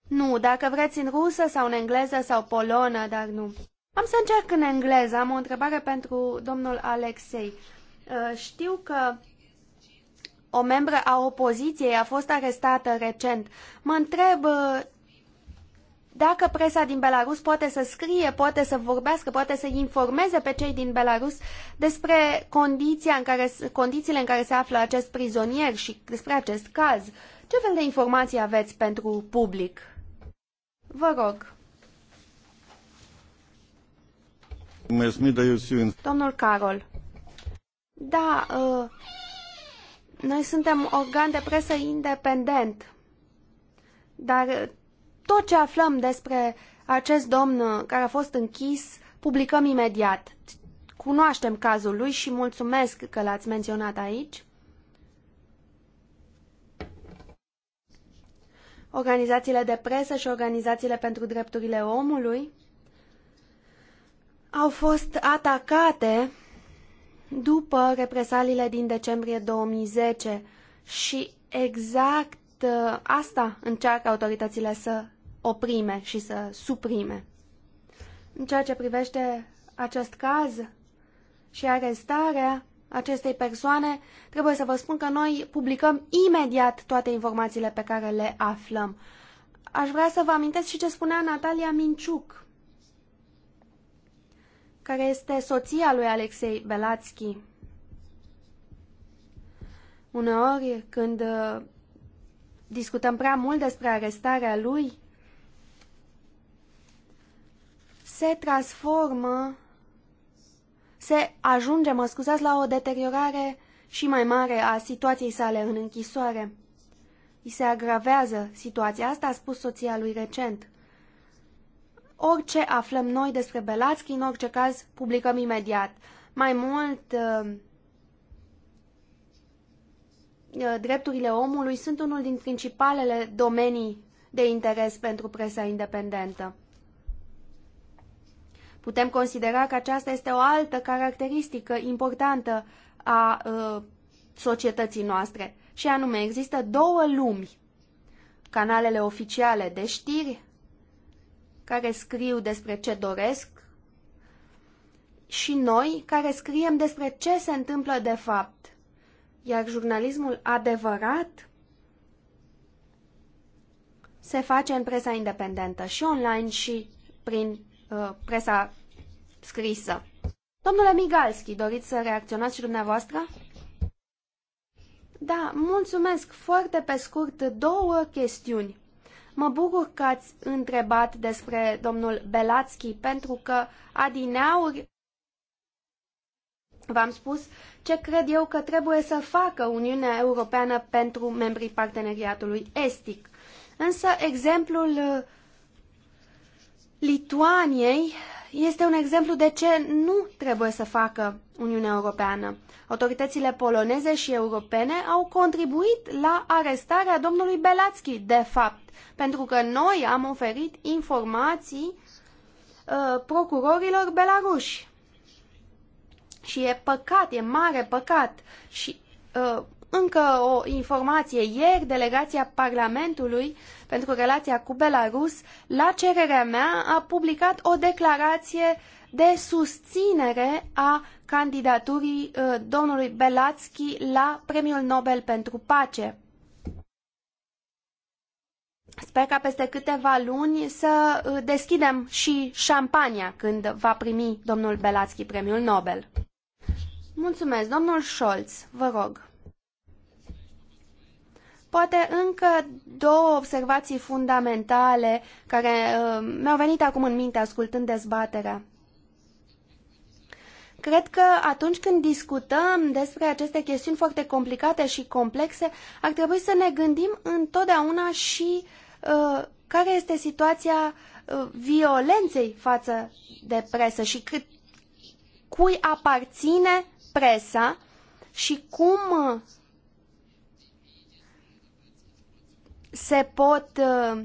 Nu, dacă vreți în rusă sau în engleză sau polonă, dar nu. Am să încerc în engleză. Am o întrebare pentru domnul Alexei. Uh, știu că o membră a opoziției a fost arestată recent. Mă întreb uh, dacă presa din Belarus poate să scrie, poate să vorbească, poate să informeze pe cei din Belarus despre condiția în care, condițiile în care se află acest prizonier și despre acest caz. Ce fel de informații aveți pentru public? Vă rog. Domnul Carol. Da, uh, noi suntem organ de presă independent, dar tot ce aflăm despre acest domn care a fost închis, publicăm imediat. Cunoaștem cazul lui și mulțumesc că l-ați menționat aici. Organizațiile de presă și organizațiile pentru drepturile omului au fost atacate după represaliile din decembrie 2010 și exact ă, asta încearcă autoritățile să oprime și să suprime. În ceea ce privește acest caz și arestarea acestei persoane, trebuie să vă spun că noi publicăm imediat toate informațiile pe care le aflăm. Aș vrea să vă amintesc și ce spunea Natalia Minciuc, care este soția lui Alexei Belațchi. Uneori, când uh, discutăm prea mult despre arestarea lui, se transformă, se ajunge, mă scuzați, la o deteriorare și mai mare a situației sale în închisoare. I se agravează situația asta, a spus soția lui recent. Orice aflăm noi despre Belatski, în orice caz, publicăm imediat. Mai mult, uh, uh, drepturile omului sunt unul din principalele domenii de interes pentru presa independentă. Putem considera că aceasta este o altă caracteristică importantă a uh, societății noastre, și anume există două lumi. Canalele oficiale de știri, care scriu despre ce doresc, și noi, care scriem despre ce se întâmplă de fapt. Iar jurnalismul adevărat se face în presa independentă și online și prin Uh, presa scrisă. Domnule Migalski, doriți să reacționați și dumneavoastră? Da, mulțumesc. Foarte pe scurt, două chestiuni. Mă bucur că ați întrebat despre domnul Belatski, pentru că adineauri v-am spus ce cred eu că trebuie să facă Uniunea Europeană pentru membrii parteneriatului estic. Însă exemplul uh, Lituaniei este un exemplu de ce nu trebuie să facă Uniunea Europeană. Autoritățile poloneze și europene au contribuit la arestarea domnului Belațchi, de fapt, pentru că noi am oferit informații uh, procurorilor belaruși. Și e păcat, e mare păcat. Și uh, încă o informație, ieri delegația Parlamentului pentru relația cu Belarus, la cererea mea, a publicat o declarație de susținere a candidaturii uh, domnului Belatski la Premiul Nobel pentru Pace. Sper ca peste câteva luni să uh, deschidem și șampania când va primi domnul Belatski Premiul Nobel. Mulțumesc, domnul Scholz, vă rog. Poate încă două observații fundamentale care uh, mi-au venit acum în minte ascultând dezbaterea. Cred că atunci când discutăm despre aceste chestiuni foarte complicate și complexe, ar trebui să ne gândim întotdeauna și uh, care este situația uh, violenței față de presă și cât, cui aparține presa și cum uh, se pot uh,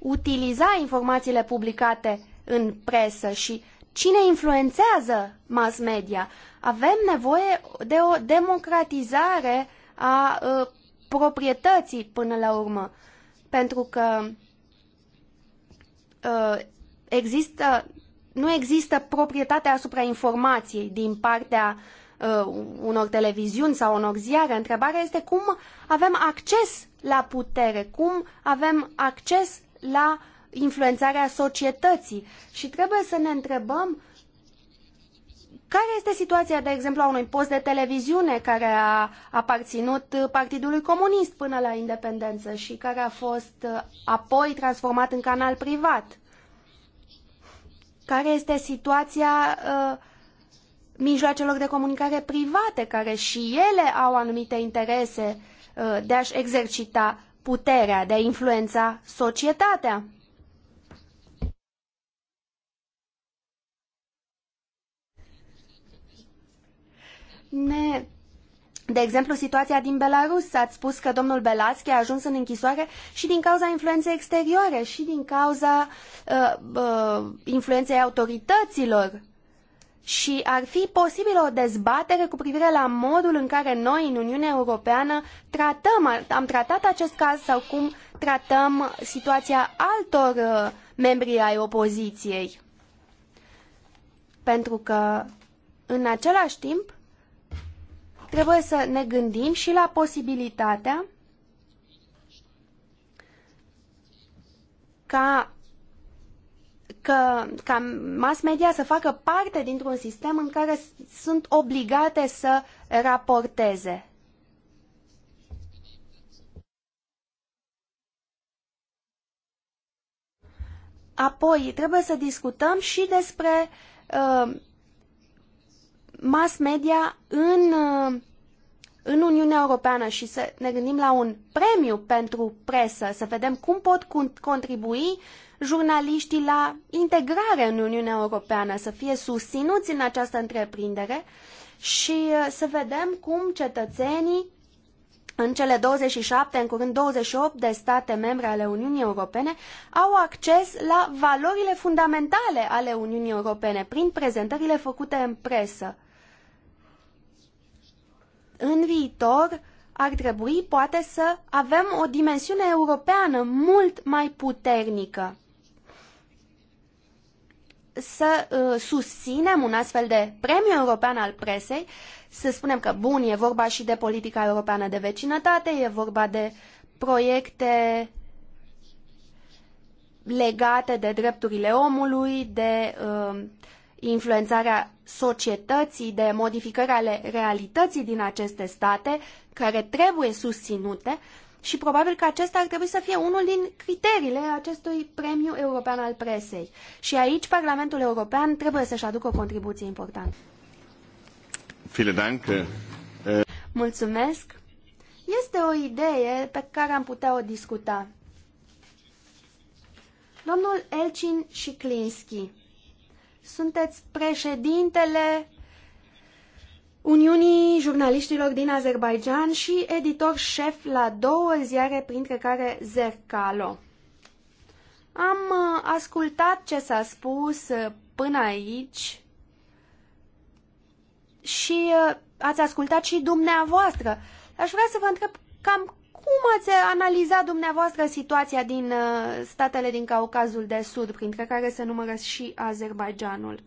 utiliza informațiile publicate în presă și cine influențează mass media. Avem nevoie de o democratizare a uh, proprietății până la urmă, pentru că uh, există, nu există proprietatea asupra informației din partea uh, uh, unor televiziuni sau unor ziare. Întrebarea este cum avem acces la putere, cum avem acces la influențarea societății și trebuie să ne întrebăm care este situația, de exemplu, a unui post de televiziune care a aparținut Partidului Comunist până la independență și care a fost apoi transformat în canal privat? Care este situația uh, mijloacelor de comunicare private, care și ele au anumite interese uh, de a-și exercita puterea, de a influența societatea. Ne... De exemplu, situația din Belarus. Ați spus că domnul Belaschi a ajuns în închisoare și din cauza influenței exterioare și din cauza uh, uh, influenței autorităților și ar fi posibilă o dezbatere cu privire la modul în care noi, în Uniunea Europeană, tratăm, am tratat acest caz sau cum tratăm situația altor uh, membri ai opoziției. Pentru că, în același timp, trebuie să ne gândim și la posibilitatea ca că ca mass media să facă parte dintr-un sistem în care sunt obligate să raporteze. Apoi, trebuie să discutăm și despre uh, mass media în uh, în Uniunea Europeană și să ne gândim la un premiu pentru presă, să vedem cum pot contribui jurnaliștii la integrare în Uniunea Europeană, să fie susținuți în această întreprindere și uh, să vedem cum cetățenii în cele 27, în curând 28 de state membre ale Uniunii Europene, au acces la valorile fundamentale ale Uniunii Europene prin prezentările făcute în presă în viitor ar trebui poate să avem o dimensiune europeană mult mai puternică. Să uh, susținem un astfel de premiu european al presei, să spunem că, bun, e vorba și de politica europeană de vecinătate, e vorba de proiecte legate de drepturile omului, de uh, influențarea societății, de modificări ale realității din aceste state, care trebuie susținute și probabil că acesta ar trebui să fie unul din criteriile acestui premiu european al presei. Și aici Parlamentul European trebuie să-și aducă o contribuție importantă. Mulțumesc. Este o idee pe care am putea o discuta. Domnul Elcin și Klinski sunteți președintele Uniunii Jurnaliștilor din Azerbaijan și editor șef la două ziare, printre care Zercalo. Am uh, ascultat ce s-a spus uh, până aici și uh, ați ascultat și dumneavoastră. Aș vrea să vă întreb cam cum ați analizat dumneavoastră situația din uh, statele din Caucazul de Sud, printre care se numără și Azerbaijanul?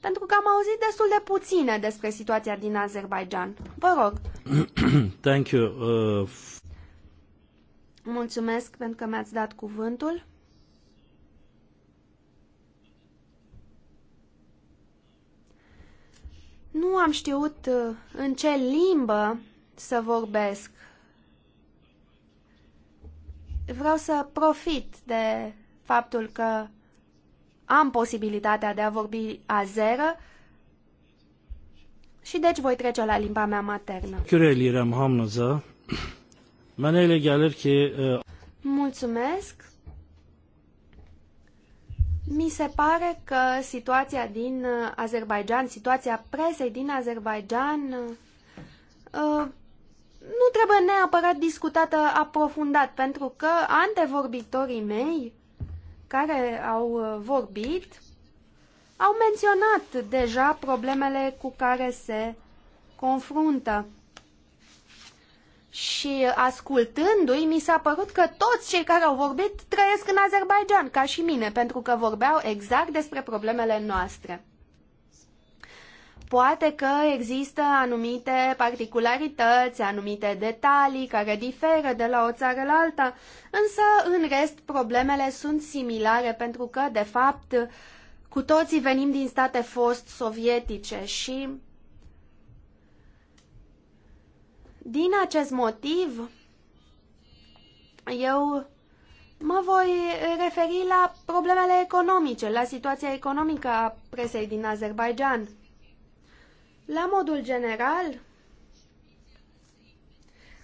Pentru că am auzit destul de puține despre situația din Azerbaijan. Vă rog. Thank you. Uh... Mulțumesc pentru că mi-ați dat cuvântul. Nu am știut uh, în ce limbă să vorbesc vreau să profit de faptul că am posibilitatea de a vorbi azeră și deci voi trece la limba mea maternă. Uh, Mulțumesc. Mi se pare că situația din uh, Azerbaijan, situația presei din Azerbaijan uh, nu trebuie neapărat discutată aprofundat, pentru că antevorbitorii mei care au uh, vorbit au menționat deja problemele cu care se confruntă. Și ascultându-i, mi s-a părut că toți cei care au vorbit trăiesc în Azerbaijan, ca și mine, pentru că vorbeau exact despre problemele noastre. Poate că există anumite particularități, anumite detalii care diferă de la o țară la alta, însă, în rest, problemele sunt similare pentru că, de fapt, cu toții venim din state fost sovietice și din acest motiv eu mă voi referi la problemele economice, la situația economică a presei din Azerbaijan. La modul general,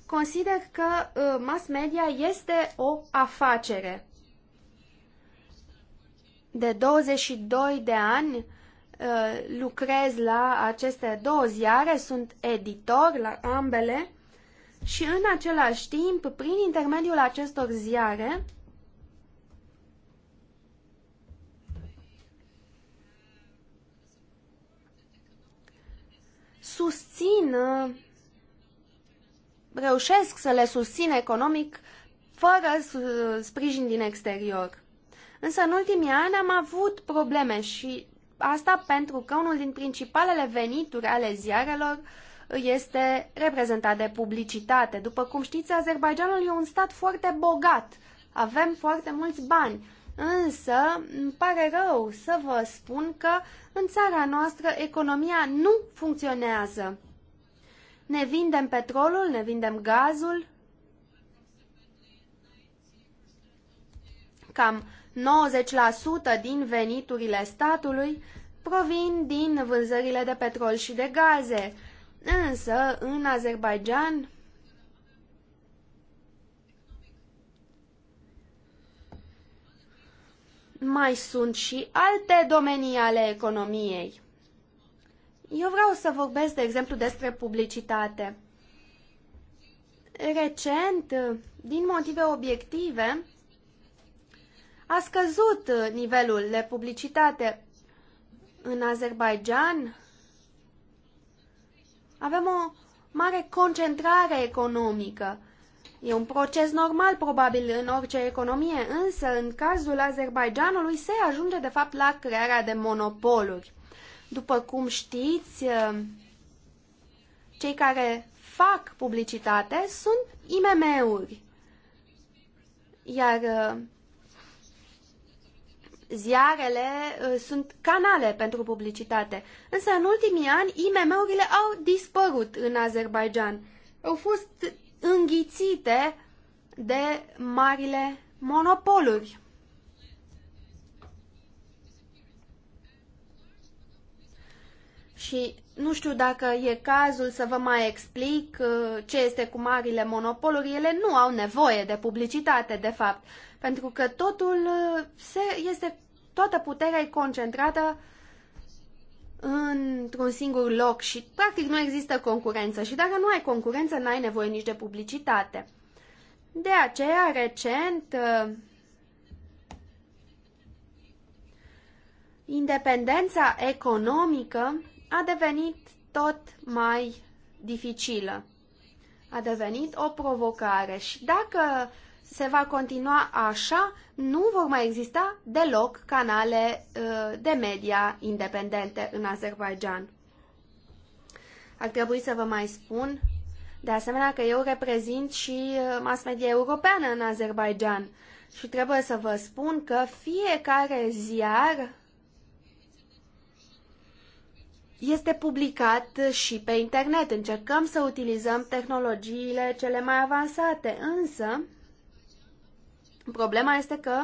consider că uh, mass media este o afacere. De 22 de ani uh, lucrez la aceste două ziare, sunt editor la ambele și în același timp, prin intermediul acestor ziare, susțin, reușesc să le susțin economic fără sprijin din exterior. Însă în ultimii ani am avut probleme și asta pentru că unul din principalele venituri ale ziarelor este reprezentat de publicitate. După cum știți, Azerbaijanul e un stat foarte bogat. Avem foarte mulți bani. Însă, îmi pare rău să vă spun că în țara noastră economia nu funcționează. Ne vindem petrolul, ne vindem gazul. Cam 90% din veniturile statului provin din vânzările de petrol și de gaze. Însă, în Azerbaijan, mai sunt și alte domenii ale economiei. Eu vreau să vorbesc, de exemplu, despre publicitate. Recent, din motive obiective, a scăzut nivelul de publicitate. În Azerbaijan avem o mare concentrare economică E un proces normal, probabil, în orice economie, însă, în cazul Azerbaijanului, se ajunge, de fapt, la crearea de monopoluri. După cum știți, eh, cei care fac publicitate sunt IMM-uri. Iar eh, ziarele eh, sunt canale pentru publicitate. Însă în ultimii ani IMM-urile au dispărut în Azerbaijan. Au fost înghițite de marile monopoluri. Și nu știu dacă e cazul să vă mai explic uh, ce este cu marile monopoluri. Ele nu au nevoie de publicitate, de fapt, pentru că totul uh, se, este, toată puterea e concentrată într-un singur loc și practic nu există concurență și dacă nu ai concurență, n-ai nevoie nici de publicitate. De aceea, recent, uh, independența economică a devenit tot mai dificilă. A devenit o provocare și dacă se va continua așa, nu vor mai exista deloc canale uh, de media independente în Azerbaijan. Ar trebui să vă mai spun, de asemenea, că eu reprezint și uh, mass media europeană în Azerbaijan și trebuie să vă spun că fiecare ziar este publicat și pe internet. Încercăm să utilizăm tehnologiile cele mai avansate, însă Problema este că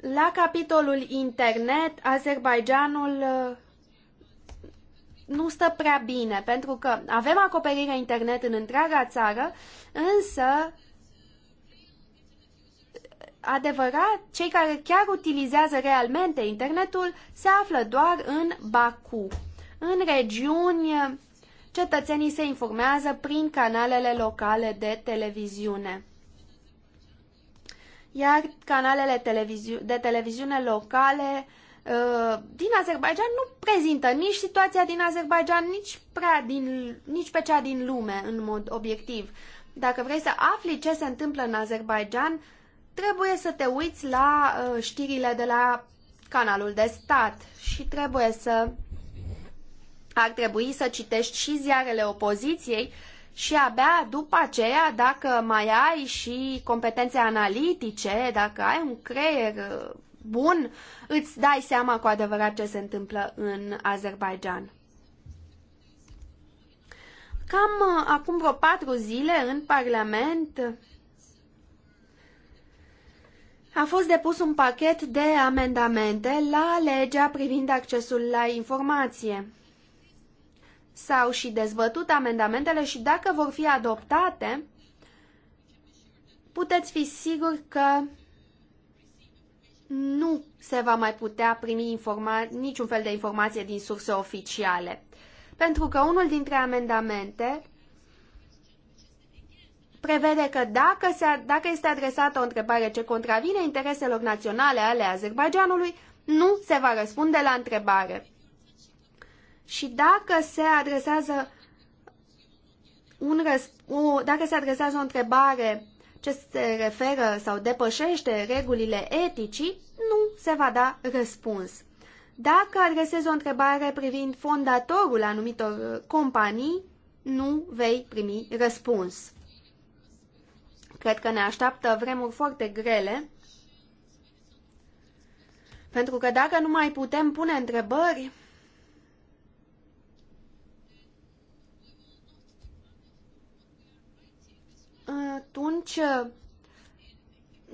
la capitolul internet, Azerbaijanul uh, nu stă prea bine, pentru că avem acoperire internet în întreaga țară, însă adevărat, cei care chiar utilizează realmente internetul se află doar în Baku. În regiuni, cetățenii se informează prin canalele locale de televiziune iar canalele televizi de televiziune locale uh, din Azerbaijan nu prezintă nici situația din Azerbaijan, nici, prea din, nici pe cea din lume, în mod obiectiv. Dacă vrei să afli ce se întâmplă în Azerbaijan, trebuie să te uiți la uh, știrile de la canalul de stat și trebuie să ar trebui să citești și ziarele opoziției și abia după aceea, dacă mai ai și competențe analitice, dacă ai un creier uh, bun, îți dai seama cu adevărat ce se întâmplă în Azerbaijan. Cam uh, acum vreo patru zile în Parlament uh, a fost depus un pachet de amendamente la legea privind accesul la informație. S-au și dezbătut amendamentele și dacă vor fi adoptate, puteți fi siguri că nu se va mai putea primi niciun fel de informație din surse oficiale. Pentru că unul dintre amendamente prevede că dacă, se, dacă este adresată o întrebare ce contravine intereselor naționale ale Azerbaidjanului, nu se va răspunde la întrebare și dacă se adresează un o, dacă se adresează o întrebare ce se referă sau depășește regulile eticii, nu se va da răspuns. Dacă adresezi o întrebare privind fondatorul anumitor uh, companii, nu vei primi răspuns. Cred că ne așteaptă vremuri foarte grele, pentru că dacă nu mai putem pune întrebări, atunci uh,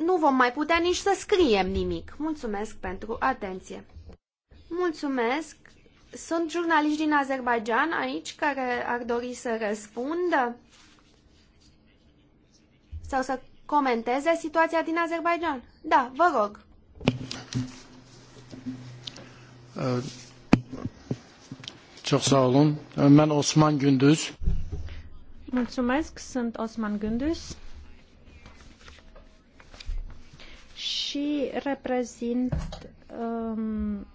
nu vom mai putea nici să scriem nimic. Mulțumesc pentru atenție. Mulțumesc. Sunt jurnaliști din Azerbaijan aici care ar dori să răspundă sau să comenteze situația din Azerbaijan. Da, vă rog. Çox sağ olun. Mən Osman Gündüz sunt Osman Gândus și reprezint um,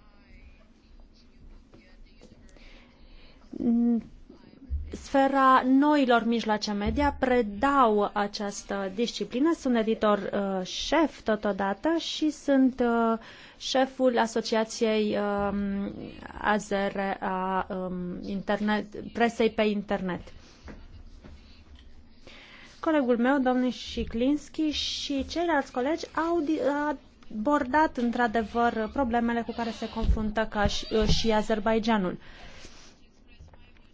sfera noilor mijloace media, predau această disciplină, sunt editor uh, șef totodată și sunt uh, șeful Asociației um, Azere a um, internet, presei pe internet. Colegul meu, domnul Șiclinski și ceilalți colegi au abordat într-adevăr problemele cu care se confruntă ca și, uh, și Azerbaijanul.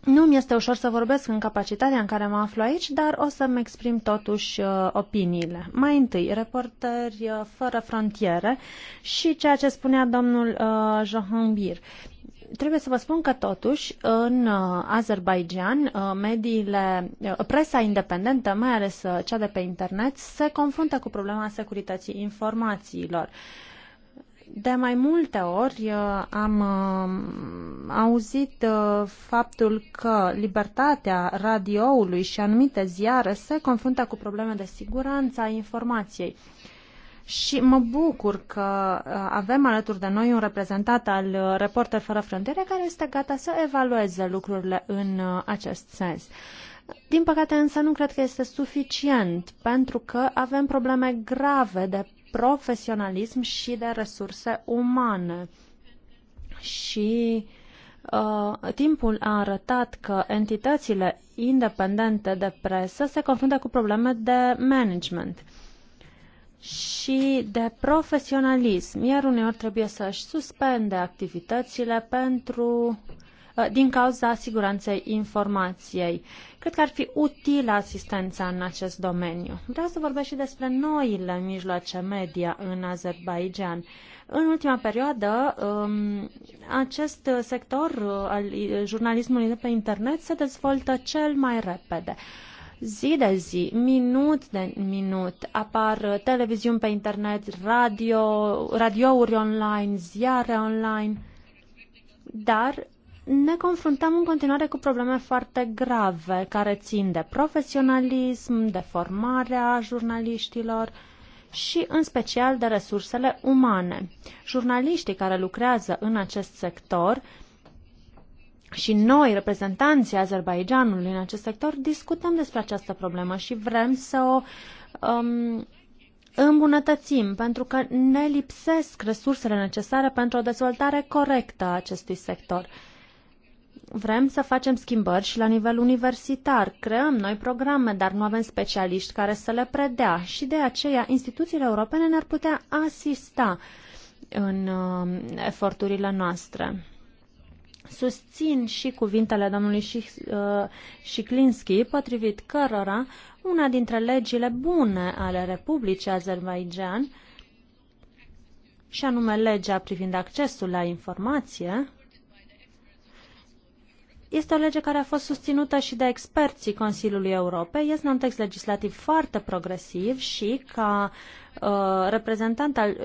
Nu mi este ușor să vorbesc în capacitatea în care mă aflu aici, dar o să-mi exprim totuși uh, opiniile. Mai întâi, reporteri uh, fără frontiere și ceea ce spunea domnul uh, Bir. Trebuie să vă spun că totuși în uh, Azerbaijan uh, mediile, uh, presa independentă, mai ales cea de pe internet, se confruntă cu problema securității informațiilor. De mai multe ori am auzit faptul că libertatea radioului și anumite ziare se confruntă cu probleme de siguranță a informației și mă bucur că uh, avem alături de noi un reprezentant al uh, Reporter Fără Frontiere care este gata să evalueze lucrurile în uh, acest sens. Din păcate însă nu cred că este suficient pentru că avem probleme grave de profesionalism și de resurse umane. Și uh, timpul a arătat că entitățile independente de presă se confruntă cu probleme de management. Uh, și de profesionalism, iar uneori trebuie să-și suspende activitățile pentru ă, din cauza siguranței informației. Cred că ar fi utilă asistența în acest domeniu. Vreau să vorbesc și despre noile mijloace media în Azerbaijan. În ultima perioadă, um, acest sector uh, al jurnalismului de pe internet se dezvoltă cel mai repede zi de zi, minut de minut, apar televiziuni pe internet, radio, radiouri online, ziare online, dar ne confruntăm în continuare cu probleme foarte grave care țin de profesionalism, de formarea jurnaliștilor și în special de resursele umane. Jurnaliștii care lucrează în acest sector și noi, reprezentanții Azerbaijanului în acest sector, discutăm despre această problemă și vrem să o um, îmbunătățim, pentru că ne lipsesc resursele necesare pentru o dezvoltare corectă a acestui sector. Vrem să facem schimbări și la nivel universitar, creăm noi programe, dar nu avem specialiști care să le predea și de aceea instituțiile europene ne-ar putea asista în uh, eforturile noastre. Susțin și cuvintele domnului uh, Șiclinski, potrivit cărora una dintre legile bune ale Republicii Azerbaijan, și anume legea privind accesul la informație, este o lege care a fost susținută și de experții Consiliului Europei. Este un text legislativ foarte progresiv și ca uh, reprezentant al,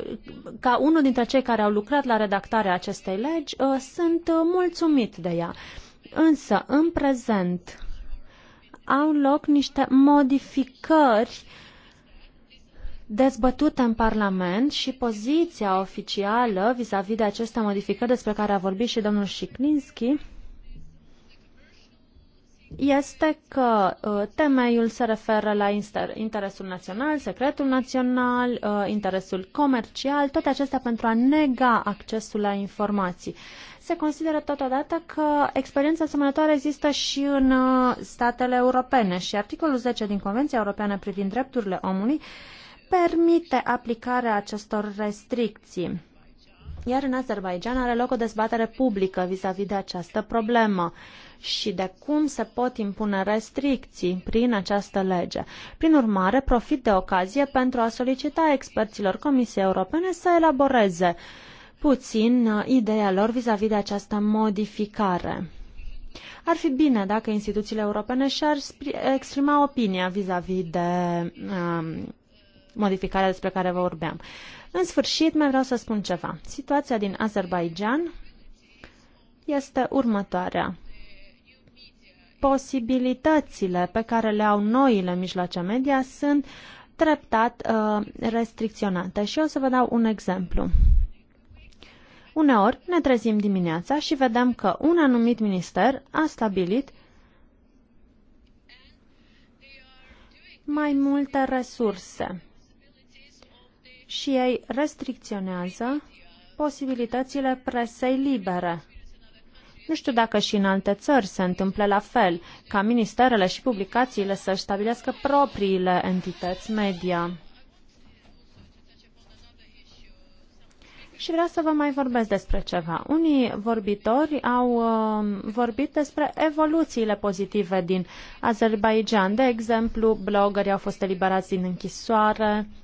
ca unul dintre cei care au lucrat la redactarea acestei legi, uh, sunt uh, mulțumit de ea. Însă, în prezent, au loc niște modificări dezbătute în Parlament și poziția oficială vis-a-vis -vis de aceste modificări despre care a vorbit și domnul Șiclinski este că uh, temeiul se referă la interesul național, secretul național, uh, interesul comercial, toate acestea pentru a nega accesul la informații. Se consideră totodată că experiența asemănătoare există și în uh, statele europene și articolul 10 din Convenția Europeană privind drepturile omului permite aplicarea acestor restricții. Iar în Azerbaijan are loc o dezbatere publică vis-a-vis -vis de această problemă. Uh, și de cum se pot impune restricții prin această lege. Prin urmare, profit de ocazie pentru a solicita experților Comisiei Europene să elaboreze puțin uh, ideea lor vis-a-vis -vis de această modificare. Ar fi bine dacă instituțiile europene și-ar exprima opinia vis-a-vis -vis de um, modificarea despre care vă vorbeam. În sfârșit, mai vreau să spun ceva. Situația din Azerbaijan este următoarea posibilitățile pe care le au noile mijloace media sunt treptat uh, restricționate. Și o să vă dau un exemplu. Uneori ne trezim dimineața și vedem că un anumit minister a stabilit mai multe resurse și ei restricționează posibilitățile presei libere nu știu dacă și în alte țări se întâmplă la fel, ca ministerele și publicațiile să-și stabilească propriile entități media. Și vreau să vă mai vorbesc despre ceva. Unii vorbitori au uh, vorbit despre evoluțiile pozitive din Azerbaijan. De exemplu, blogării au fost eliberați din închisoare, uh,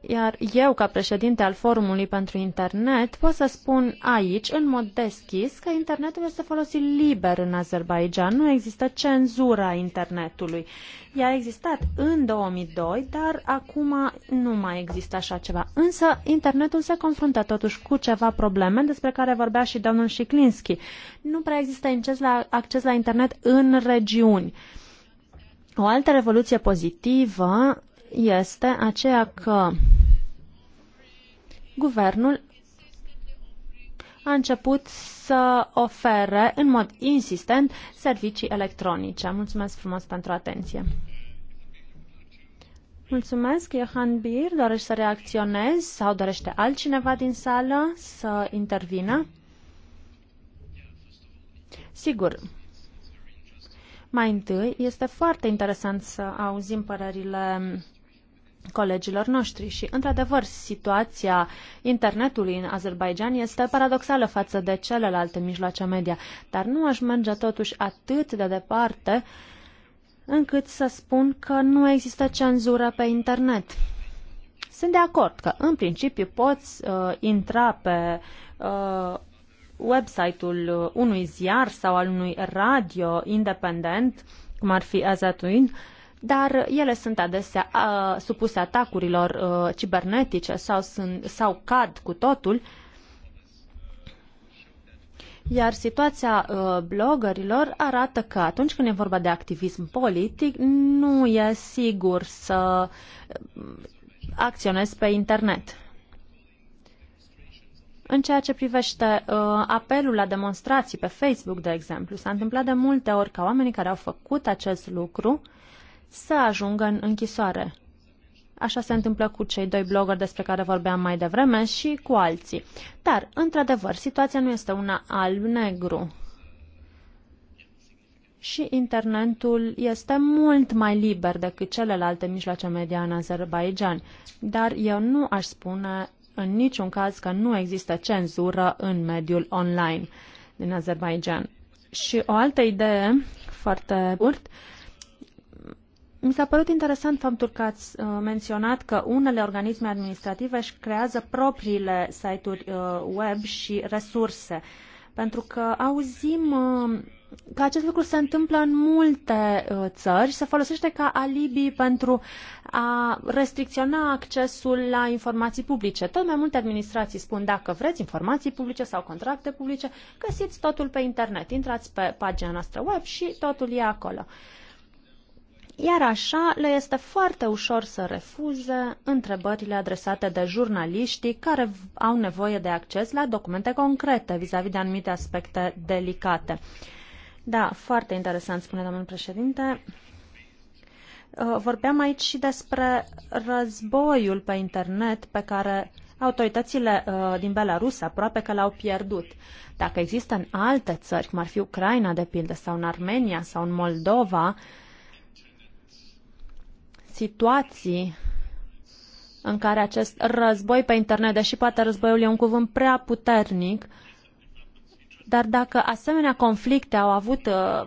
iar eu, ca președinte al Forumului pentru Internet, pot să spun aici, în mod deschis, că internetul este folosit liber în Azerbaijan. Nu există cenzura internetului. Ea a existat în 2002, dar acum nu mai există așa ceva. Însă, internetul se confruntă totuși cu ceva probleme despre care vorbea și domnul Șiclinski. Nu prea există acces la, acces la internet în regiuni. O altă revoluție pozitivă este aceea că guvernul a început să ofere în mod insistent servicii electronice. Mulțumesc frumos pentru atenție. Mulțumesc, Johan Bir. Dorești să reacționezi sau dorește altcineva din sală să intervină? Sigur. Mai întâi, este foarte interesant să auzim părerile colegilor noștri și, într-adevăr, situația internetului în Azerbaijan este paradoxală față de celelalte mijloace media, dar nu aș merge totuși atât de departe încât să spun că nu există cenzură pe internet. Sunt de acord că, în principiu, poți uh, intra pe uh, website-ul unui ziar sau al unui radio independent, cum ar fi Azatuin, uh, dar ele sunt adesea uh, supuse atacurilor uh, cibernetice sau, sunt, sau cad cu totul. Iar situația uh, blogărilor arată că atunci când e vorba de activism politic, nu e sigur să uh, acționezi pe internet. În ceea ce privește uh, apelul la demonstrații pe Facebook, de exemplu, s-a întâmplat de multe ori ca oamenii care au făcut acest lucru să ajungă în închisoare. Așa se întâmplă cu cei doi blogări despre care vorbeam mai devreme și cu alții. Dar, într-adevăr, situația nu este una alb-negru. Și internetul este mult mai liber decât celelalte mijloace media în Azerbaijan. Dar eu nu aș spune în niciun caz că nu există cenzură în mediul online din Azerbaijan. Și o altă idee foarte urt. Mi s-a părut interesant faptul că ați uh, menționat că unele organisme administrative își creează propriile site-uri uh, web și resurse, pentru că auzim uh, că acest lucru se întâmplă în multe uh, țări, se folosește ca alibi pentru a restricționa accesul la informații publice. Tot mai multe administrații spun dacă vreți informații publice sau contracte publice, găsiți totul pe internet, intrați pe pagina noastră web și totul e acolo. Uh, iar așa le este foarte ușor să refuze întrebările adresate de jurnaliștii care au nevoie de acces la documente concrete vis-a-vis -vis de anumite aspecte delicate. Da, foarte interesant, spune domnul președinte. Uh, vorbeam aici și despre războiul pe internet pe care autoritățile uh, din Belarus aproape că l-au pierdut. Dacă există în alte țări, cum ar fi Ucraina, de pildă, sau în Armenia sau în Moldova, situații în care acest război pe internet, deși poate războiul e un cuvânt prea puternic, dar dacă asemenea conflicte au avut uh,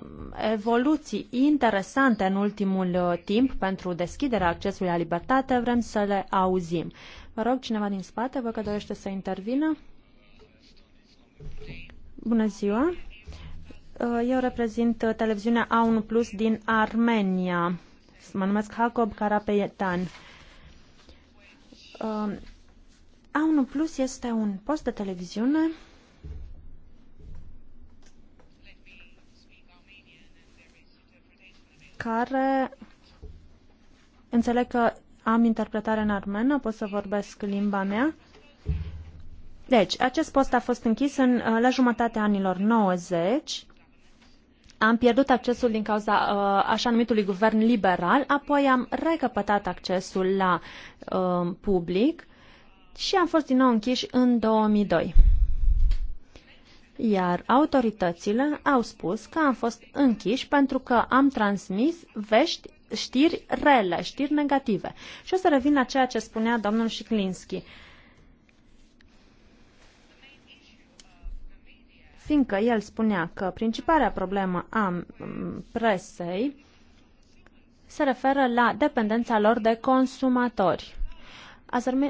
evoluții interesante în ultimul uh, timp pentru deschiderea accesului la libertate, vrem să le auzim. Vă rog, cineva din spate, vă că dorește să intervină. Bună ziua! Uh, eu reprezint televiziunea A1 Plus din Armenia. Mă numesc Jacob Carapetan. Uh, um, A1 Plus este un post de televiziune care înțeleg că am interpretare în armenă, pot să vorbesc limba mea. Deci, acest post a fost închis în, la jumătatea anilor 90 am pierdut accesul din cauza uh, așa numitului guvern liberal, apoi am recăpătat accesul la uh, public și am fost din nou închiși în 2002. Iar autoritățile au spus că am fost închiși pentru că am transmis vești știri rele, știri negative. Și o să revin la ceea ce spunea domnul Șiclinski. Uh, fiindcă el spunea că principala problemă a presei se referă la dependența lor de consumatori.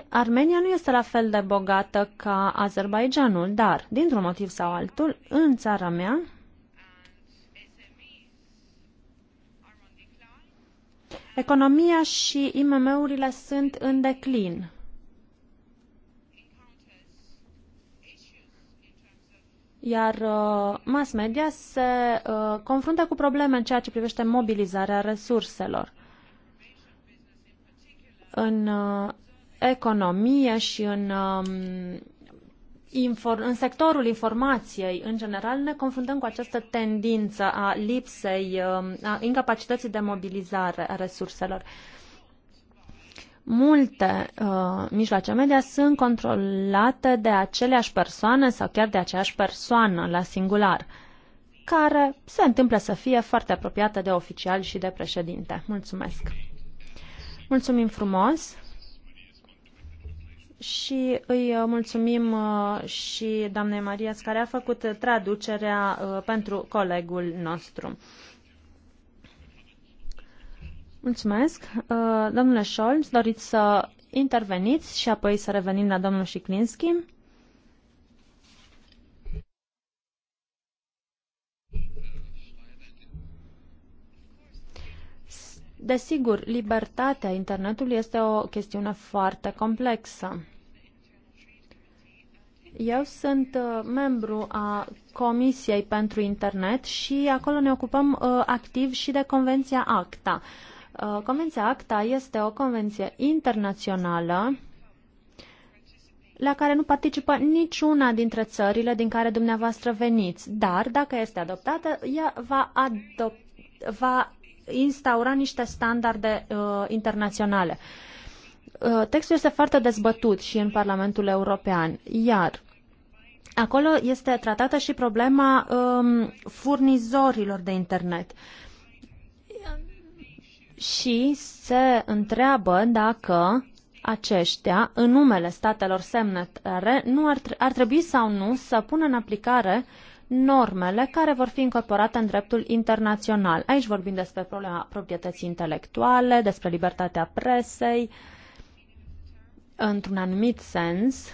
Armenia nu este la fel de bogată ca Azerbaijanul, dar, dintr-un motiv sau altul, în țara mea, economia și IMM-urile sunt în declin. iar uh, mass media se uh, confruntă cu probleme în ceea ce privește mobilizarea resurselor. În uh, economie și în, um, în sectorul informației, în general, ne confruntăm cu această tendință a lipsei, um, a incapacității de mobilizare a resurselor multe uh, mijloace media sunt controlate de aceleași persoane sau chiar de aceeași persoană la singular, care se întâmplă să fie foarte apropiată de oficiali și de președinte. Mulțumesc! Mulțumim frumos și îi uh, mulțumim uh, și doamnei Marias care a făcut traducerea uh, pentru colegul nostru. Mulțumesc. Uh, domnule Scholz, doriți să interveniți și apoi să revenim la domnul Șiclinski. Desigur, libertatea internetului este o chestiune foarte complexă. Eu sunt uh, membru a Comisiei pentru Internet și acolo ne ocupăm uh, activ și de Convenția ACTA. Uh, Convenția ACTA este o convenție internațională la care nu participă niciuna dintre țările din care dumneavoastră veniți. Dar, dacă este adoptată, ea va, adop- va instaura niște standarde uh, internaționale. Uh, textul este foarte dezbătut și în Parlamentul European, iar acolo este tratată și problema um, furnizorilor de internet. Uh, și se întreabă dacă aceștia, în numele statelor semnătare, nu ar, ar trebui sau nu să pună în aplicare normele care vor fi incorporate în dreptul internațional. Aici vorbim despre problema proprietății intelectuale, despre libertatea presei, într-un anumit sens,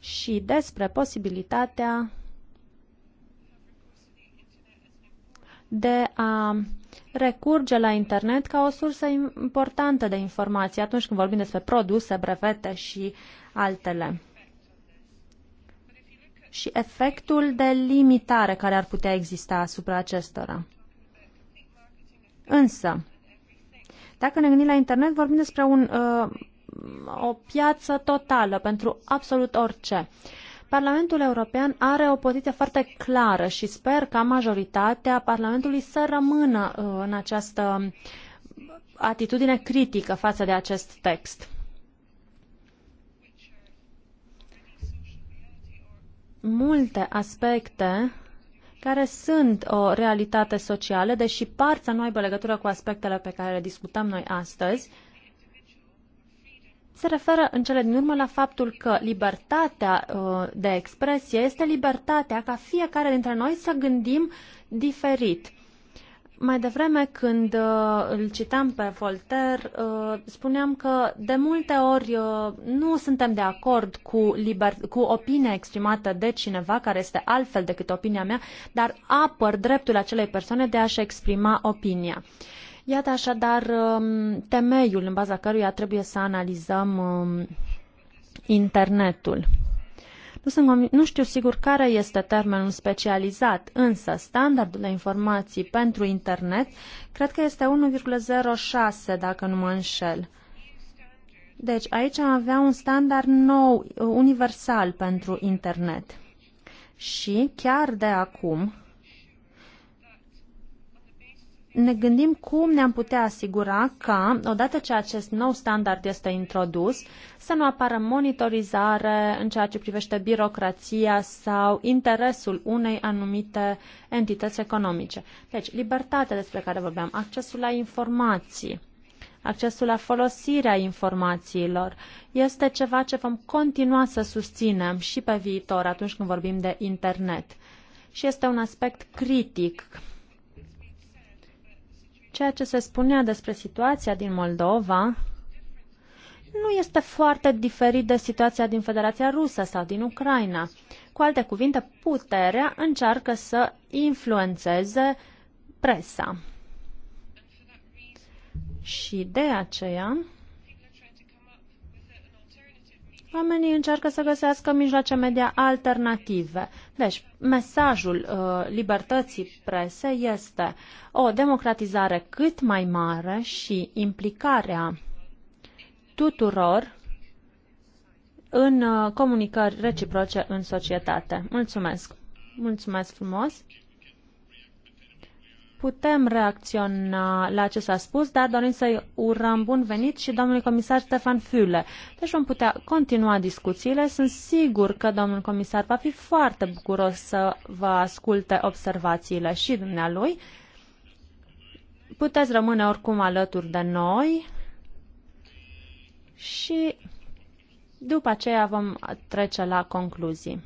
și despre posibilitatea de a recurge la internet ca o sursă importantă de informații atunci când vorbim despre produse, brevete și altele. Și efectul de limitare care ar putea exista asupra acestora. Însă, dacă ne gândim la internet, vorbim despre un, uh, o piață totală pentru absolut orice. Uh, Parlamentul European are o poziție foarte clară și sper ca majoritatea Parlamentului să rămână uh, în această atitudine critică față de acest text. Multe aspecte care sunt o realitate socială, deși par să nu aibă legătură cu aspectele pe care le discutăm noi astăzi, se referă în cele din urmă la faptul că libertatea uh, de expresie este libertatea ca fiecare dintre noi să gândim diferit. Mai devreme, când uh, îl citam pe Voltaire, uh, spuneam că de multe ori uh, nu suntem de acord cu, liber- cu opinia exprimată de cineva care este altfel decât opinia mea, dar apăr dreptul acelei persoane de a-și exprima opinia. Uh, Iată așadar um, temeiul în baza căruia trebuie să analizăm um, internetul. Nu, sunt, nu știu sigur care este termenul specializat, însă standardul de informații pentru internet cred că este 1,06 dacă nu mă înșel. Deci aici am avea un standard nou, universal pentru internet. Și chiar de acum, ne gândim cum ne-am putea asigura că, odată ce acest nou standard este introdus, să nu apară monitorizare în ceea ce privește birocrația sau interesul unei anumite entități economice. Deci, libertatea despre care vorbeam, accesul la informații, accesul la folosirea informațiilor, este ceva ce vom continua să susținem și pe viitor atunci când vorbim de internet. Și este un aspect critic Ceea ce se spunea despre situația din Moldova nu este foarte diferit de situația din Federația Rusă sau din Ucraina. Cu alte cuvinte, puterea încearcă să influențeze presa. Și de aceea, Oamenii încearcă să găsească mijloace media alternative. Deci, mesajul uh, libertății prese este o democratizare cât mai mare și implicarea tuturor în uh, comunicări reciproce în societate. Mulțumesc! Mulțumesc frumos! putem reacționa la ce s-a spus, dar dorim să-i urăm bun venit și domnului comisar Stefan Füle. Deci vom putea continua discuțiile. Sunt sigur că domnul comisar va fi foarte bucuros să vă asculte observațiile și dumnealui. Puteți rămâne oricum alături de noi și după aceea vom trece la concluzii.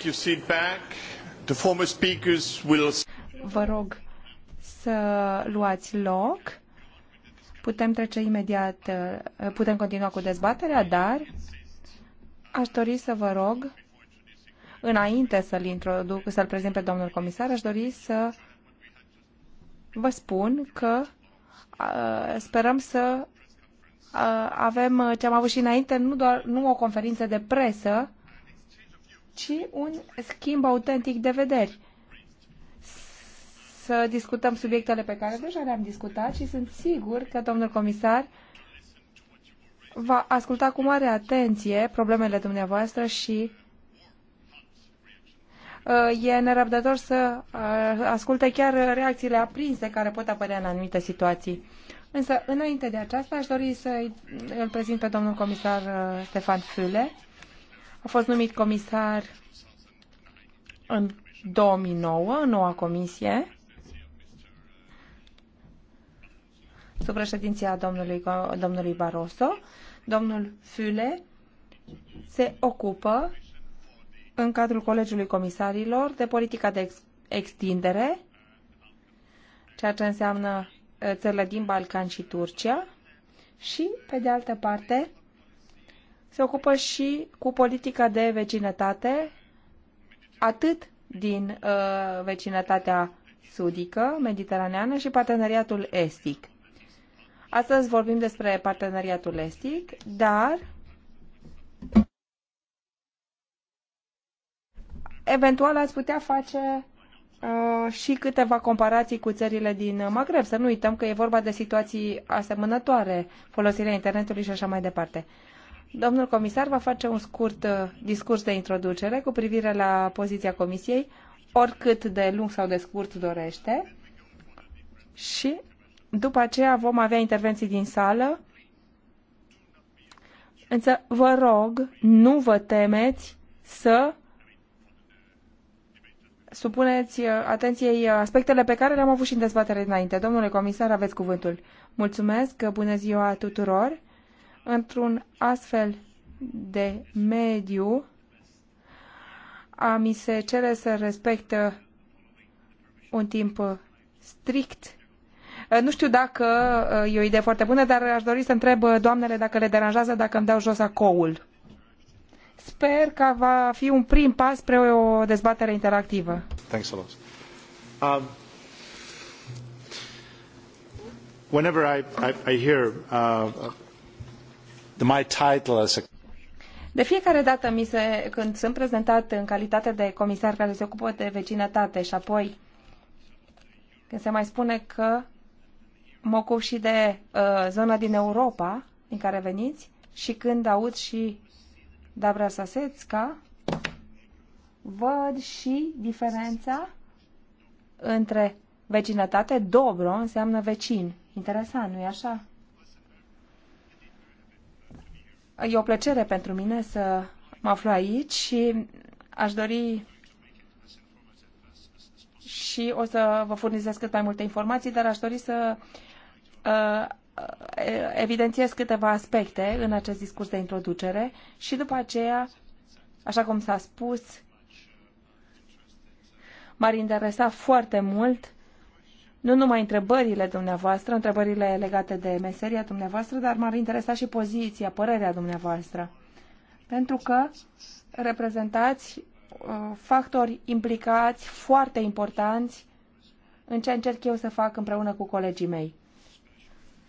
take your seat back. The former speakers will... Vă rog să luați loc. Putem trece imediat, uh, putem continua cu dezbaterea, dar aș dori să vă rog, înainte să-l introduc, să-l prezint pe domnul comisar, aș dori să vă spun că uh, sperăm să uh, avem ce am avut și înainte, nu, doar, nu o conferință de presă, ci un schimb autentic de vederi. Să discutăm subiectele pe care deja le-am discutat și sunt sigur că domnul comisar va asculta cu mare atenție problemele dumneavoastră și uh, e nerăbdător să uh, asculte chiar reacțiile aprinse care pot apărea în anumite situații. Însă, înainte de aceasta, aș dori să îl prezint pe domnul comisar Stefan uh, Füle, a fost numit comisar în 2009, în noua comisie, sub președinția domnului, domnului Barroso, domnul Füle se ocupă în cadrul Colegiului Comisarilor de politica de ex- extindere, ceea ce înseamnă ă, țările din Balcan și Turcia, și, pe de altă parte, se ocupă și cu politica de vecinătate, atât din uh, vecinătatea sudică, mediteraneană și parteneriatul estic. Astăzi vorbim despre parteneriatul estic, dar eventual ați putea face uh, și câteva comparații cu țările din Maghreb. Să nu uităm că e vorba de situații asemănătoare, folosirea internetului și așa mai departe. Domnul comisar va face un scurt uh, discurs de introducere cu privire la poziția comisiei, oricât de lung sau de scurt dorește. Și după aceea vom avea intervenții din sală. Însă vă rog, nu vă temeți să supuneți uh, atenției uh, aspectele pe care le-am avut și în dezbatere înainte. Domnule comisar, aveți cuvântul. Mulțumesc, bună ziua tuturor într-un astfel de mediu a mi se cere să respectă uh, un timp uh, strict. Uh, nu știu dacă e o idee foarte bună, dar aș dori să întreb doamnele dacă le deranjează dacă îmi dau jos acoul. Sper că va fi un prim pas spre o dezbatere interactivă. Thanks a lot. Um, whenever I, I, I hear uh, de fiecare dată mi se, când sunt prezentat în calitate de comisar care se ocupă de vecinătate și apoi când se mai spune că mă ocup și de uh, zona din Europa din care veniți și când aud și Dabra Sasețca, văd și diferența între vecinătate. Dobro înseamnă vecin. Interesant, nu-i așa? E o plăcere pentru mine să mă aflu aici și aș dori și o să vă furnizez cât mai multe informații, dar aș dori să uh, uh evidențiez câteva aspecte în acest discurs de introducere și după aceea, așa cum s-a spus, m-ar interesa foarte mult nu numai întrebările dumneavoastră, întrebările legate de meseria dumneavoastră, dar m-ar interesa și poziția, părerea dumneavoastră. Pentru că reprezentați uh, factori implicați foarte importanți în ce încerc eu să fac împreună cu colegii mei.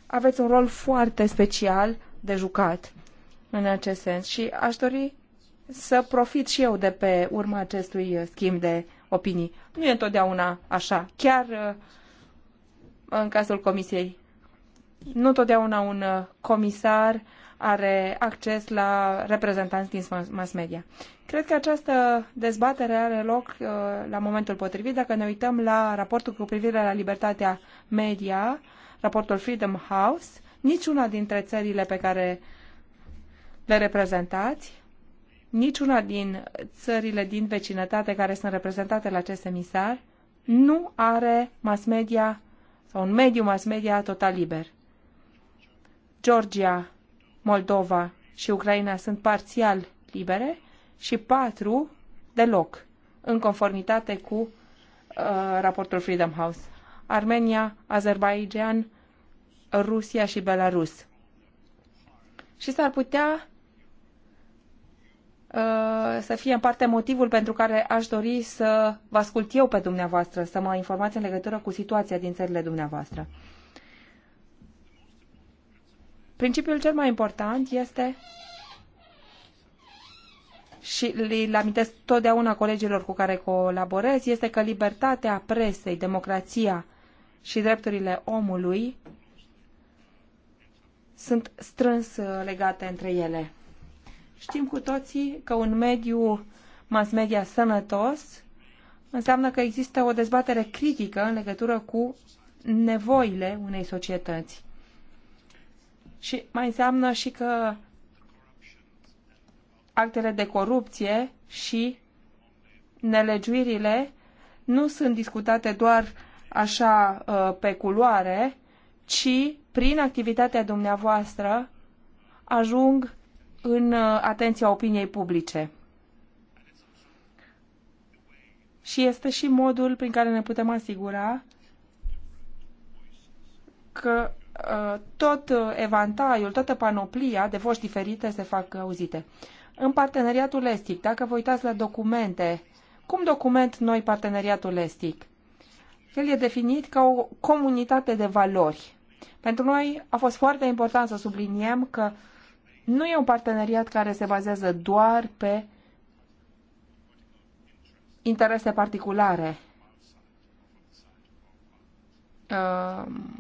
Aveți un rol foarte special de jucat în acest sens și aș dori să profit și eu de pe urma acestui schimb de opinii. Nu e întotdeauna așa. Chiar uh, în cazul Comisiei. Nu totdeauna un uh, comisar are acces la reprezentanți din mass media. Cred că această dezbatere are loc uh, la momentul potrivit dacă ne uităm la raportul cu privire la libertatea media, raportul Freedom House, niciuna dintre țările pe care le reprezentați, niciuna din țările din vecinătate care sunt reprezentate la acest emisar, nu are mass media sau un mediu mass media total liber. Georgia, Moldova și Ucraina sunt parțial libere și patru deloc, în conformitate cu uh, raportul Freedom House. Armenia, Azerbaijan, Rusia și Belarus. Și s-ar putea Uh, să fie în parte motivul pentru care aș dori să vă ascult eu pe dumneavoastră, să mă informați în legătură cu situația din țările dumneavoastră. Principiul cel mai important este și îl amintesc totdeauna colegilor cu care colaborez, este că libertatea presei, democrația și drepturile omului sunt strâns uh, legate între ele. Știm cu toții că un mediu mass media sănătos înseamnă că există o dezbatere critică în legătură cu nevoile unei societăți. Și mai înseamnă și că actele de corupție și nelegiuirile nu sunt discutate doar așa uh, pe culoare, ci prin activitatea dumneavoastră ajung în uh, atenția opiniei publice. Și este și modul prin care ne putem asigura că uh, tot uh, evantaiul, toată panoplia de voști diferite se fac auzite. În parteneriatul estic, dacă vă uitați la documente, cum document noi parteneriatul estic? El e definit ca o comunitate de valori. Pentru noi a fost foarte important să subliniem că nu e un parteneriat care se bazează doar pe interese particulare. Ehm,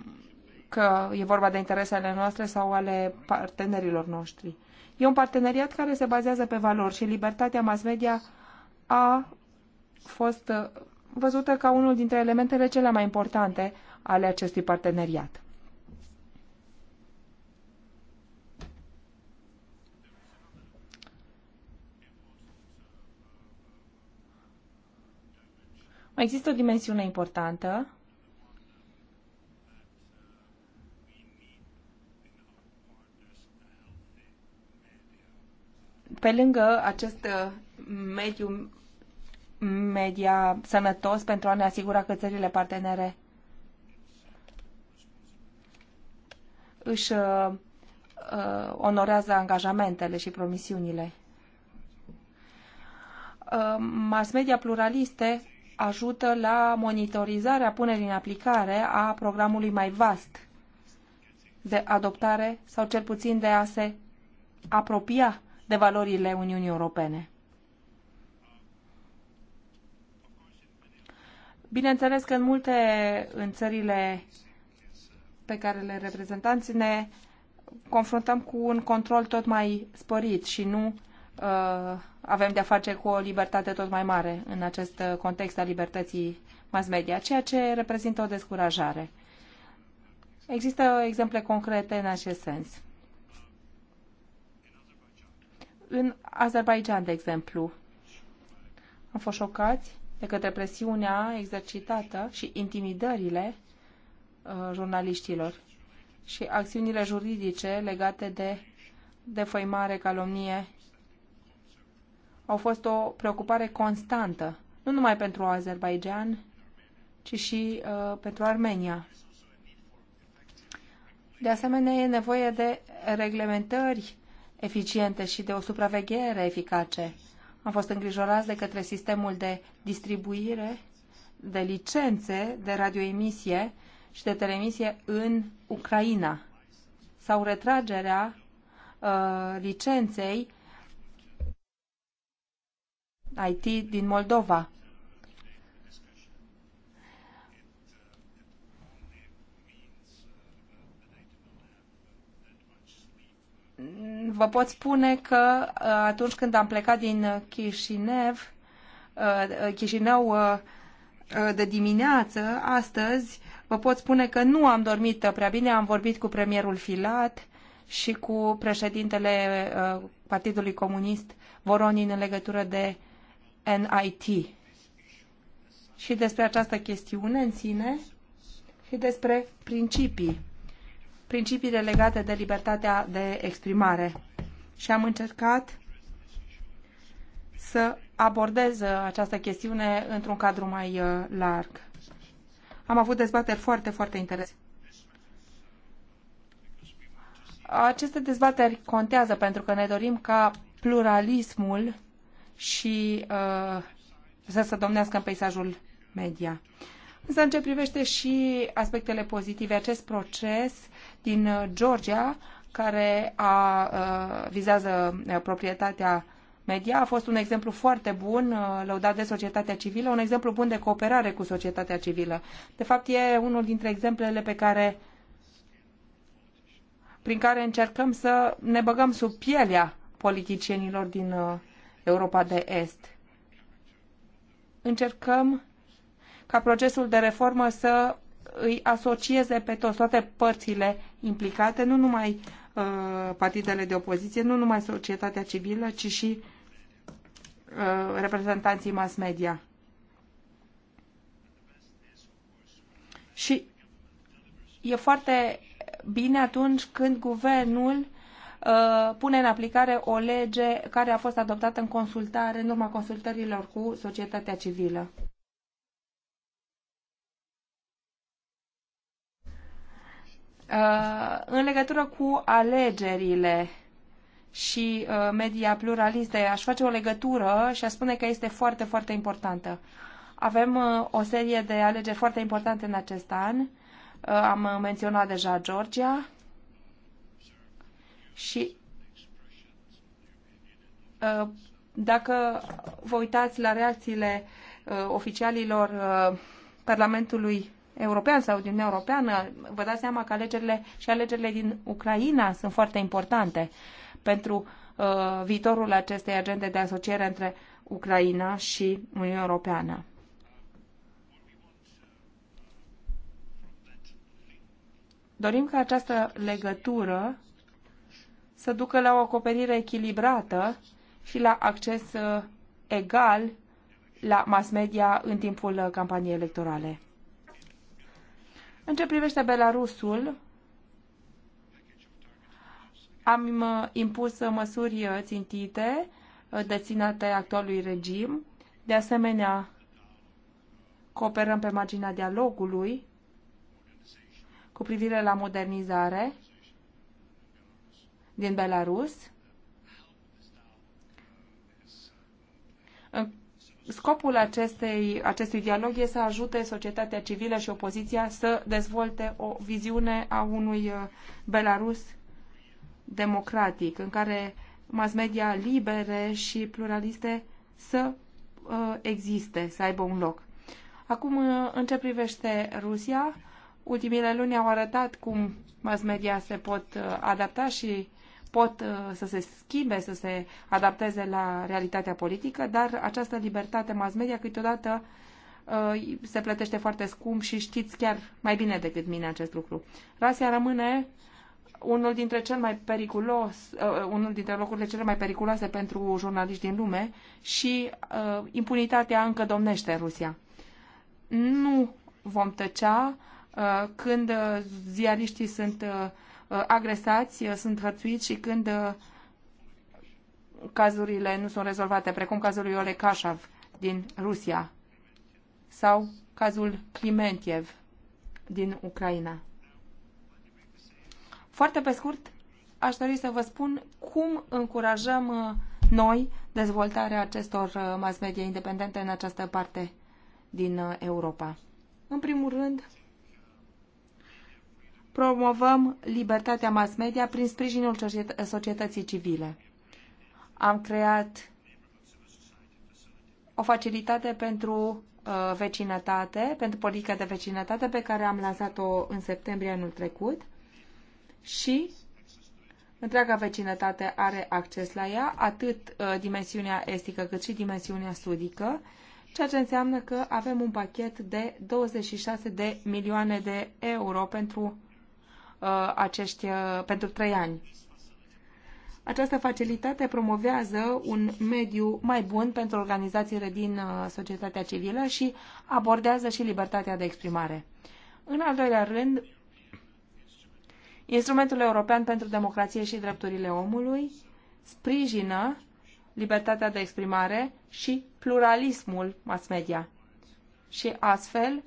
că e vorba de interesele noastre sau ale partenerilor noștri. E un parteneriat care se bazează pe valori și libertatea mass media a fost eh, văzută ca unul dintre elementele cele mai importante ale acestui parteneriat. Mai există o dimensiune importantă pe lângă acest uh, mediu media sănătos pentru a ne asigura că țările partenere își uh, uh onorează angajamentele și promisiunile. Uh, mass media pluraliste ajută la monitorizarea punerii în aplicare a programului mai vast de adoptare sau cel puțin de a se apropia de valorile Uniunii Europene. Bineînțeles că în multe în țările pe care le reprezentanți ne confruntăm cu un control tot mai sporit și nu Uh, avem de-a face cu o libertate tot mai mare în acest uh, context al libertății mass media, ceea ce reprezintă o descurajare. Există exemple concrete în acest sens. În Azerbaijan, de exemplu, am fost șocați de către presiunea exercitată și intimidările uh, jurnaliștilor și acțiunile juridice legate de defăimare, calomnie au fost o preocupare constantă, nu numai pentru Azerbaijan, ci și uh, pentru Armenia. De asemenea, e nevoie de reglementări eficiente și de o supraveghere eficace. Am fost îngrijorați de către sistemul de distribuire de licențe de radioemisie și de telemisie în Ucraina sau retragerea uh, licenței IT din Moldova. Vă pot spune că uh, atunci când am plecat din Chișinev, uh, uh, Chișinău de dimineață, astăzi, vă pot spune că nu am dormit prea bine, am vorbit cu premierul Filat și cu președintele Partidului Comunist Voronin în legătură de uh, NIT și despre această chestiune în sine și despre principii, principiile legate de libertatea de exprimare. Și am încercat să abordez uh, această chestiune într-un cadru mai uh, larg. Am avut dezbateri foarte, foarte interesante. Aceste dezbateri contează pentru că ne dorim ca pluralismul și uh, să se domnească în peisajul media. Însă în ce privește și aspectele pozitive, acest proces din uh, Georgia, care a, uh, vizează uh, proprietatea media, a fost un exemplu foarte bun, uh, lăudat de societatea civilă, un exemplu bun de cooperare cu societatea civilă. De fapt, e unul dintre exemplele pe care prin care încercăm să ne băgăm sub pielea politicienilor din uh, Europa de Est. Încercăm ca procesul de reformă să îi asocieze pe toți, toate părțile implicate, nu numai uh, partidele de opoziție, nu numai societatea civilă, ci și uh, reprezentanții mass media. Și e foarte bine atunci când guvernul Uh, pune în aplicare o lege care a fost adoptată în consultare, în urma consultărilor cu societatea civilă. Uh, în legătură cu alegerile și uh, media pluraliste, aș face o legătură și aș spune că este foarte, foarte importantă. Avem o serie de alegeri foarte importante în acest an. Am menționat deja Georgia, și uh, dacă vă uitați la reacțiile uh, oficialilor uh, Parlamentului European sau din Europeană, vă dați seama că alegerile și alegerile din Ucraina sunt foarte importante pentru viitorul acestei agende de asociere între Ucraina și Uniunea Europeană. Dorim ca această legătură să ducă la o acoperire echilibrată și la acces uh, egal la mass media în timpul uh, campaniei electorale. În ce privește Belarusul, am uh, impus măsuri țintite deținate actualului regim. De asemenea, cooperăm pe marginea dialogului cu privire la modernizare din Belarus. Scopul acestei, acestui dialog este să ajute societatea civilă și opoziția să dezvolte o viziune a unui uh, Belarus democratic, în care mass media libere și pluraliste să uh, existe, să aibă un loc. Acum, uh, în ce privește Rusia, ultimile luni au arătat cum mass media se pot uh, adapta și pot uh, să se schimbe, să se adapteze la realitatea politică, dar această libertate mass media câteodată uh, se plătește foarte scump și știți chiar mai bine decât mine acest lucru. Rasia rămâne unul dintre cel mai periculos, uh, unul dintre locurile cele mai periculoase pentru jurnaliști din lume și uh, impunitatea încă domnește în Rusia. Nu vom tăcea uh, când uh, ziariștii sunt uh, Uh, agresați, uh, sunt hărțuiți și când uh, cazurile nu sunt rezolvate, precum cazul lui Oleg Kashav din Rusia sau cazul Klimentiev din Ucraina. Foarte pe scurt, aș dori să vă spun cum încurajăm noi dezvoltarea acestor mass media independente în această parte din Europa. În primul rând, promovăm libertatea mass media prin sprijinul societății civile. Am creat o facilitate pentru uh, vecinătate, pentru politica de vecinătate pe care am lansat-o în septembrie anul trecut și întreaga vecinătate are acces la ea, atât uh, dimensiunea estică cât și dimensiunea sudică, ceea ce înseamnă că avem un pachet de 26 de milioane de euro pentru Uh, acești, uh, pentru trei ani. Această facilitate promovează un mediu mai bun pentru organizațiile din uh, societatea civilă și abordează și libertatea de exprimare. În al doilea rând, Instrumentul European pentru Democrație și Drepturile Omului sprijină libertatea de exprimare și pluralismul mass media și astfel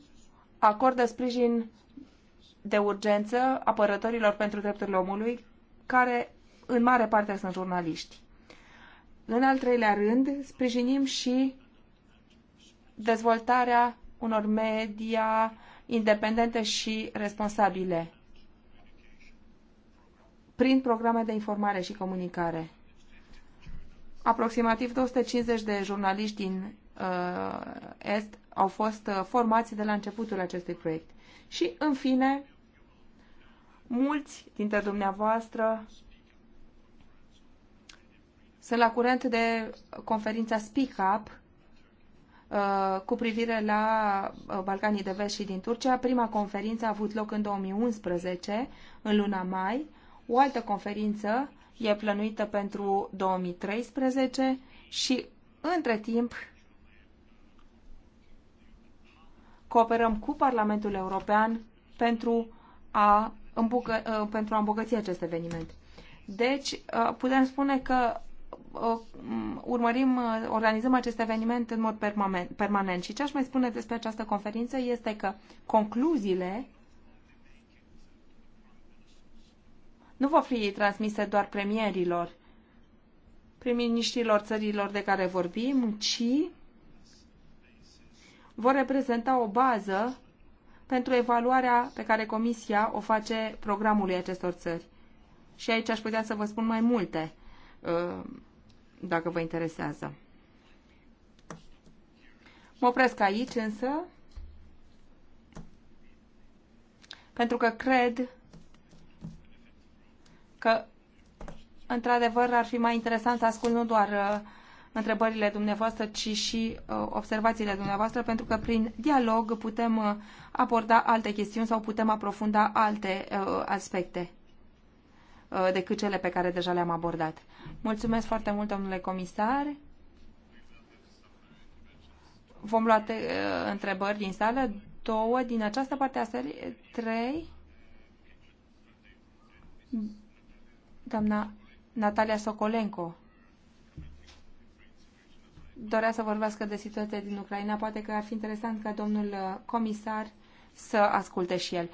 acordă sprijin de urgență apărătorilor pentru drepturile omului, care în mare parte sunt jurnaliști. În al treilea rând, sprijinim și dezvoltarea unor media independente și responsabile prin programe de informare și comunicare. Aproximativ 250 de jurnaliști din uh, Est au fost uh, formați de la începutul acestui proiect. Și, în fine, Mulți dintre dumneavoastră sunt la curent de conferința Speak Up uh, cu privire la uh, Balcanii de Vest și din Turcia. Prima conferință a avut loc în 2011, în luna mai. O altă conferință e plănuită pentru 2013 și, între timp, cooperăm cu Parlamentul European pentru a îmbucă, uh, pentru a îmbogăți acest eveniment. Deci, uh, putem spune că uh, urmărim, organizăm acest eveniment în mod permanent. Și ce aș mai spune despre această conferință este că concluziile nu vor fi transmise doar premierilor, prim-ministrilor țărilor de care vorbim, ci vor reprezenta o bază pentru evaluarea pe care Comisia o face programului acestor țări. Și aici aș putea să vă spun mai multe, uh, dacă vă interesează. Mă opresc aici, însă, pentru că cred că, într-adevăr, ar fi mai interesant să ascult nu doar uh, întrebările dumneavoastră, ci și uh, observațiile dumneavoastră, pentru că prin dialog putem uh, aborda alte chestiuni sau putem aprofunda alte uh, aspecte decât cele pe care deja le-am abordat. Mulțumesc foarte mult, domnule comisar. Vom lua întrebări din sală, două din această parte a serii, trei. Doamna Natalia Sokolenko dorea să vorbească de situația din Ucraina. Poate că ar fi interesant ca domnul uh, comisar să asculte și el.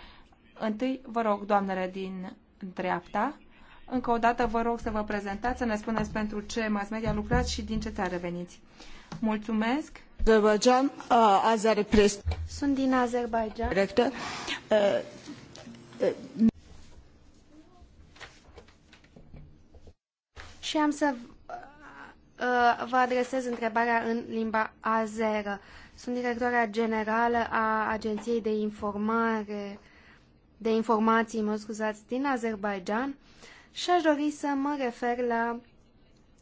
Întâi, vă rog, doamnele din dreapta, încă o dată vă rog să vă prezentați, să ne spuneți pentru ce mass media lucrați și din ce țară veniți. Mulțumesc! Azerbaijan, uh, Sunt din Azerbaijan. Directă. Uh, uh. Și am să Uh, vă adresez întrebarea în limba azeră. Sunt directoarea generală a Agenției de Informare, de Informații, mă scuzați, din Azerbaijan și aș dori să mă refer la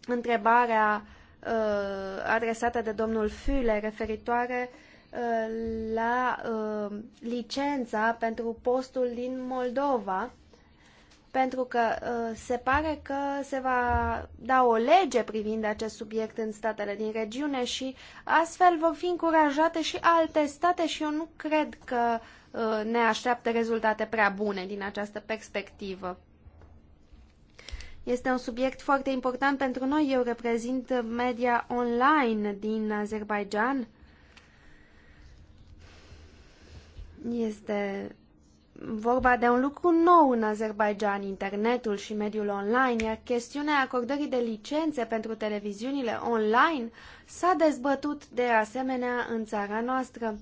întrebarea uh, adresată de domnul Füle referitoare uh, la uh, licența pentru postul din Moldova pentru că uh, se pare că se va da o lege privind acest subiect în statele din regiune și astfel vor fi încurajate și alte state și eu nu cred că uh, ne așteaptă rezultate prea bune din această perspectivă. Este un subiect foarte important pentru noi. Eu reprezint media online din Azerbaijan. Este vorba de un lucru nou în Azerbaijan, internetul și mediul online, iar chestiunea acordării de licențe pentru televiziunile online s-a dezbătut de asemenea în țara noastră.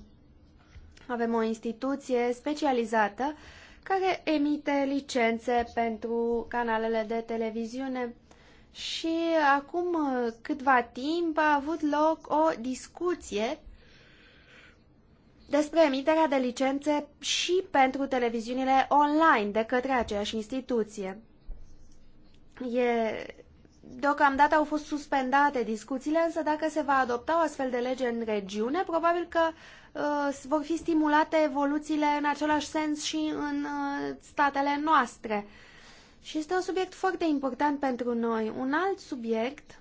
Avem o instituție specializată care emite licențe pentru canalele de televiziune și acum câtva timp a avut loc o discuție despre emiterea de licențe și pentru televiziunile online de către aceeași instituție. E... Deocamdată au fost suspendate discuțiile, însă dacă se va adopta o astfel de lege în regiune, probabil că uh, vor fi stimulate evoluțiile în același sens și în uh, statele noastre. Și este un subiect foarte important pentru noi. Un alt subiect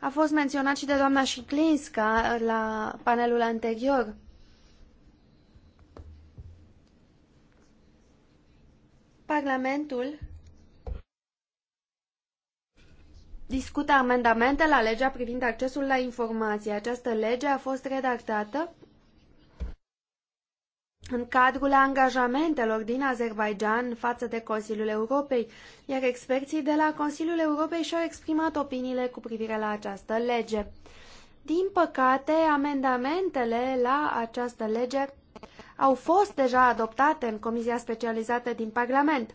a fost menționat și de doamna Șiclinsca la panelul anterior. Parlamentul discută amendamente la legea privind accesul la informații. Această lege a fost redactată în cadrul angajamentelor din Azerbaijan față de Consiliul Europei, iar experții de la Consiliul Europei și-au exprimat opiniile cu privire la această lege. Din păcate, amendamentele la această lege au fost deja adoptate în Comisia Specializată din Parlament.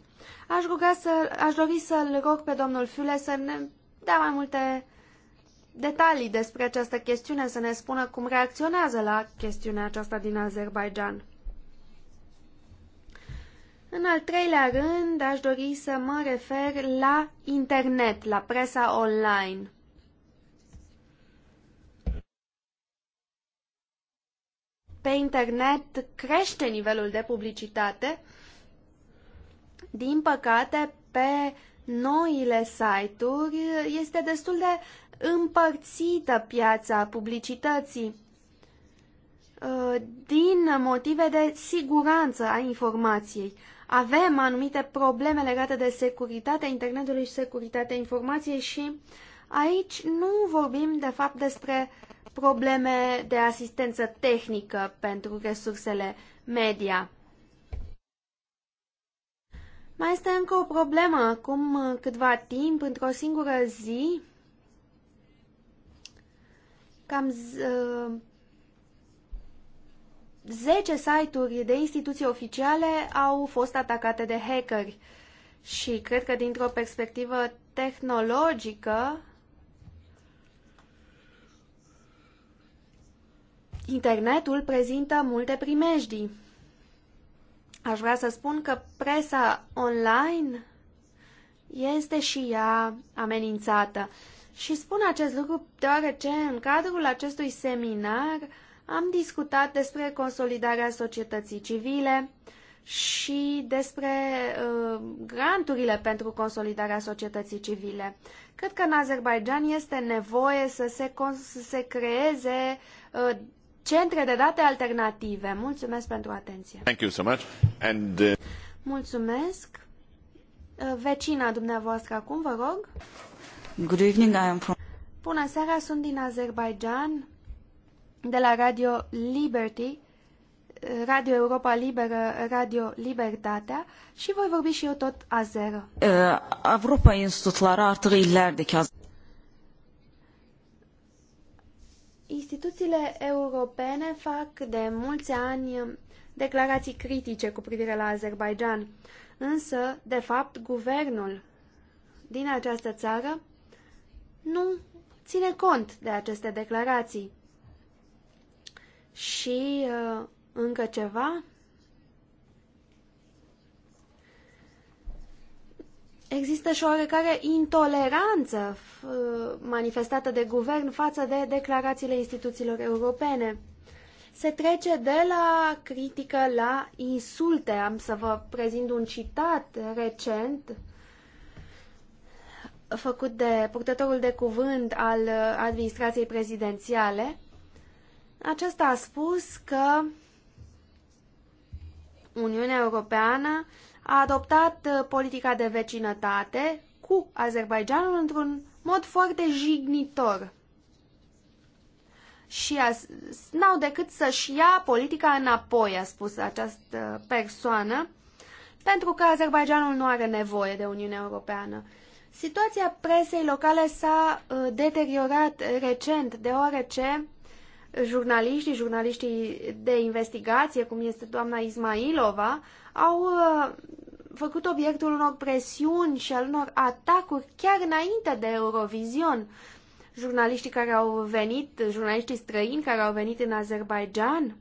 Aș, ruga să, aș dori să-l rog pe domnul Fiule să ne dea mai multe detalii despre această chestiune, să ne spună cum reacționează la chestiunea aceasta din Azerbaijan. În al treilea rând, aș dori să mă refer la internet, la presa online. Pe internet crește nivelul de publicitate. Din păcate, pe noile site-uri este destul de împărțită piața publicității uh, din motive de siguranță a informației avem anumite probleme legate de securitatea internetului și securitatea informației și aici nu vorbim de fapt despre probleme de asistență tehnică pentru resursele media. Mai este încă o problemă. Acum câtva timp, într-o singură zi, cam 10 site-uri de instituții oficiale au fost atacate de hackeri și cred că dintr-o perspectivă tehnologică internetul prezintă multe primejdii. Aș vrea să spun că presa online este și ea amenințată. Și spun acest lucru deoarece în cadrul acestui seminar uh, am discutat despre consolidarea societății civile și despre uh, granturile pentru consolidarea societății civile. Cred că în Azerbaijan este nevoie să se, să se creeze uh, centre de date alternative. Mulțumesc pentru atenție. Thank you so much. And, uh... Mulțumesc. Uh, vecina dumneavoastră acum, vă rog. Good evening, I am from... Bună seara, sunt din Azerbaijan de la Radio Liberty, Radio Europa Liberă, Radio Libertatea și voi vorbi și eu tot azeră. Avrupa institutları artık illerdeki Instituțiile europene fac de mulți ani declarații critice cu privire la Azerbaijan, însă, de fapt, guvernul din această țară nu ține cont de aceste declarații. Și uh, încă ceva. Există și oarecare intoleranță uh, manifestată de guvern față de declarațiile instituțiilor europene. Se trece de la critică la insulte. Am să vă prezint un citat recent făcut de purtătorul de cuvânt al uh, administrației prezidențiale acesta a spus că Uniunea Europeană a adoptat uh, politica de vecinătate cu Azerbaijanul într-un mod foarte jignitor. Și n-au decât să-și ia politica înapoi, a spus această persoană, pentru că Azerbaijanul nu are nevoie de Uniunea Europeană. Situația presei locale s-a uh, deteriorat recent, deoarece jurnaliștii, jurnaliștii de investigație, cum este doamna Ismailova, au uh, făcut obiectul unor presiuni și al unor atacuri chiar înainte de Eurovision. Jurnaliștii care au venit, jurnaliștii străini care au venit în Azerbaijan,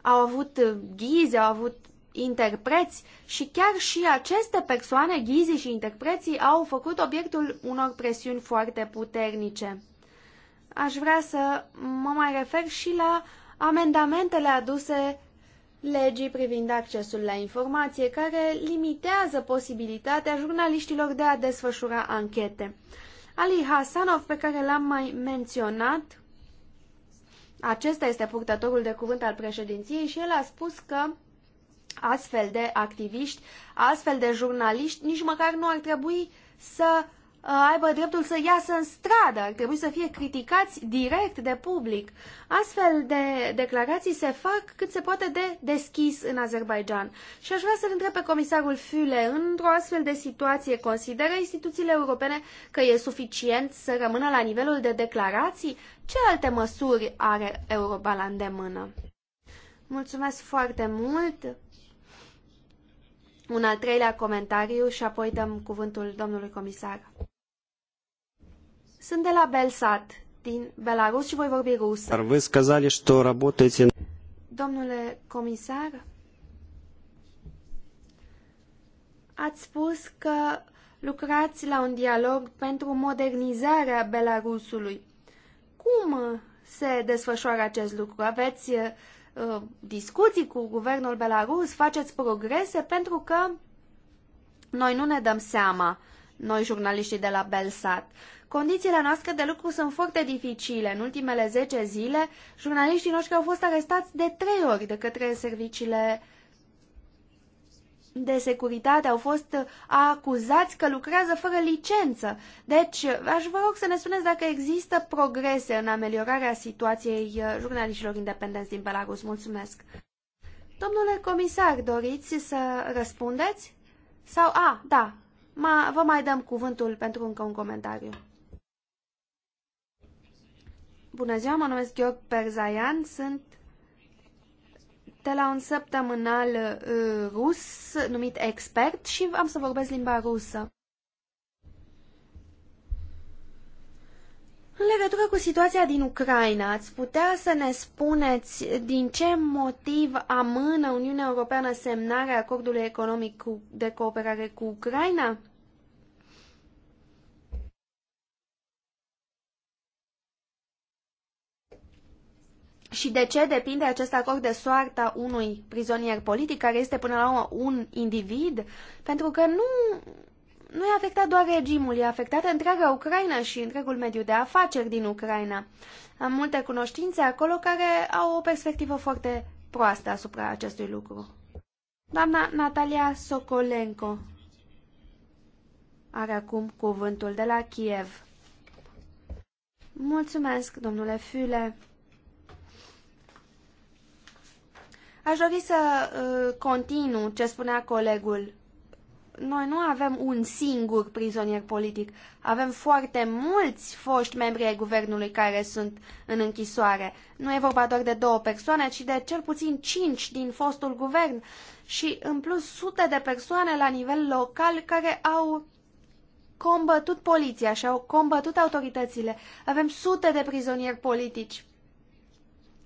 au avut ghizi, au avut interpreți și chiar și aceste persoane, ghizii și interpreții, au făcut obiectul unor presiuni foarte puternice aș vrea să mă mai refer și la amendamentele aduse legii privind accesul la informație, care limitează posibilitatea jurnaliștilor de a desfășura anchete. Ali Hasanov, pe care l-am mai menționat, acesta este purtătorul de cuvânt al președinției și el a spus că astfel de activiști, astfel de jurnaliști, nici măcar nu ar trebui să Uh, aibă dreptul să iasă în stradă, ar trebui să fie criticați direct de public. Astfel de declarații se fac cât se poate de deschis în Azerbaijan. Și aș vrea să-l întreb pe comisarul Füle, într-o astfel de situație, consideră instituțiile europene că e suficient să rămână la nivelul de declarații? Ce alte măsuri are Europa la îndemână? Mulțumesc foarte mult! un al treilea comentariu și apoi dăm cuvântul domnului comisar. Sunt de la Belsat, din Belarus și voi vorbi rusă. Dar vă сказали, что работаете... Domnule comisar, ați spus că lucrați la un dialog pentru modernizarea Belarusului. Cum se desfășoară acest lucru? Aveți uh, discuții cu guvernul Belarus? Faceți progrese? Pentru că noi nu ne dăm seama, noi jurnaliștii de la Belsat. Condițiile noastre de lucru sunt foarte dificile. În ultimele 10 zile, jurnaliștii noștri au fost arestați de 3 ori de către serviciile de securitate, au fost acuzați că lucrează fără licență. Deci, aș vă rog să ne spuneți dacă există progrese în ameliorarea situației uh, jurnaliștilor independenți din Belarus. Mulțumesc! Domnule comisar, doriți să răspundeți? Sau, a, da, ma, vă mai dăm cuvântul pentru încă un comentariu. Bună ziua, mă numesc Gheorg Perzaian, sunt de la un săptămânal uh, rus numit Expert și am să vorbesc limba rusă. În legătură cu situația din Ucraina, ați putea să ne spuneți din ce motiv amână Uniunea Europeană semnarea acordului economic cu, de cooperare cu Ucraina? Și de ce depinde acest acord de soarta unui prizonier politic, care este până la urmă un individ? Pentru că nu, nu e afectat doar regimul, e afectată întreaga Ucraina și întregul mediu de afaceri din Ucraina. Am multe cunoștințe acolo care au o perspectivă foarte proastă asupra acestui lucru. Doamna Natalia Sokolenko are acum cuvântul de la Kiev. Mulțumesc, domnule Fule. Aș dori să uh, continu ce spunea colegul. Noi nu avem un singur prizonier politic. Avem foarte mulți foști membri ai guvernului care sunt în închisoare. Nu e vorba doar de două persoane, ci de cel puțin cinci din fostul guvern și, în plus, sute de persoane la nivel local care au combătut poliția și au combătut autoritățile. Avem sute de prizonieri politici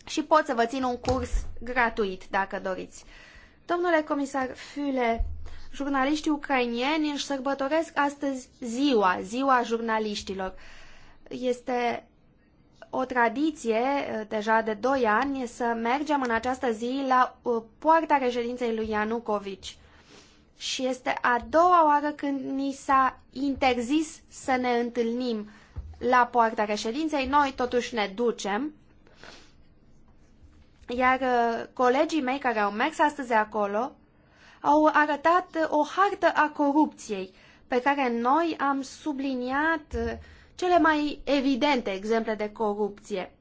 și pot să vă țin un curs gratuit, dacă doriți. Domnule comisar Fule, jurnaliștii ucrainieni își sărbătoresc astăzi ziua, ziua jurnaliștilor. Este o tradiție uh, deja de 2 ani să mergem în această zi la uh, poarta reședinței lui Ianucovici. Și este a doua oară când ni s-a interzis să ne întâlnim la poarta reședinței. Noi totuși ne ducem iar uh, colegii mei care au mers astăzi acolo au arătat o hartă a corupției pe care noi am subliniat uh, cele mai evidente exemple de corupție.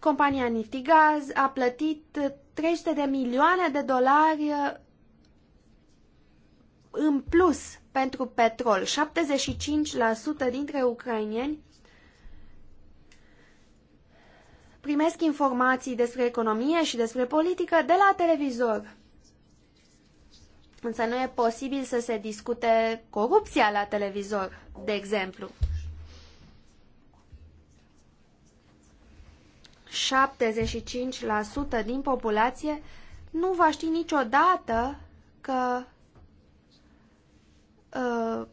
compania Niftigaz a plătit 300 uh, de milioane de dolari în plus pentru petrol. 75% dintre ucrainieni primesc informații despre economie și despre politică de la televizor. Însă nu e posibil să se discute corupția la televizor, de exemplu. 75% din populație nu va ști niciodată că uh,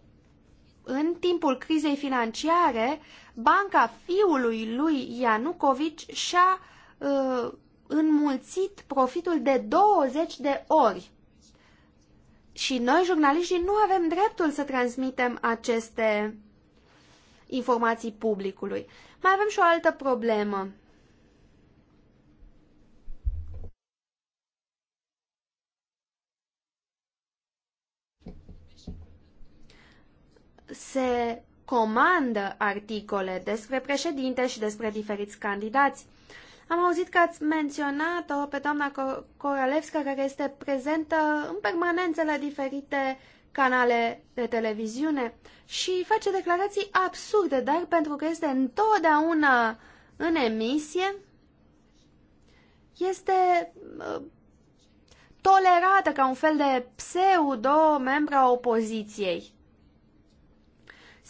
în timpul crizei financiare banca fiului lui Ianucovici și-a uh, înmulțit profitul de 20 de ori. Și noi, jurnaliștii, nu avem dreptul să transmitem aceste informații publicului. Mai avem și o altă problemă. Se comandă articole despre președinte și despre diferiți candidați. Am auzit că ați menționat-o pe doamna Coralevska, care este prezentă în permanență la diferite canale de televiziune și face declarații absurde, dar pentru că este întotdeauna în emisie, este uh, tolerată ca un fel de pseudo-membra opoziției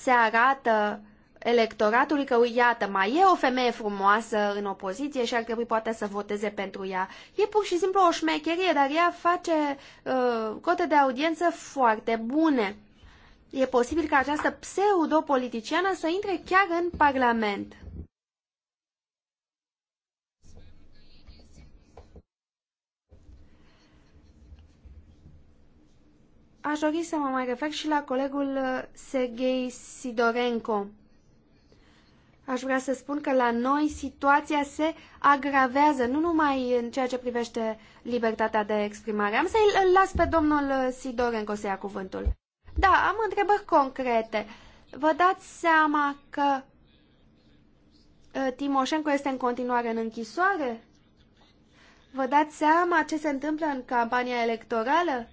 se arată electoratului că, iată, mai e o femeie frumoasă în opoziție și ar trebui poate să voteze pentru ea. E pur și simplu o șmecherie, dar ea face uh, cote de audiență foarte bune. E posibil ca această pseudo-politiciană să intre chiar în Parlament. Aș dori să mă mai refer și la colegul uh, Sergei Sidorenko. Aș vrea să spun că la noi situația se agravează, nu numai în ceea ce privește libertatea de exprimare. Am să-l las pe domnul uh, Sidorenko să ia cuvântul. Da, am întrebări concrete. Vă dați seama că uh, Timoșenko este în continuare în închisoare? Vă dați seama ce se întâmplă în campania electorală?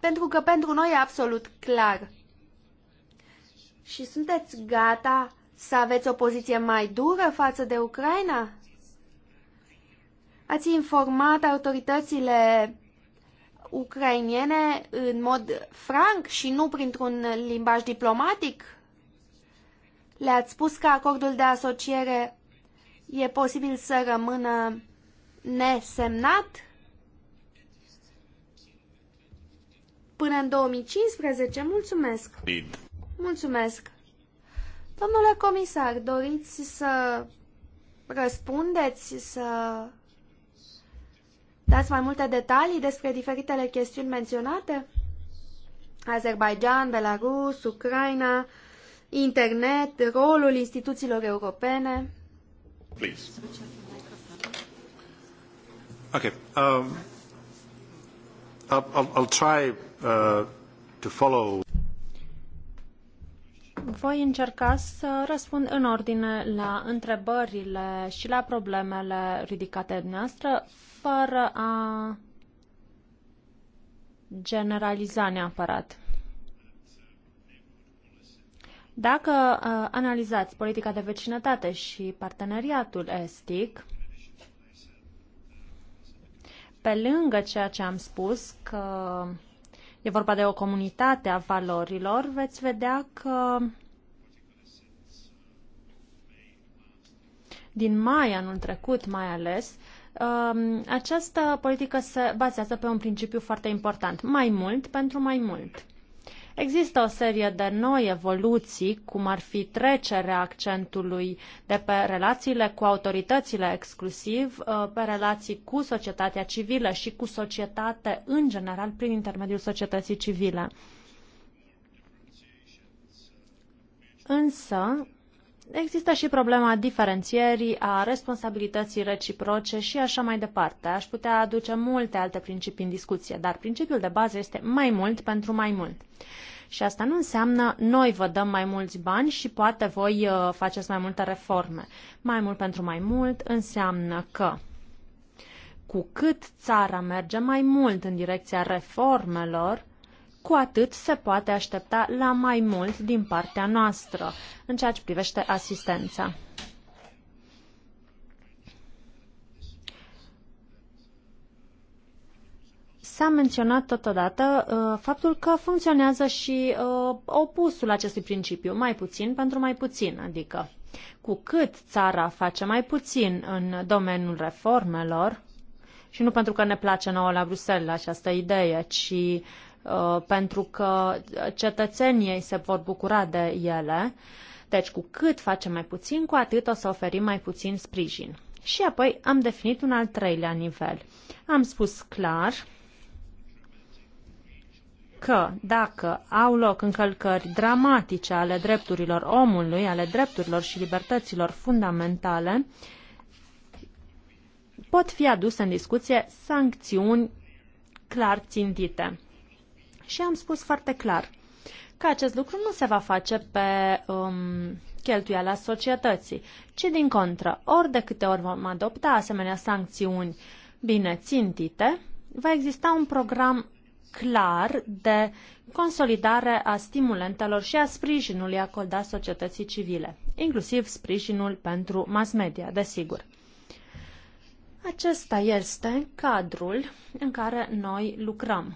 pentru că pentru noi e absolut clar. Și sunteți gata să aveți o poziție mai dură față de Ucraina? Ați informat autoritățile ucrainiene în mod franc și nu printr-un limbaj diplomatic? Le-ați spus că acordul de asociere e posibil să rămână nesemnat? până în 2015? Mulțumesc! Bid. Mulțumesc! Domnule comisar, doriți să răspundeți, să dați mai multe detalii despre diferitele chestiuni menționate? Azerbaijan, Belarus, Ucraina, internet, rolul instituțiilor europene. Please. Okay. Um... Uh, Voi încerca să răspund în ordine la întrebările și la problemele ridicate de noastră, fără a generaliza neapărat. Dacă uh, analizați politica de vecinătate și parteneriatul estic, pe lângă ceea ce am spus, că e vorba de o comunitate a valorilor, veți vedea că din mai anul trecut mai ales, um, această politică se bazează pe un principiu foarte important. Mai mult pentru mai mult. Există o serie de noi evoluții, cum ar fi trecerea accentului de pe relațiile cu autoritățile exclusiv, uh, pe relații cu societatea civilă și cu societate în general prin intermediul societății civile. Însă, Există și problema diferențierii, a responsabilității reciproce și așa mai departe. Aș putea aduce multe alte principii în discuție, dar principiul de bază este mai mult pentru mai mult. Și asta nu înseamnă noi vă dăm mai mulți bani și poate voi uh, faceți mai multe reforme. Mai mult pentru mai mult înseamnă că cu cât țara merge mai mult în direcția reformelor, cu atât se poate aștepta la mai mult din partea noastră în ceea ce privește asistența. S-a menționat totodată uh, faptul că funcționează și uh, opusul acestui principiu, mai puțin pentru mai puțin, adică cu cât țara face mai puțin în domeniul reformelor, și nu pentru că ne place nouă la Bruxelles această idee, ci Uh, pentru că cetățenii ei se vor bucura de ele. Deci, cu cât facem mai puțin, cu atât o să oferim mai puțin sprijin. Și apoi am definit un al treilea nivel. Am spus clar că dacă au loc încălcări dramatice ale drepturilor omului, ale drepturilor și libertăților fundamentale, pot fi aduse în discuție sancțiuni clar țintite. Și am spus foarte clar că acest lucru nu se va face pe um, cheltuiala societății, ci din contră, ori de câte ori vom adopta asemenea sancțiuni bine țintite, va exista un program clar de consolidare a stimulentelor și a sprijinului acordat societății civile, inclusiv sprijinul pentru mass media, desigur. Acesta este cadrul în care noi lucrăm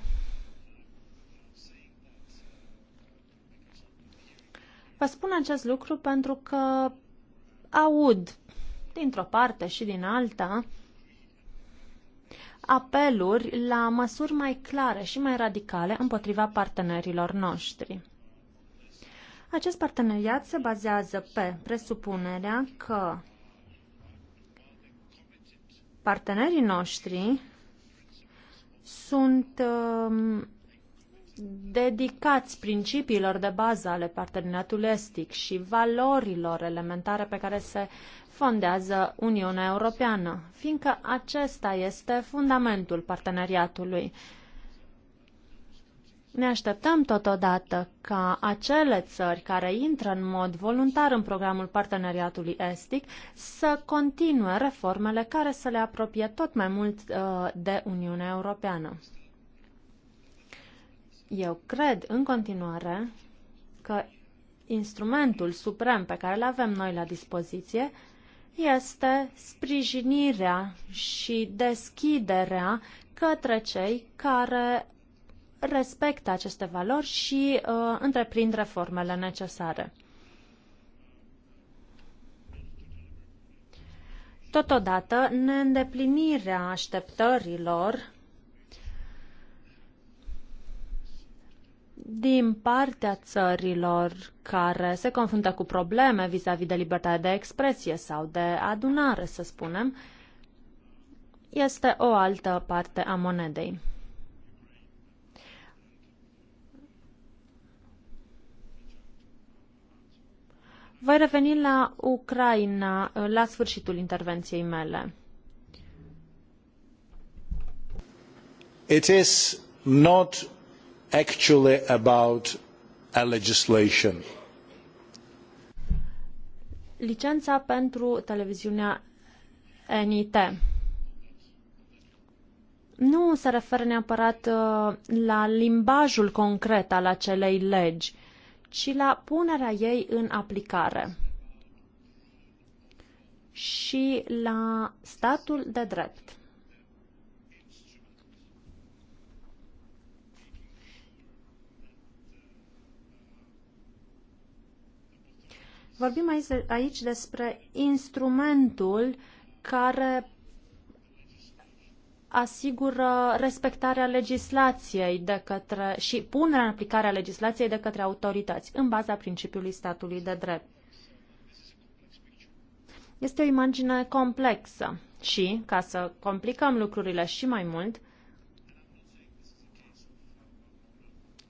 Vă spun acest lucru pentru că aud dintr-o parte și din alta apeluri la măsuri mai clare și mai radicale împotriva partenerilor noștri. Acest parteneriat se bazează pe presupunerea că partenerii noștri sunt uh, dedicați principiilor de bază ale parteneriatului estic și valorilor elementare pe care se fondează Uniunea Europeană, fiindcă acesta este fundamentul parteneriatului. Ne așteptăm totodată ca acele țări care intră în mod voluntar în programul parteneriatului estic să continue reformele care să le apropie tot mai mult uh, de Uniunea Europeană. Eu cred în continuare că instrumentul suprem pe care îl avem noi la dispoziție este sprijinirea și deschiderea către cei care respectă aceste valori și uh, întreprind reformele necesare. Totodată, neîndeplinirea așteptărilor din partea țărilor care se confruntă cu probleme vis-a-vis -vis de libertatea de expresie sau de adunare, să spunem, este o altă parte a monedei. Voi reveni la Ucraina la sfârșitul intervenției mele. It is not actually about a legislation. Licența pentru televiziunea NIT nu se referă neapărat uh, la limbajul concret al acelei legi, ci la punerea ei în aplicare și la statul de drept. Vorbim aici despre instrumentul care asigură respectarea legislației de către, și punerea în aplicare a legislației de către autorități, în baza principiului statului de drept. Este o imagine complexă și, ca să complicăm lucrurile și mai mult,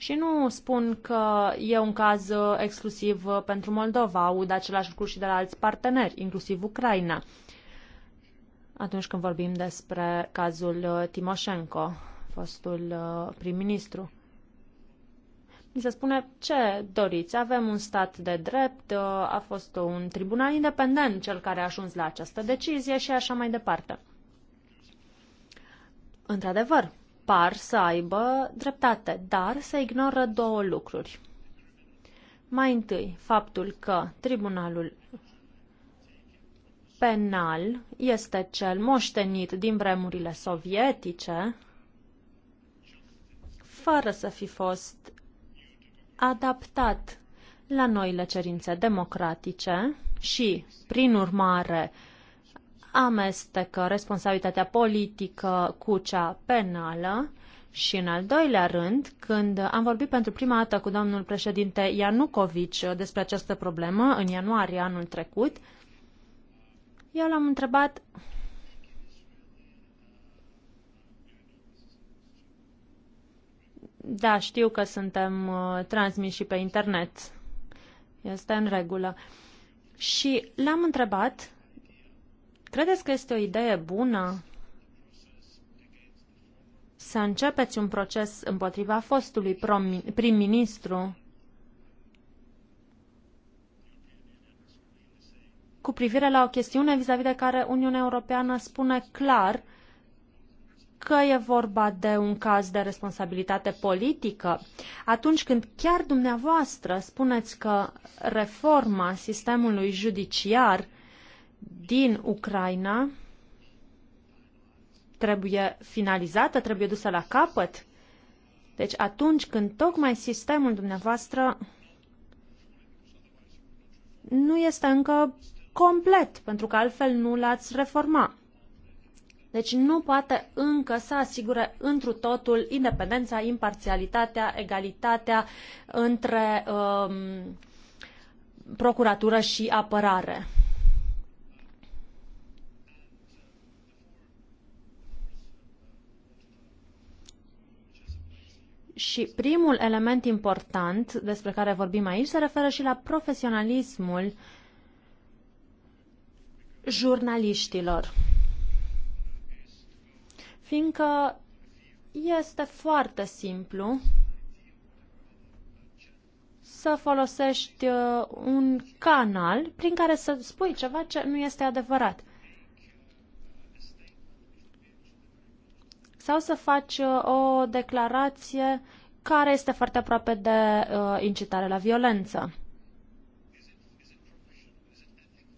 Și nu spun că e un caz uh, exclusiv uh, pentru Moldova, aud același lucru și de la alți parteneri, inclusiv Ucraina, atunci când vorbim despre cazul uh, Timoshenko, fostul prim-ministru. Mi se spune ce doriți. Avem un stat de drept, a fost un tribunal independent cel care a ajuns la această decizie și așa mai departe. Într-adevăr, par să aibă dreptate, dar se ignoră două lucruri. Mai întâi, faptul că tribunalul penal este cel moștenit din vremurile sovietice, fără să fi fost adaptat la noile cerințe democratice și, prin urmare, uh, amestecă responsabilitatea politică cu cea penală și în al doilea rând, când am vorbit pentru prima dată cu domnul președinte Ianucovici despre această problemă în ianuarie anul trecut, eu l-am întrebat Da, știu că suntem uh, transmisi și pe internet. Este în regulă. Și l-am întrebat Credeți că este o idee bună să începeți un proces împotriva fostului prim-ministru cu privire la o chestiune vis-a-vis -vis de care Uniunea Europeană spune clar că e vorba de un caz de responsabilitate politică, atunci când chiar dumneavoastră spuneți că reforma sistemului judiciar din Ucraina trebuie finalizată, trebuie dusă la capăt. Deci atunci când tocmai sistemul dumneavoastră nu este încă complet, pentru că altfel nu l-ați reforma. Deci nu poate încă să asigure întru totul independența, imparțialitatea, egalitatea între um, procuratură și apărare. Și primul element important despre care vorbim aici se referă și la profesionalismul jurnaliștilor. Fiindcă este foarte simplu să folosești uh, un canal prin care să spui ceva ce nu este adevărat. sau să faci uh, o declarație care este foarte aproape de uh, incitare la violență.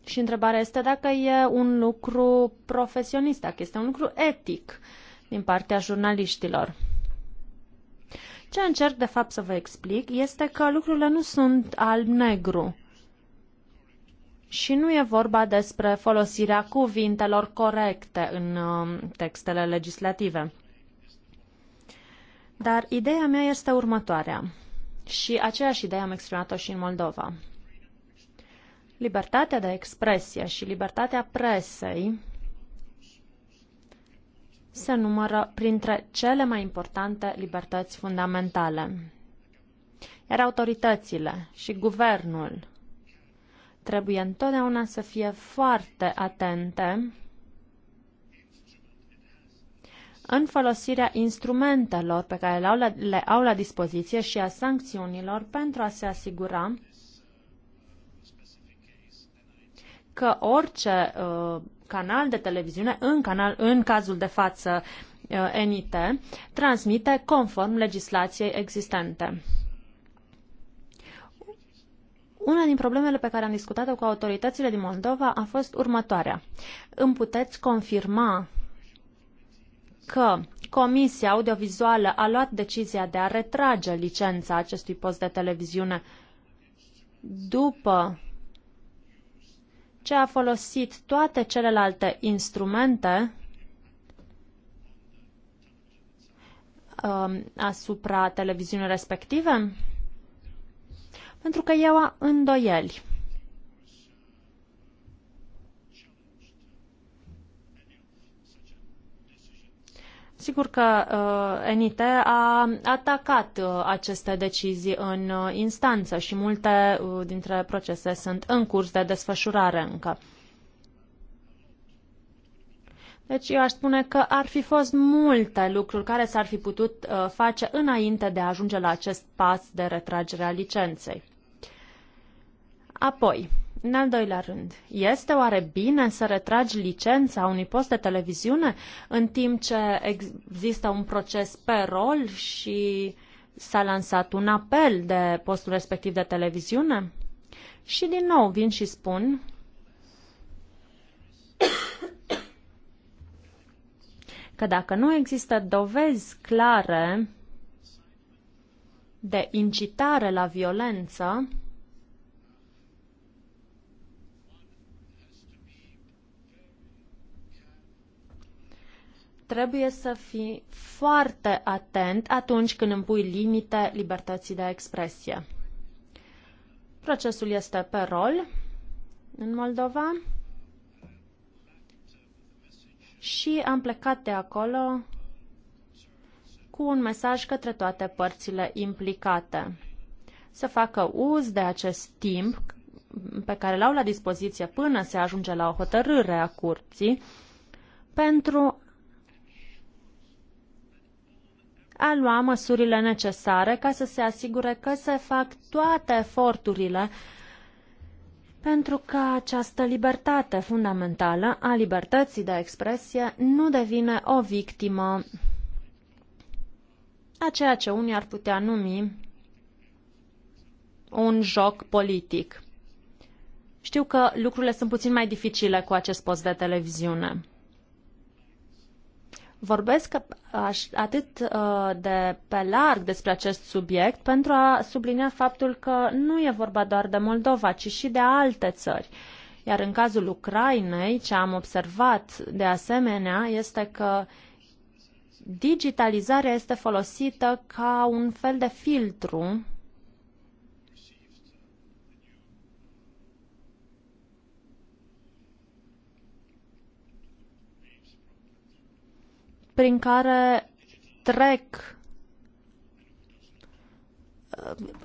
Și întrebarea este dacă e un lucru profesionist, dacă este un lucru etic din partea jurnaliștilor. Ce încerc de fapt să vă explic este că lucrurile nu sunt alb-negru. Și nu e vorba despre folosirea cuvintelor corecte în um, textele legislative. Dar ideea mea este următoarea și aceeași idee am exprimat-o și în Moldova. Libertatea de expresie și libertatea presei se numără printre cele mai importante libertăți fundamentale. Iar autoritățile și guvernul trebuie întotdeauna să fie foarte atente în folosirea instrumentelor pe care le au la, le au la dispoziție și a sancțiunilor pentru a se asigura că orice uh, canal de televiziune, în, canal, în cazul de față uh, NIT, transmite conform legislației existente. Una din problemele pe care am discutat-o cu autoritățile din Moldova a fost următoarea. Îmi puteți confirma că Comisia Audiovizuală a luat decizia de a retrage licența acestui post de televiziune după ce a folosit toate celelalte instrumente um, asupra televiziunii respective? Pentru că eu am îndoieli. Sigur că uh, NIT a atacat uh, aceste decizii în uh, instanță și multe uh, dintre procese sunt în curs de desfășurare încă. Deci eu aș spune că ar fi fost multe lucruri care s-ar fi putut uh, face înainte de a ajunge la acest pas de retragere a licenței. Apoi, în al doilea rând, este oare bine să retragi licența unui post de televiziune în timp ce există un proces pe rol și s-a lansat un apel de postul respectiv de televiziune? Și din nou vin și spun că dacă nu există dovezi clare de incitare la violență, trebuie să fii foarte atent atunci când împui limite libertății de expresie. Procesul este pe rol în Moldova și am plecat de acolo cu un mesaj către toate părțile implicate. Să facă uz de acest timp pe care l-au la dispoziție până se ajunge la o hotărâre a curții pentru a lua măsurile necesare ca să se asigure că se fac toate eforturile pentru ca această libertate fundamentală a libertății de expresie nu devine o victimă a ceea ce unii ar putea numi un joc politic. Știu că lucrurile sunt puțin mai dificile cu acest post de televiziune. Vorbesc atât uh, de pe larg despre acest subiect pentru a sublinia faptul că nu e vorba doar de Moldova, ci și de alte țări. Iar în cazul Ucrainei, ce am observat de asemenea este că digitalizarea este folosită ca un fel de filtru prin care trec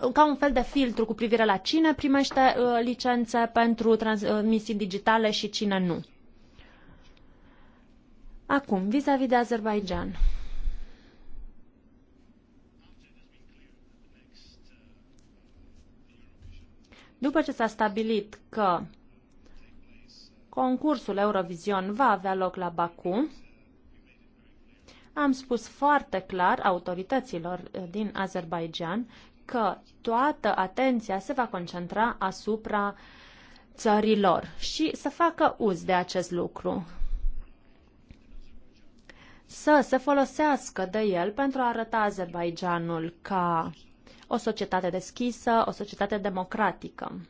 uh, ca un fel de filtru cu privire la cine primește uh, licențe pentru transmisii digitale și cine nu. Acum, vis-a-vis -vis de Azerbaijan. După ce s-a stabilit că concursul Eurovision va avea loc la Baku, am spus foarte clar autorităților eh, din Azerbaijan că toată atenția se va concentra asupra țărilor și să facă uz de acest lucru. Să se folosească de el pentru a arăta Azerbaijanul ca o societate deschisă, o societate democratică.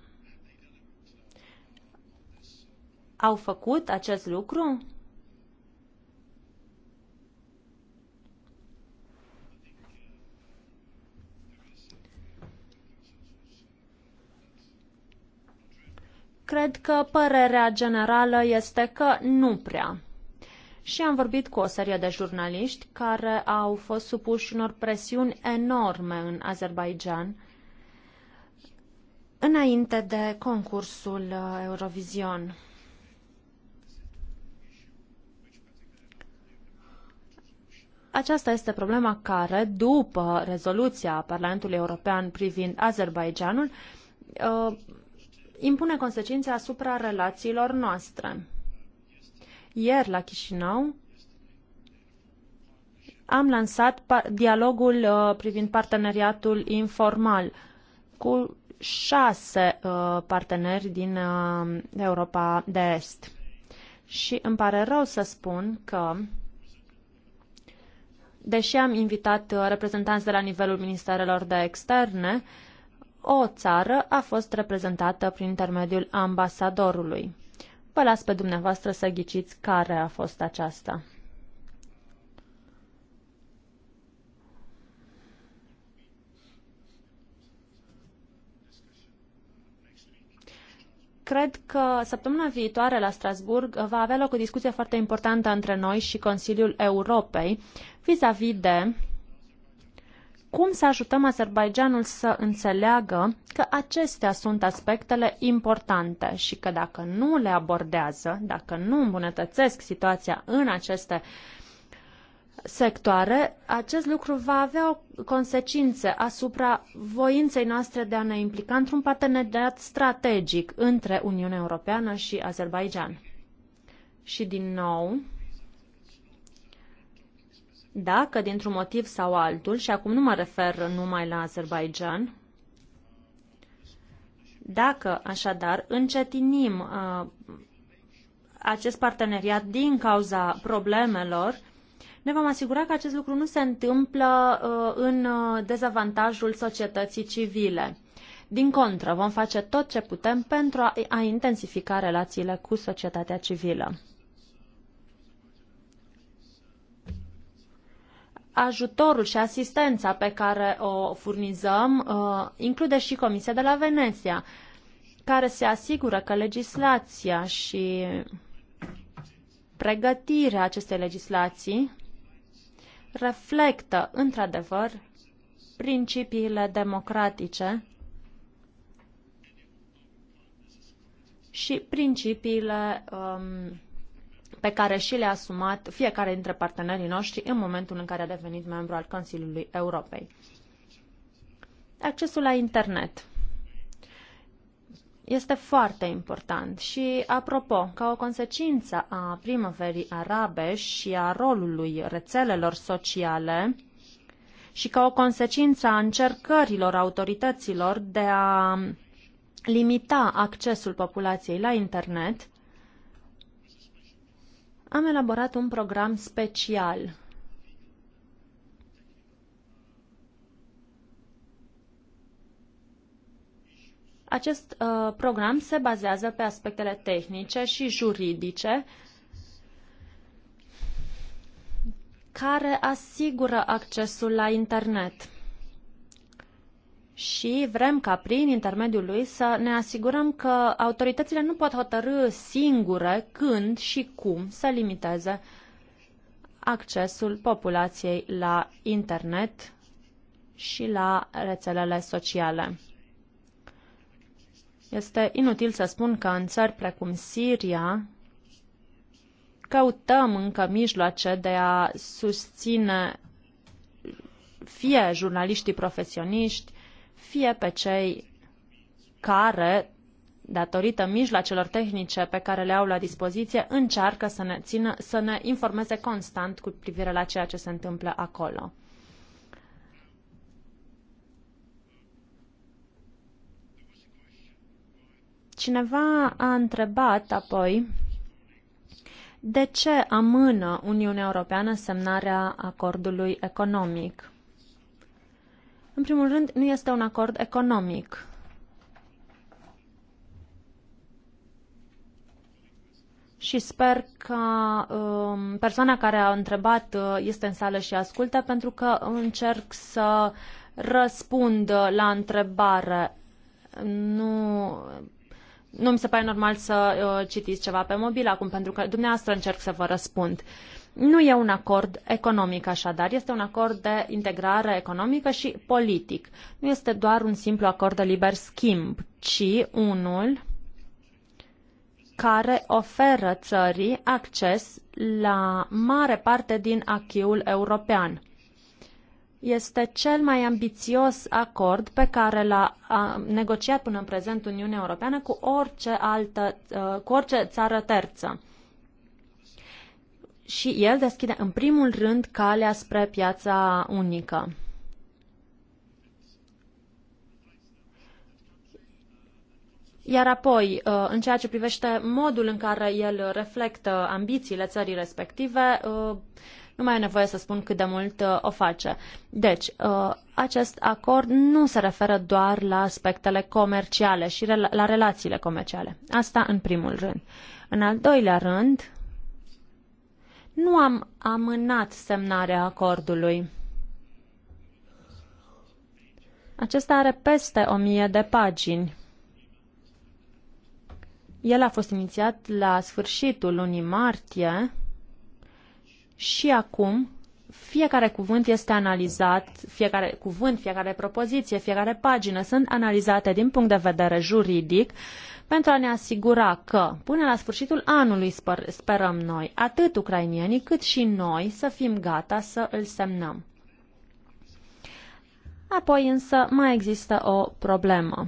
Au făcut acest lucru? Cred că părerea generală este că nu prea. Și am vorbit cu o serie de jurnaliști care au fost supuși unor presiuni enorme în Azerbaijan înainte de concursul uh, Eurovision. Aceasta este problema care, după rezoluția Parlamentului European privind Azerbaijanul, uh, impune consecințe asupra relațiilor noastre. Ieri, la Chișinău, am lansat dialogul uh, privind parteneriatul informal cu șase uh, parteneri din uh, Europa de Est. Și îmi pare rău să spun că, deși am invitat reprezentanți de la nivelul ministerelor de externe, uh, o țară a fost reprezentată prin intermediul ambasadorului. Vă las pe dumneavoastră să ghiciți care a fost aceasta. cred că săptămâna viitoare la Strasburg va avea loc o discuție foarte importantă între noi și Consiliul Europei vis-a-vis -vis de cum să ajutăm Azerbaijanul să înțeleagă că acestea sunt aspectele importante și că dacă nu le abordează, dacă nu îmbunătățesc situația în aceste sectoare, acest lucru va avea consecințe asupra voinței noastre de a ne implica într-un parteneriat strategic între Uniunea Europeană și Azerbaijan. Și din nou, dacă dintr-un motiv sau altul, și acum nu mă refer numai la Azerbaijan, dacă așadar încetinim uh, acest parteneriat din cauza problemelor, ne vom asigura că acest lucru nu se întâmplă uh, în uh, dezavantajul societății civile. Din contră, vom face tot ce putem pentru a, a intensifica relațiile cu societatea civilă. ajutorul și asistența pe care o furnizăm uh, include și Comisia de la Veneția, care se asigură că legislația și pregătirea acestei legislații reflectă într-adevăr principiile democratice și principiile um, pe care și le-a asumat fiecare dintre partenerii noștri în momentul în care a devenit membru al Consiliului Europei. Accesul la internet este foarte important și, apropo, ca o consecință a primăverii arabe și a rolului rețelelor sociale, și ca o consecință a încercărilor autorităților de a limita accesul populației la internet, am elaborat un program special Acest uh, program se bazează pe aspectele tehnice și juridice care asigură accesul la internet și vrem ca prin intermediul lui să ne asigurăm că autoritățile nu pot hotărâ singure când și cum să limiteze accesul populației la internet și la rețelele sociale. Este inutil să spun că în țări precum Siria căutăm încă mijloace de a susține fie jurnaliștii profesioniști, fie pe cei care, datorită mijloacelor tehnice pe care le au la dispoziție, încearcă să ne, țină, să ne informeze constant cu privire la ceea ce se întâmplă acolo. Cineva a întrebat apoi de ce amână Uniunea Europeană semnarea acordului economic. În primul rând, nu este un acord economic. și sper că um, persoana care a întrebat uh, este în sală și ascultă, pentru că încerc să răspund la întrebare. Nu, nu mi se pare normal să uh, citiți ceva pe mobil acum, pentru că dumneavoastră încerc să vă răspund. Uh, nu e un acord economic așadar, este un acord de integrare economică și politic. Nu este doar un simplu acord de liber schimb, ci unul care oferă țării acces la mare parte din achiul european. Este cel mai ambițios acord pe care l-a negociat până în prezent Uniunea Europeană cu orice, altă, uh, cu orice țară terță și el deschide în primul rând calea spre piața unică. Iar apoi, uh, în ceea ce privește modul în care el reflectă ambițiile țării respective, uh, nu mai e nevoie să spun cât de mult uh, o face. Deci, acest acord nu se referă doar la aspectele comerciale și la relațiile comerciale. Asta în primul rând. În al doilea rând, nu am amânat semnarea acordului. Acesta are peste o mie de pagini. El a fost inițiat la sfârșitul lunii martie și acum fiecare cuvânt este analizat, fiecare cuvânt, fiecare propoziție, fiecare pagină sunt analizate din punct de vedere juridic pentru a ne asigura că, până la sfârșitul anului, sper, sperăm noi, atât ucrainienii cât și noi, să fim gata să îl semnăm. Apoi însă mai există o problemă.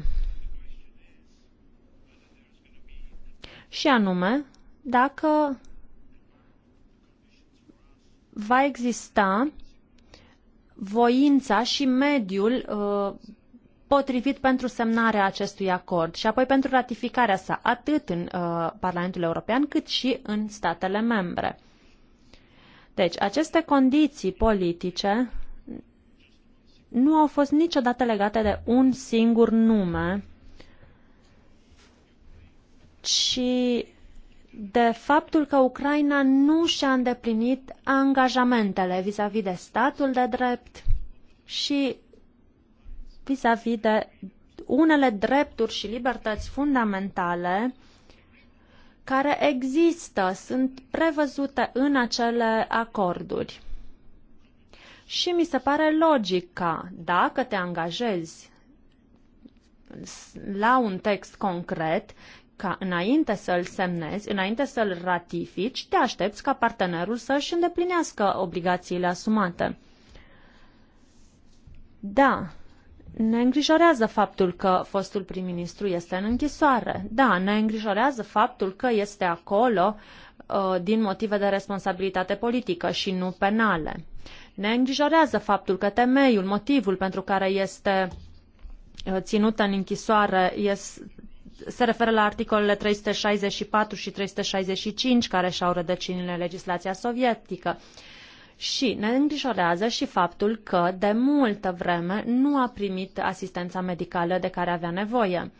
Și anume, dacă va exista voința și mediul uh, potrivit pentru semnarea acestui acord și apoi pentru ratificarea sa, atât în uh, Parlamentul European cât și în statele membre. Deci, aceste condiții politice nu au fost niciodată legate de un singur nume, ci de faptul că Ucraina nu și-a îndeplinit angajamentele vis-a-vis -vis de statul de drept și vis-a-vis -vis de unele drepturi și libertăți fundamentale care există, sunt prevăzute în acele acorduri. Și mi se pare logic ca, dacă te angajezi la un text concret, ca înainte să-l semnezi, înainte să-l ratifici, te aștepți ca partenerul să-și îndeplinească obligațiile asumate. Da, ne îngrijorează faptul că fostul prim-ministru este în închisoare. Da, ne îngrijorează faptul că este acolo uh, din motive de responsabilitate politică și nu penale. Ne îngrijorează faptul că temeiul, motivul pentru care este uh, ținut în închisoare este se referă la articolele 364 și 365 care și-au rădăcinile în legislația sovietică. Și ne îngrijorează și faptul că de multă vreme nu a primit asistența medicală de care avea nevoie.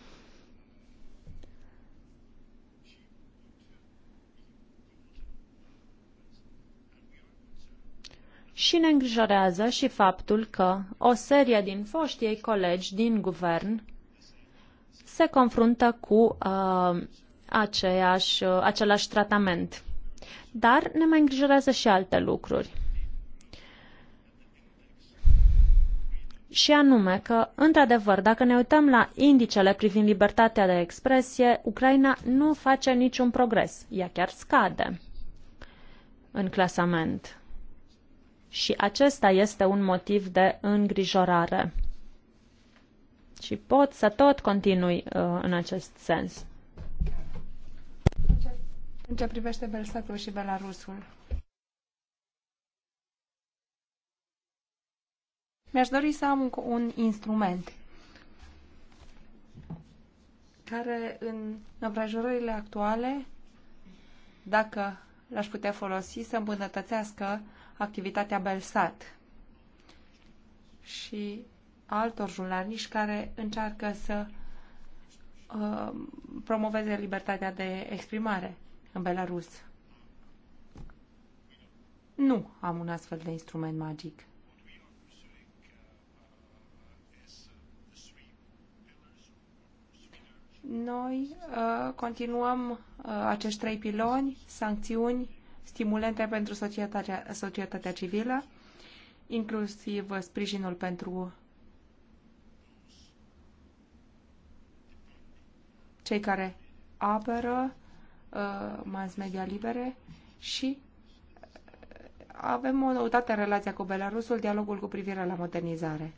și ne îngrijorează și faptul că o serie din foștii colegi din guvern se confruntă cu uh, aceeași, uh, același tratament. Dar ne mai îngrijorează și alte lucruri. și anume că, într-adevăr, dacă ne uităm la indicele privind libertatea de expresie, Ucraina nu face niciun progres, ea chiar scade în clasament. Și acesta este un motiv de îngrijorare. Și pot să tot continui uh, în acest sens. În ce privește Belsatul și Belarusul? Mi-aș dori să am un, un instrument care în împrejurările actuale, dacă l-aș putea folosi, să îmbunătățească activitatea Belsat și altor jurnaliști care încearcă să uh, promoveze libertatea de exprimare în Belarus. Nu am un astfel de instrument magic. Noi uh, continuăm uh, acești trei piloni, sancțiuni, stimulente pentru societatea, societatea civilă, inclusiv sprijinul pentru cei care apără uh, mass media libere și uh, avem o noutate în relația cu Belarusul, dialogul cu privire la modernizare.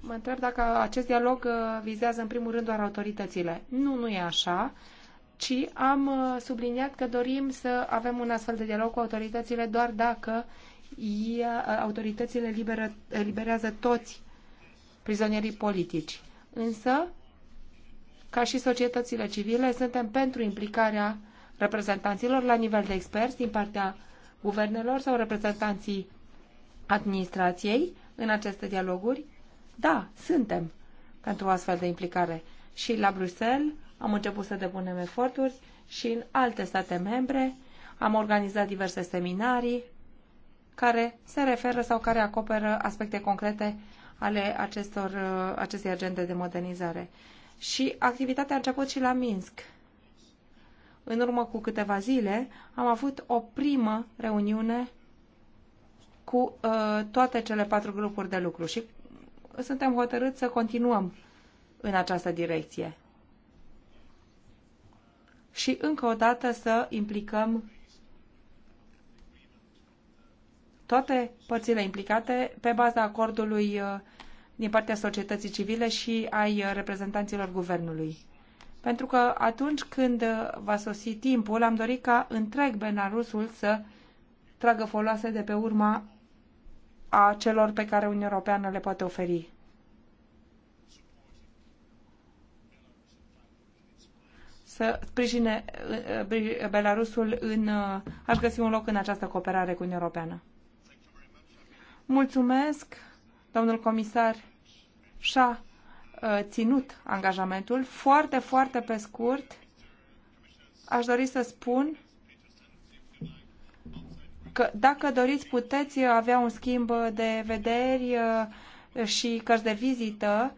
Mă întreb dacă acest dialog uh, vizează în primul rând doar autoritățile. Nu, nu e așa, ci am uh, subliniat că dorim să avem un astfel de dialog cu autoritățile doar dacă autoritățile liberă, eliberează toți prizonierii politici. Însă, ca și societățile civile, suntem pentru implicarea reprezentanților la nivel de experți din partea guvernelor sau reprezentanții administrației în aceste dialoguri? Da, suntem pentru astfel de implicare. Și la Bruxelles am început să depunem eforturi și în alte state membre am organizat diverse seminarii care se referă sau care acoperă aspecte concrete ale acestor, uh, acestei agende de modernizare. Și activitatea a început și la Minsk. În urmă cu câteva zile am avut o primă reuniune cu uh, toate cele patru grupuri de lucru și suntem hotărâți să continuăm în această direcție. Și încă o dată să implicăm toate părțile implicate pe baza acordului uh, din partea societății civile și ai uh, reprezentanților guvernului. Pentru că atunci când uh, va sosi timpul, am dorit ca întreg Benarusul să tragă foloase de pe urma a celor pe care Uniunea Europeană le poate oferi. Să sprijine Belarusul în a-și găsi un loc în această cooperare cu Uniunea Europeană. Mulțumesc, domnul comisar și-a uh, ținut angajamentul. Foarte, foarte pe scurt, aș dori să spun că dacă doriți, puteți avea un schimb de vederi uh, și cărți de vizită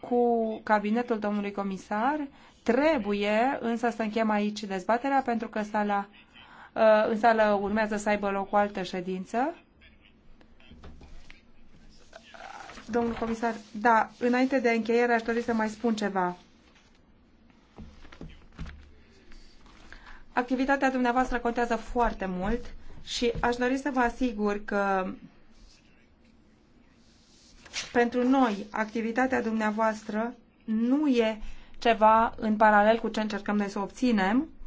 cu cabinetul domnului comisar. Trebuie însă să închem aici dezbaterea pentru că sala, uh, în sală urmează să aibă loc o altă ședință. domnul comisar. Da, înainte de încheiere aș dori să mai spun ceva. Activitatea dumneavoastră contează foarte mult și aș dori să vă asigur că pentru noi activitatea dumneavoastră nu e ceva în paralel cu ce încercăm noi să obținem,